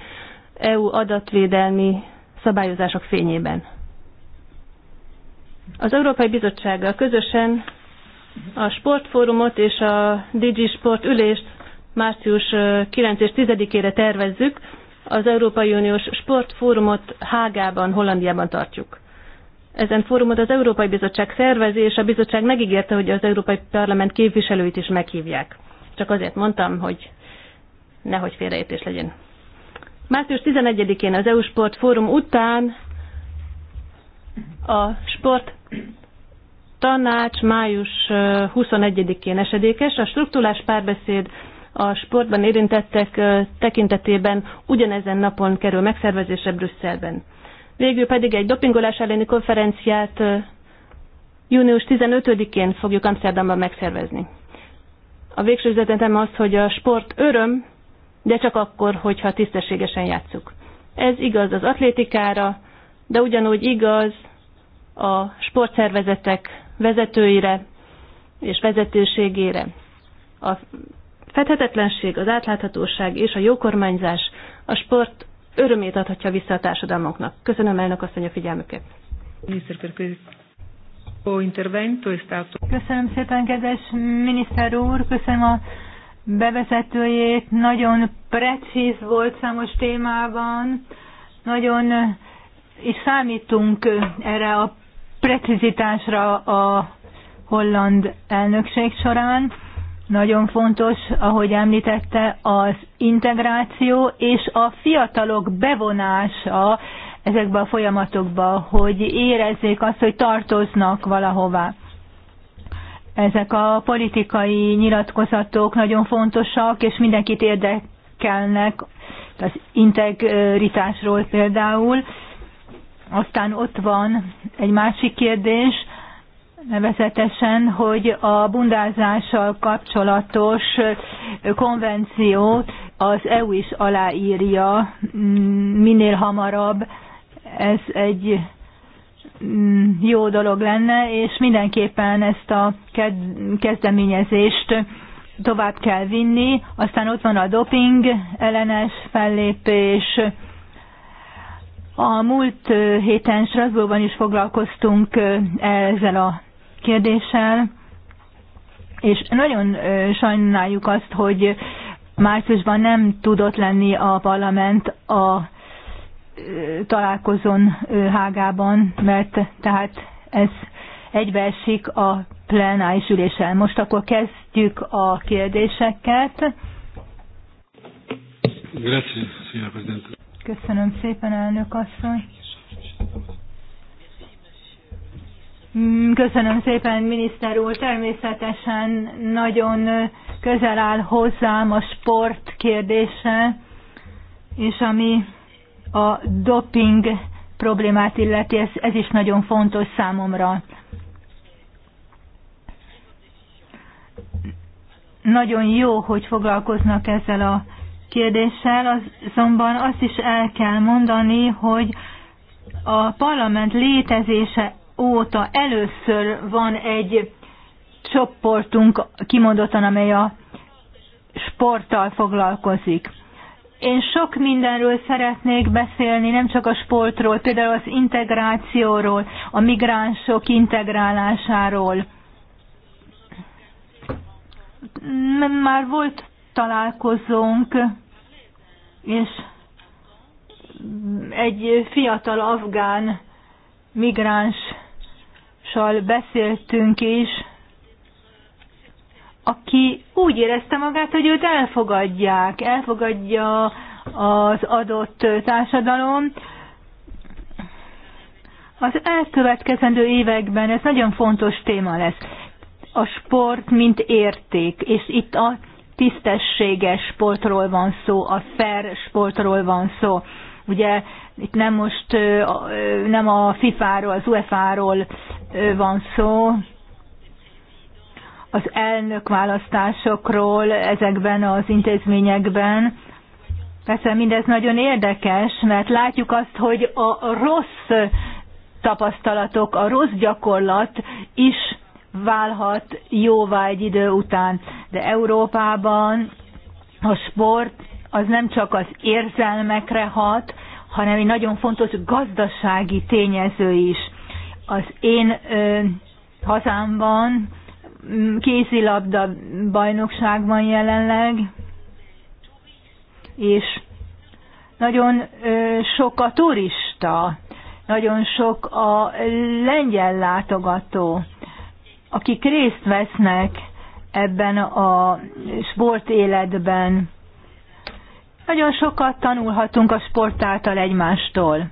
S3: EU adatvédelmi szabályozások fényében. Az Európai Bizottsággal közösen a sportfórumot és a Digi Sport ülést március 9 és 10-ére tervezzük. Az Európai Uniós Sportfórumot Hágában, Hollandiában tartjuk. Ezen fórumot az Európai Bizottság szervezi, és a bizottság megígérte, hogy az Európai Parlament képviselőit is meghívják. Csak azért mondtam, hogy nehogy félreértés legyen. Március 11-én az EU Sport Fórum után a sport tanács május 21-én esedékes. A struktúrás párbeszéd a sportban érintettek tekintetében ugyanezen napon kerül megszervezésre Brüsszelben. Végül pedig egy dopingolás elleni konferenciát június 15-én fogjuk Amsterdamban megszervezni. A végső üzenetem az, hogy a sport öröm, de csak akkor, hogyha tisztességesen játszuk. Ez igaz az atlétikára, de ugyanúgy igaz a sportszervezetek vezetőire és vezetőségére. A fedhetetlenség, az átláthatóság és a jókormányzás a sport örömét adhatja vissza a társadalmaknak. Köszönöm elnök
S2: asszony a figyelmüket. Köszönöm
S1: szépen, kedves miniszter úr, köszönöm a bevezetőjét, nagyon precíz volt számos témában, nagyon és számítunk erre a precizitásra a holland elnökség során. Nagyon fontos, ahogy említette, az integráció és a fiatalok bevonása ezekbe a folyamatokba, hogy érezzék azt, hogy tartoznak valahová. Ezek a politikai nyilatkozatok nagyon fontosak, és mindenkit érdekelnek, az integritásról például. Aztán ott van egy másik kérdés, nevezetesen, hogy a bundázással kapcsolatos konvenció az EU is aláírja mm, minél hamarabb. Ez egy mm, jó dolog lenne, és mindenképpen ezt a kezdeményezést tovább kell vinni. Aztán ott van a doping ellenes fellépés, a múlt héten Strasbourgban is foglalkoztunk ezzel a kérdéssel, és nagyon sajnáljuk azt, hogy márciusban nem tudott lenni a parlament a találkozón Hágában, mert tehát ez egybeesik a plenáris üléssel. Most akkor kezdjük a kérdéseket.
S4: Grazie, Presidente.
S1: Köszönöm szépen, elnök asszony. Mm, köszönöm szépen, miniszter úr. Természetesen nagyon közel áll hozzám a sport kérdése, és ami a doping problémát illeti, ez, ez is nagyon fontos számomra. Nagyon jó, hogy foglalkoznak ezzel a kérdéssel, azonban azt is el kell mondani, hogy a parlament létezése óta először van egy csoportunk kimondottan, amely a sporttal foglalkozik. Én sok mindenről szeretnék beszélni, nem csak a sportról, például az integrációról, a migránsok integrálásáról. Már volt találkozunk, és egy fiatal afgán migránssal beszéltünk is, aki úgy érezte magát, hogy őt elfogadják, elfogadja az adott társadalom. Az elkövetkezendő években ez nagyon fontos téma lesz. A sport, mint érték, és itt a tisztességes sportról van szó, a fair sportról van szó. Ugye itt nem most nem a FIFA-ról, az UEFA-ról van szó, az elnök választásokról ezekben az intézményekben. Persze mindez nagyon érdekes, mert látjuk azt, hogy a rossz tapasztalatok, a rossz gyakorlat is válhat jóvá egy idő után. De Európában a sport az nem csak az érzelmekre hat, hanem egy nagyon fontos gazdasági tényező is. Az én ö, hazámban kézilabda bajnokságban jelenleg, és nagyon ö, sok a turista, nagyon sok a lengyel látogató akik részt vesznek ebben a sportéletben. Nagyon sokat tanulhatunk a sport által egymástól.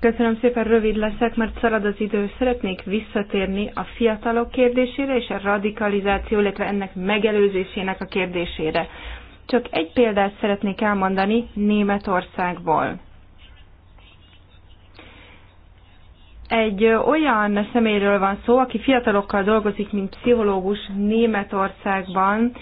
S2: Köszönöm szépen, rövid leszek, mert szalad az idő. Szeretnék visszatérni a fiatalok kérdésére és a radikalizáció, illetve ennek megelőzésének a kérdésére. Csak egy példát szeretnék elmondani Németországból. egy olyan szeméről van szó, aki fiatalokkal dolgozik, mint pszichológus Németországban,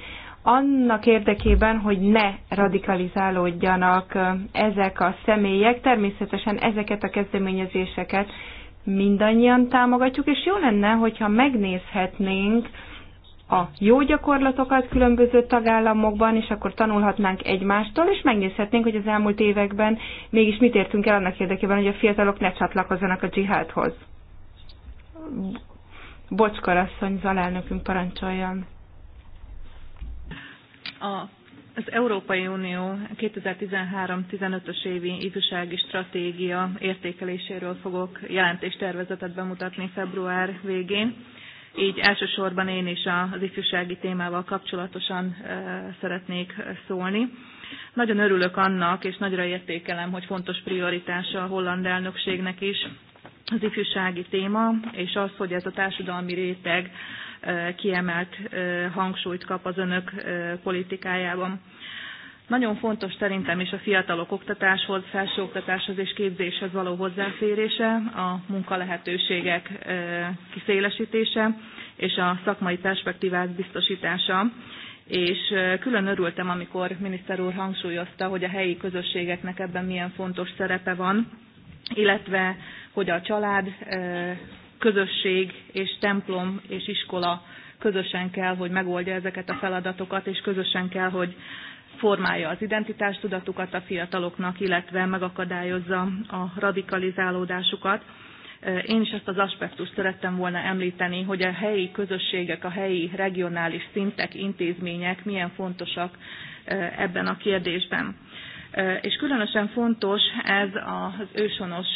S2: annak érdekében, hogy ne radikalizálódjanak ezek a személyek. Természetesen ezeket a kezdeményezéseket mindannyian támogatjuk, és jó lenne, hogyha megnézhetnénk, a jó gyakorlatokat különböző tagállamokban, és akkor tanulhatnánk egymástól, és megnézhetnénk, hogy az elmúlt években mégis mit értünk el annak érdekében, hogy a fiatalok ne csatlakozzanak a dzsihádhoz. Bocskarasszony, zalelnökünk parancsoljon.
S5: A az Európai Unió 2013-15-ös évi ifjúsági stratégia értékeléséről fogok jelentéstervezetet bemutatni február végén így elsősorban én is az ifjúsági témával kapcsolatosan szeretnék szólni. Nagyon örülök annak, és nagyra értékelem, hogy fontos prioritása a holland elnökségnek is az ifjúsági téma, és az, hogy ez a társadalmi réteg kiemelt hangsúlyt kap az önök politikájában. Nagyon fontos szerintem is a fiatalok oktatáshoz, felsőoktatáshoz és képzéshez való hozzáférése, a munkalehetőségek kiszélesítése és a szakmai perspektívák biztosítása és külön örültem, amikor miniszter úr hangsúlyozta, hogy a helyi közösségeknek ebben milyen fontos szerepe van, illetve hogy a család, közösség és templom és iskola közösen kell, hogy megoldja ezeket a feladatokat, és közösen kell, hogy formálja az identitástudatukat a fiataloknak, illetve megakadályozza a radikalizálódásukat. Én is ezt az aspektust szerettem volna említeni, hogy a helyi közösségek, a helyi regionális szintek, intézmények milyen fontosak ebben a kérdésben. És különösen fontos ez az ősonos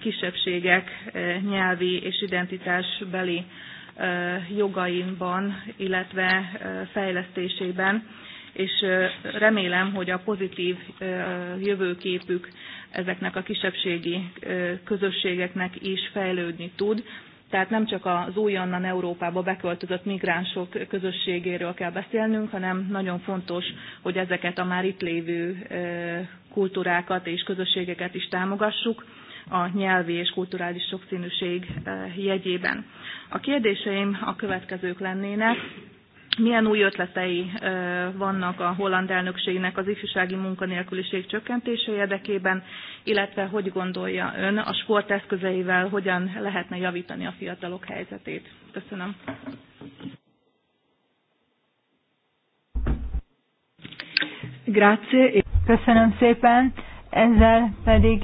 S5: kisebbségek nyelvi és identitásbeli jogainban, illetve fejlesztésében, és remélem, hogy a pozitív jövőképük ezeknek a kisebbségi közösségeknek is fejlődni tud. Tehát nem csak az újonnan Európába beköltözött migránsok közösségéről kell beszélnünk, hanem nagyon fontos, hogy ezeket a már itt lévő kultúrákat és közösségeket is támogassuk a nyelvi és kulturális sokszínűség jegyében. A kérdéseim a következők lennének milyen új ötletei vannak a holland elnökségnek az ifjúsági munkanélküliség csökkentése érdekében, illetve hogy gondolja ön a sport eszközeivel hogyan lehetne javítani a fiatalok helyzetét? Köszönöm.
S1: Grazie. Köszönöm szépen. Ezzel pedig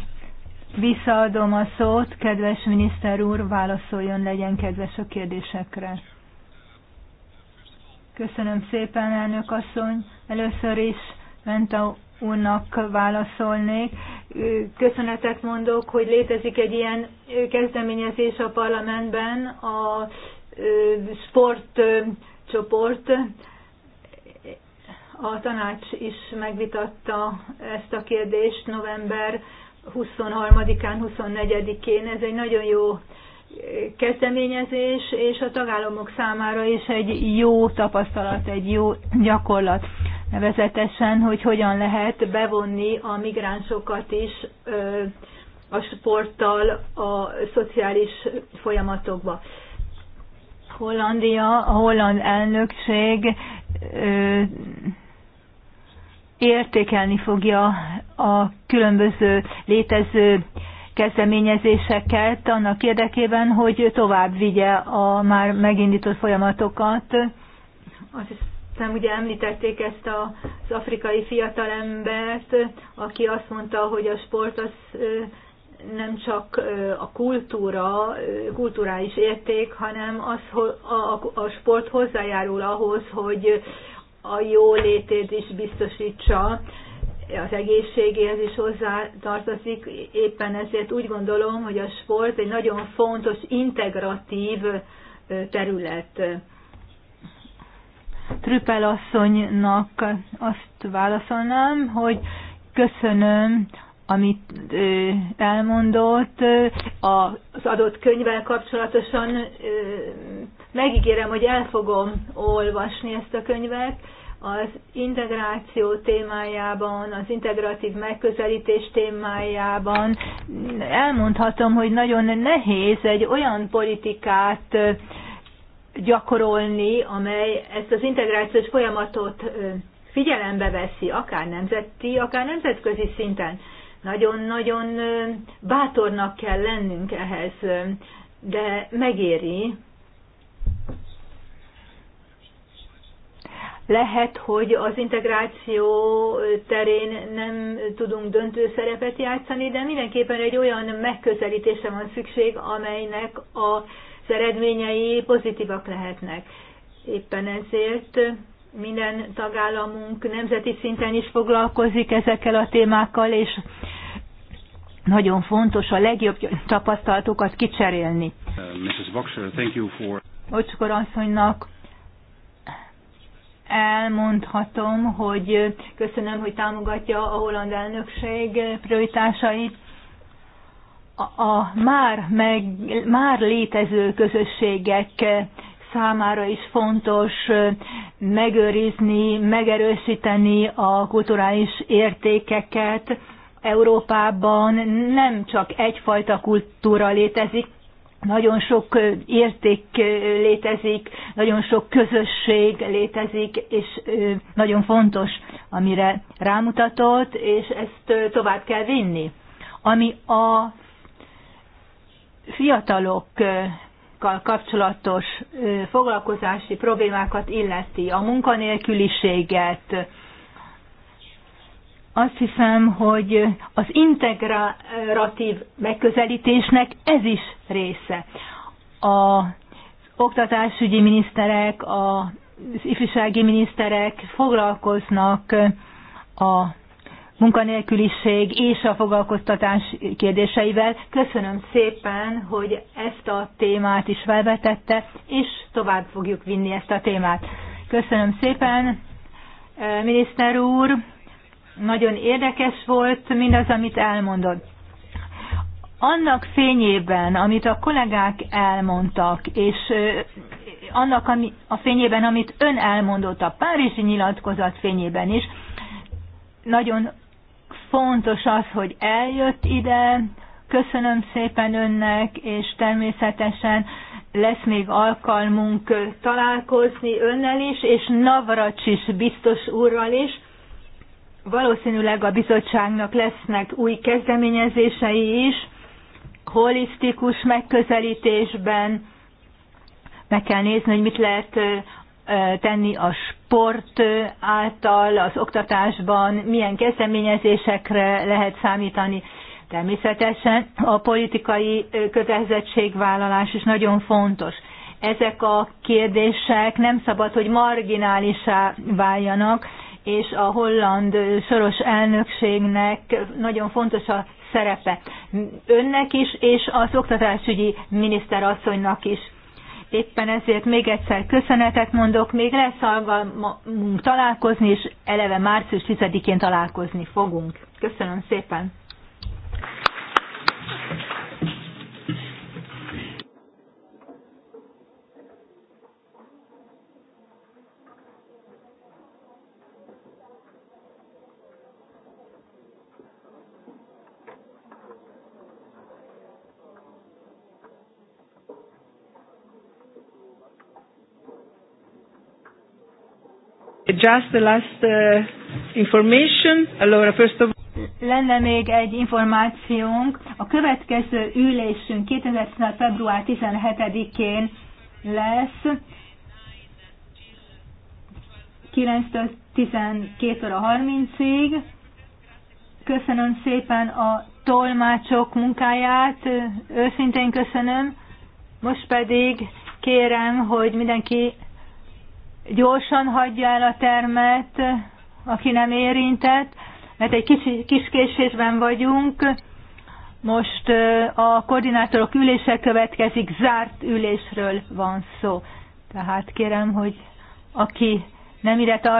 S1: visszaadom a szót, kedves miniszter úr, válaszoljon legyen kedves a kérdésekre. Köszönöm szépen, elnök asszony. Először is Venta úrnak válaszolnék. Köszönetet mondok, hogy létezik egy ilyen kezdeményezés a parlamentben, a sportcsoport. A tanács is megvitatta ezt a kérdést november 23-án, 24-én. Ez egy nagyon jó kezdeményezés, és a tagállamok számára is egy jó tapasztalat, egy jó gyakorlat nevezetesen, hogy hogyan lehet bevonni a migránsokat is a sporttal a szociális folyamatokba. Hollandia, a holland elnökség értékelni fogja a különböző létező kezdeményezéseket annak érdekében, hogy tovább vigye a már megindított folyamatokat. Azt hiszem, ugye említették ezt az afrikai fiatalembert, aki azt mondta, hogy a sport az nem csak a kultúra, kulturális érték, hanem az, a, a sport hozzájárul ahhoz, hogy a jó létét is biztosítsa az egészségéhez is hozzá tartozik. Éppen ezért úgy gondolom, hogy a sport egy nagyon fontos, integratív terület. Trüppel asszonynak azt válaszolnám, hogy köszönöm, amit elmondott az adott könyvvel kapcsolatosan. Megígérem, hogy el fogom olvasni ezt a könyvet, az integráció témájában, az integratív megközelítés témájában elmondhatom, hogy nagyon nehéz egy olyan politikát gyakorolni, amely ezt az integrációs folyamatot figyelembe veszi, akár nemzeti, akár nemzetközi szinten. Nagyon-nagyon bátornak kell lennünk ehhez, de megéri, lehet, hogy az integráció terén nem tudunk döntő szerepet játszani, de mindenképpen egy olyan megközelítése van szükség, amelynek az eredményei pozitívak lehetnek. Éppen ezért minden tagállamunk nemzeti szinten is foglalkozik ezekkel a témákkal, és nagyon fontos a legjobb tapasztalatokat kicserélni.
S4: Uh, Mrs. Boxer, thank you for...
S1: Ocskor asszonynak elmondhatom, hogy köszönöm, hogy támogatja a holland elnökség prioritásait. A, a már, meg, már létező közösségek számára is fontos megőrizni, megerősíteni a kulturális értékeket. Európában nem csak egyfajta kultúra létezik, nagyon sok érték létezik, nagyon sok közösség létezik, és nagyon fontos, amire rámutatott, és ezt tovább kell vinni. Ami a fiatalokkal kapcsolatos foglalkozási problémákat illeti, a munkanélküliséget, azt hiszem, hogy az integratív megközelítésnek ez is része. A oktatásügyi miniszterek, az ifjúsági miniszterek foglalkoznak a munkanélküliség és a foglalkoztatás kérdéseivel. Köszönöm szépen, hogy ezt a témát is felvetette, és tovább fogjuk vinni ezt a témát. Köszönöm szépen, eh, miniszter úr! Nagyon érdekes volt mindaz, amit elmondott. Annak fényében, amit a kollégák elmondtak, és annak ami, a fényében, amit ön elmondott a Párizsi nyilatkozat fényében is, nagyon fontos az, hogy eljött ide, köszönöm szépen önnek, és természetesen lesz még alkalmunk találkozni önnel is, és Navracsis biztos úrral is. Valószínűleg a bizottságnak lesznek új kezdeményezései is, holisztikus megközelítésben meg kell nézni, hogy mit lehet tenni a sport által, az oktatásban, milyen kezdeményezésekre lehet számítani. Természetesen a politikai kötelezettségvállalás is nagyon fontos. Ezek a kérdések nem szabad, hogy marginálisá váljanak, és a holland soros elnökségnek nagyon fontos a szerepe önnek is, és az oktatásügyi miniszterasszonynak is. Éppen ezért még egyszer köszönetet mondok, még lesz alkalmunk találkozni, és eleve március 10-én találkozni fogunk. Köszönöm szépen!
S2: Just the last uh, information. Allora, first of
S1: lenne még egy információnk. A következő ülésünk 2016. február 17-én lesz 9-től 12 óra 30-ig. Köszönöm szépen a tolmácsok munkáját, őszintén köszönöm. Most pedig kérem, hogy mindenki gyorsan hagyja el a termet, aki nem érintett, mert egy kis, kis késésben vagyunk. Most a koordinátorok ülése következik, zárt ülésről van szó. Tehát kérem, hogy aki nem ide tart,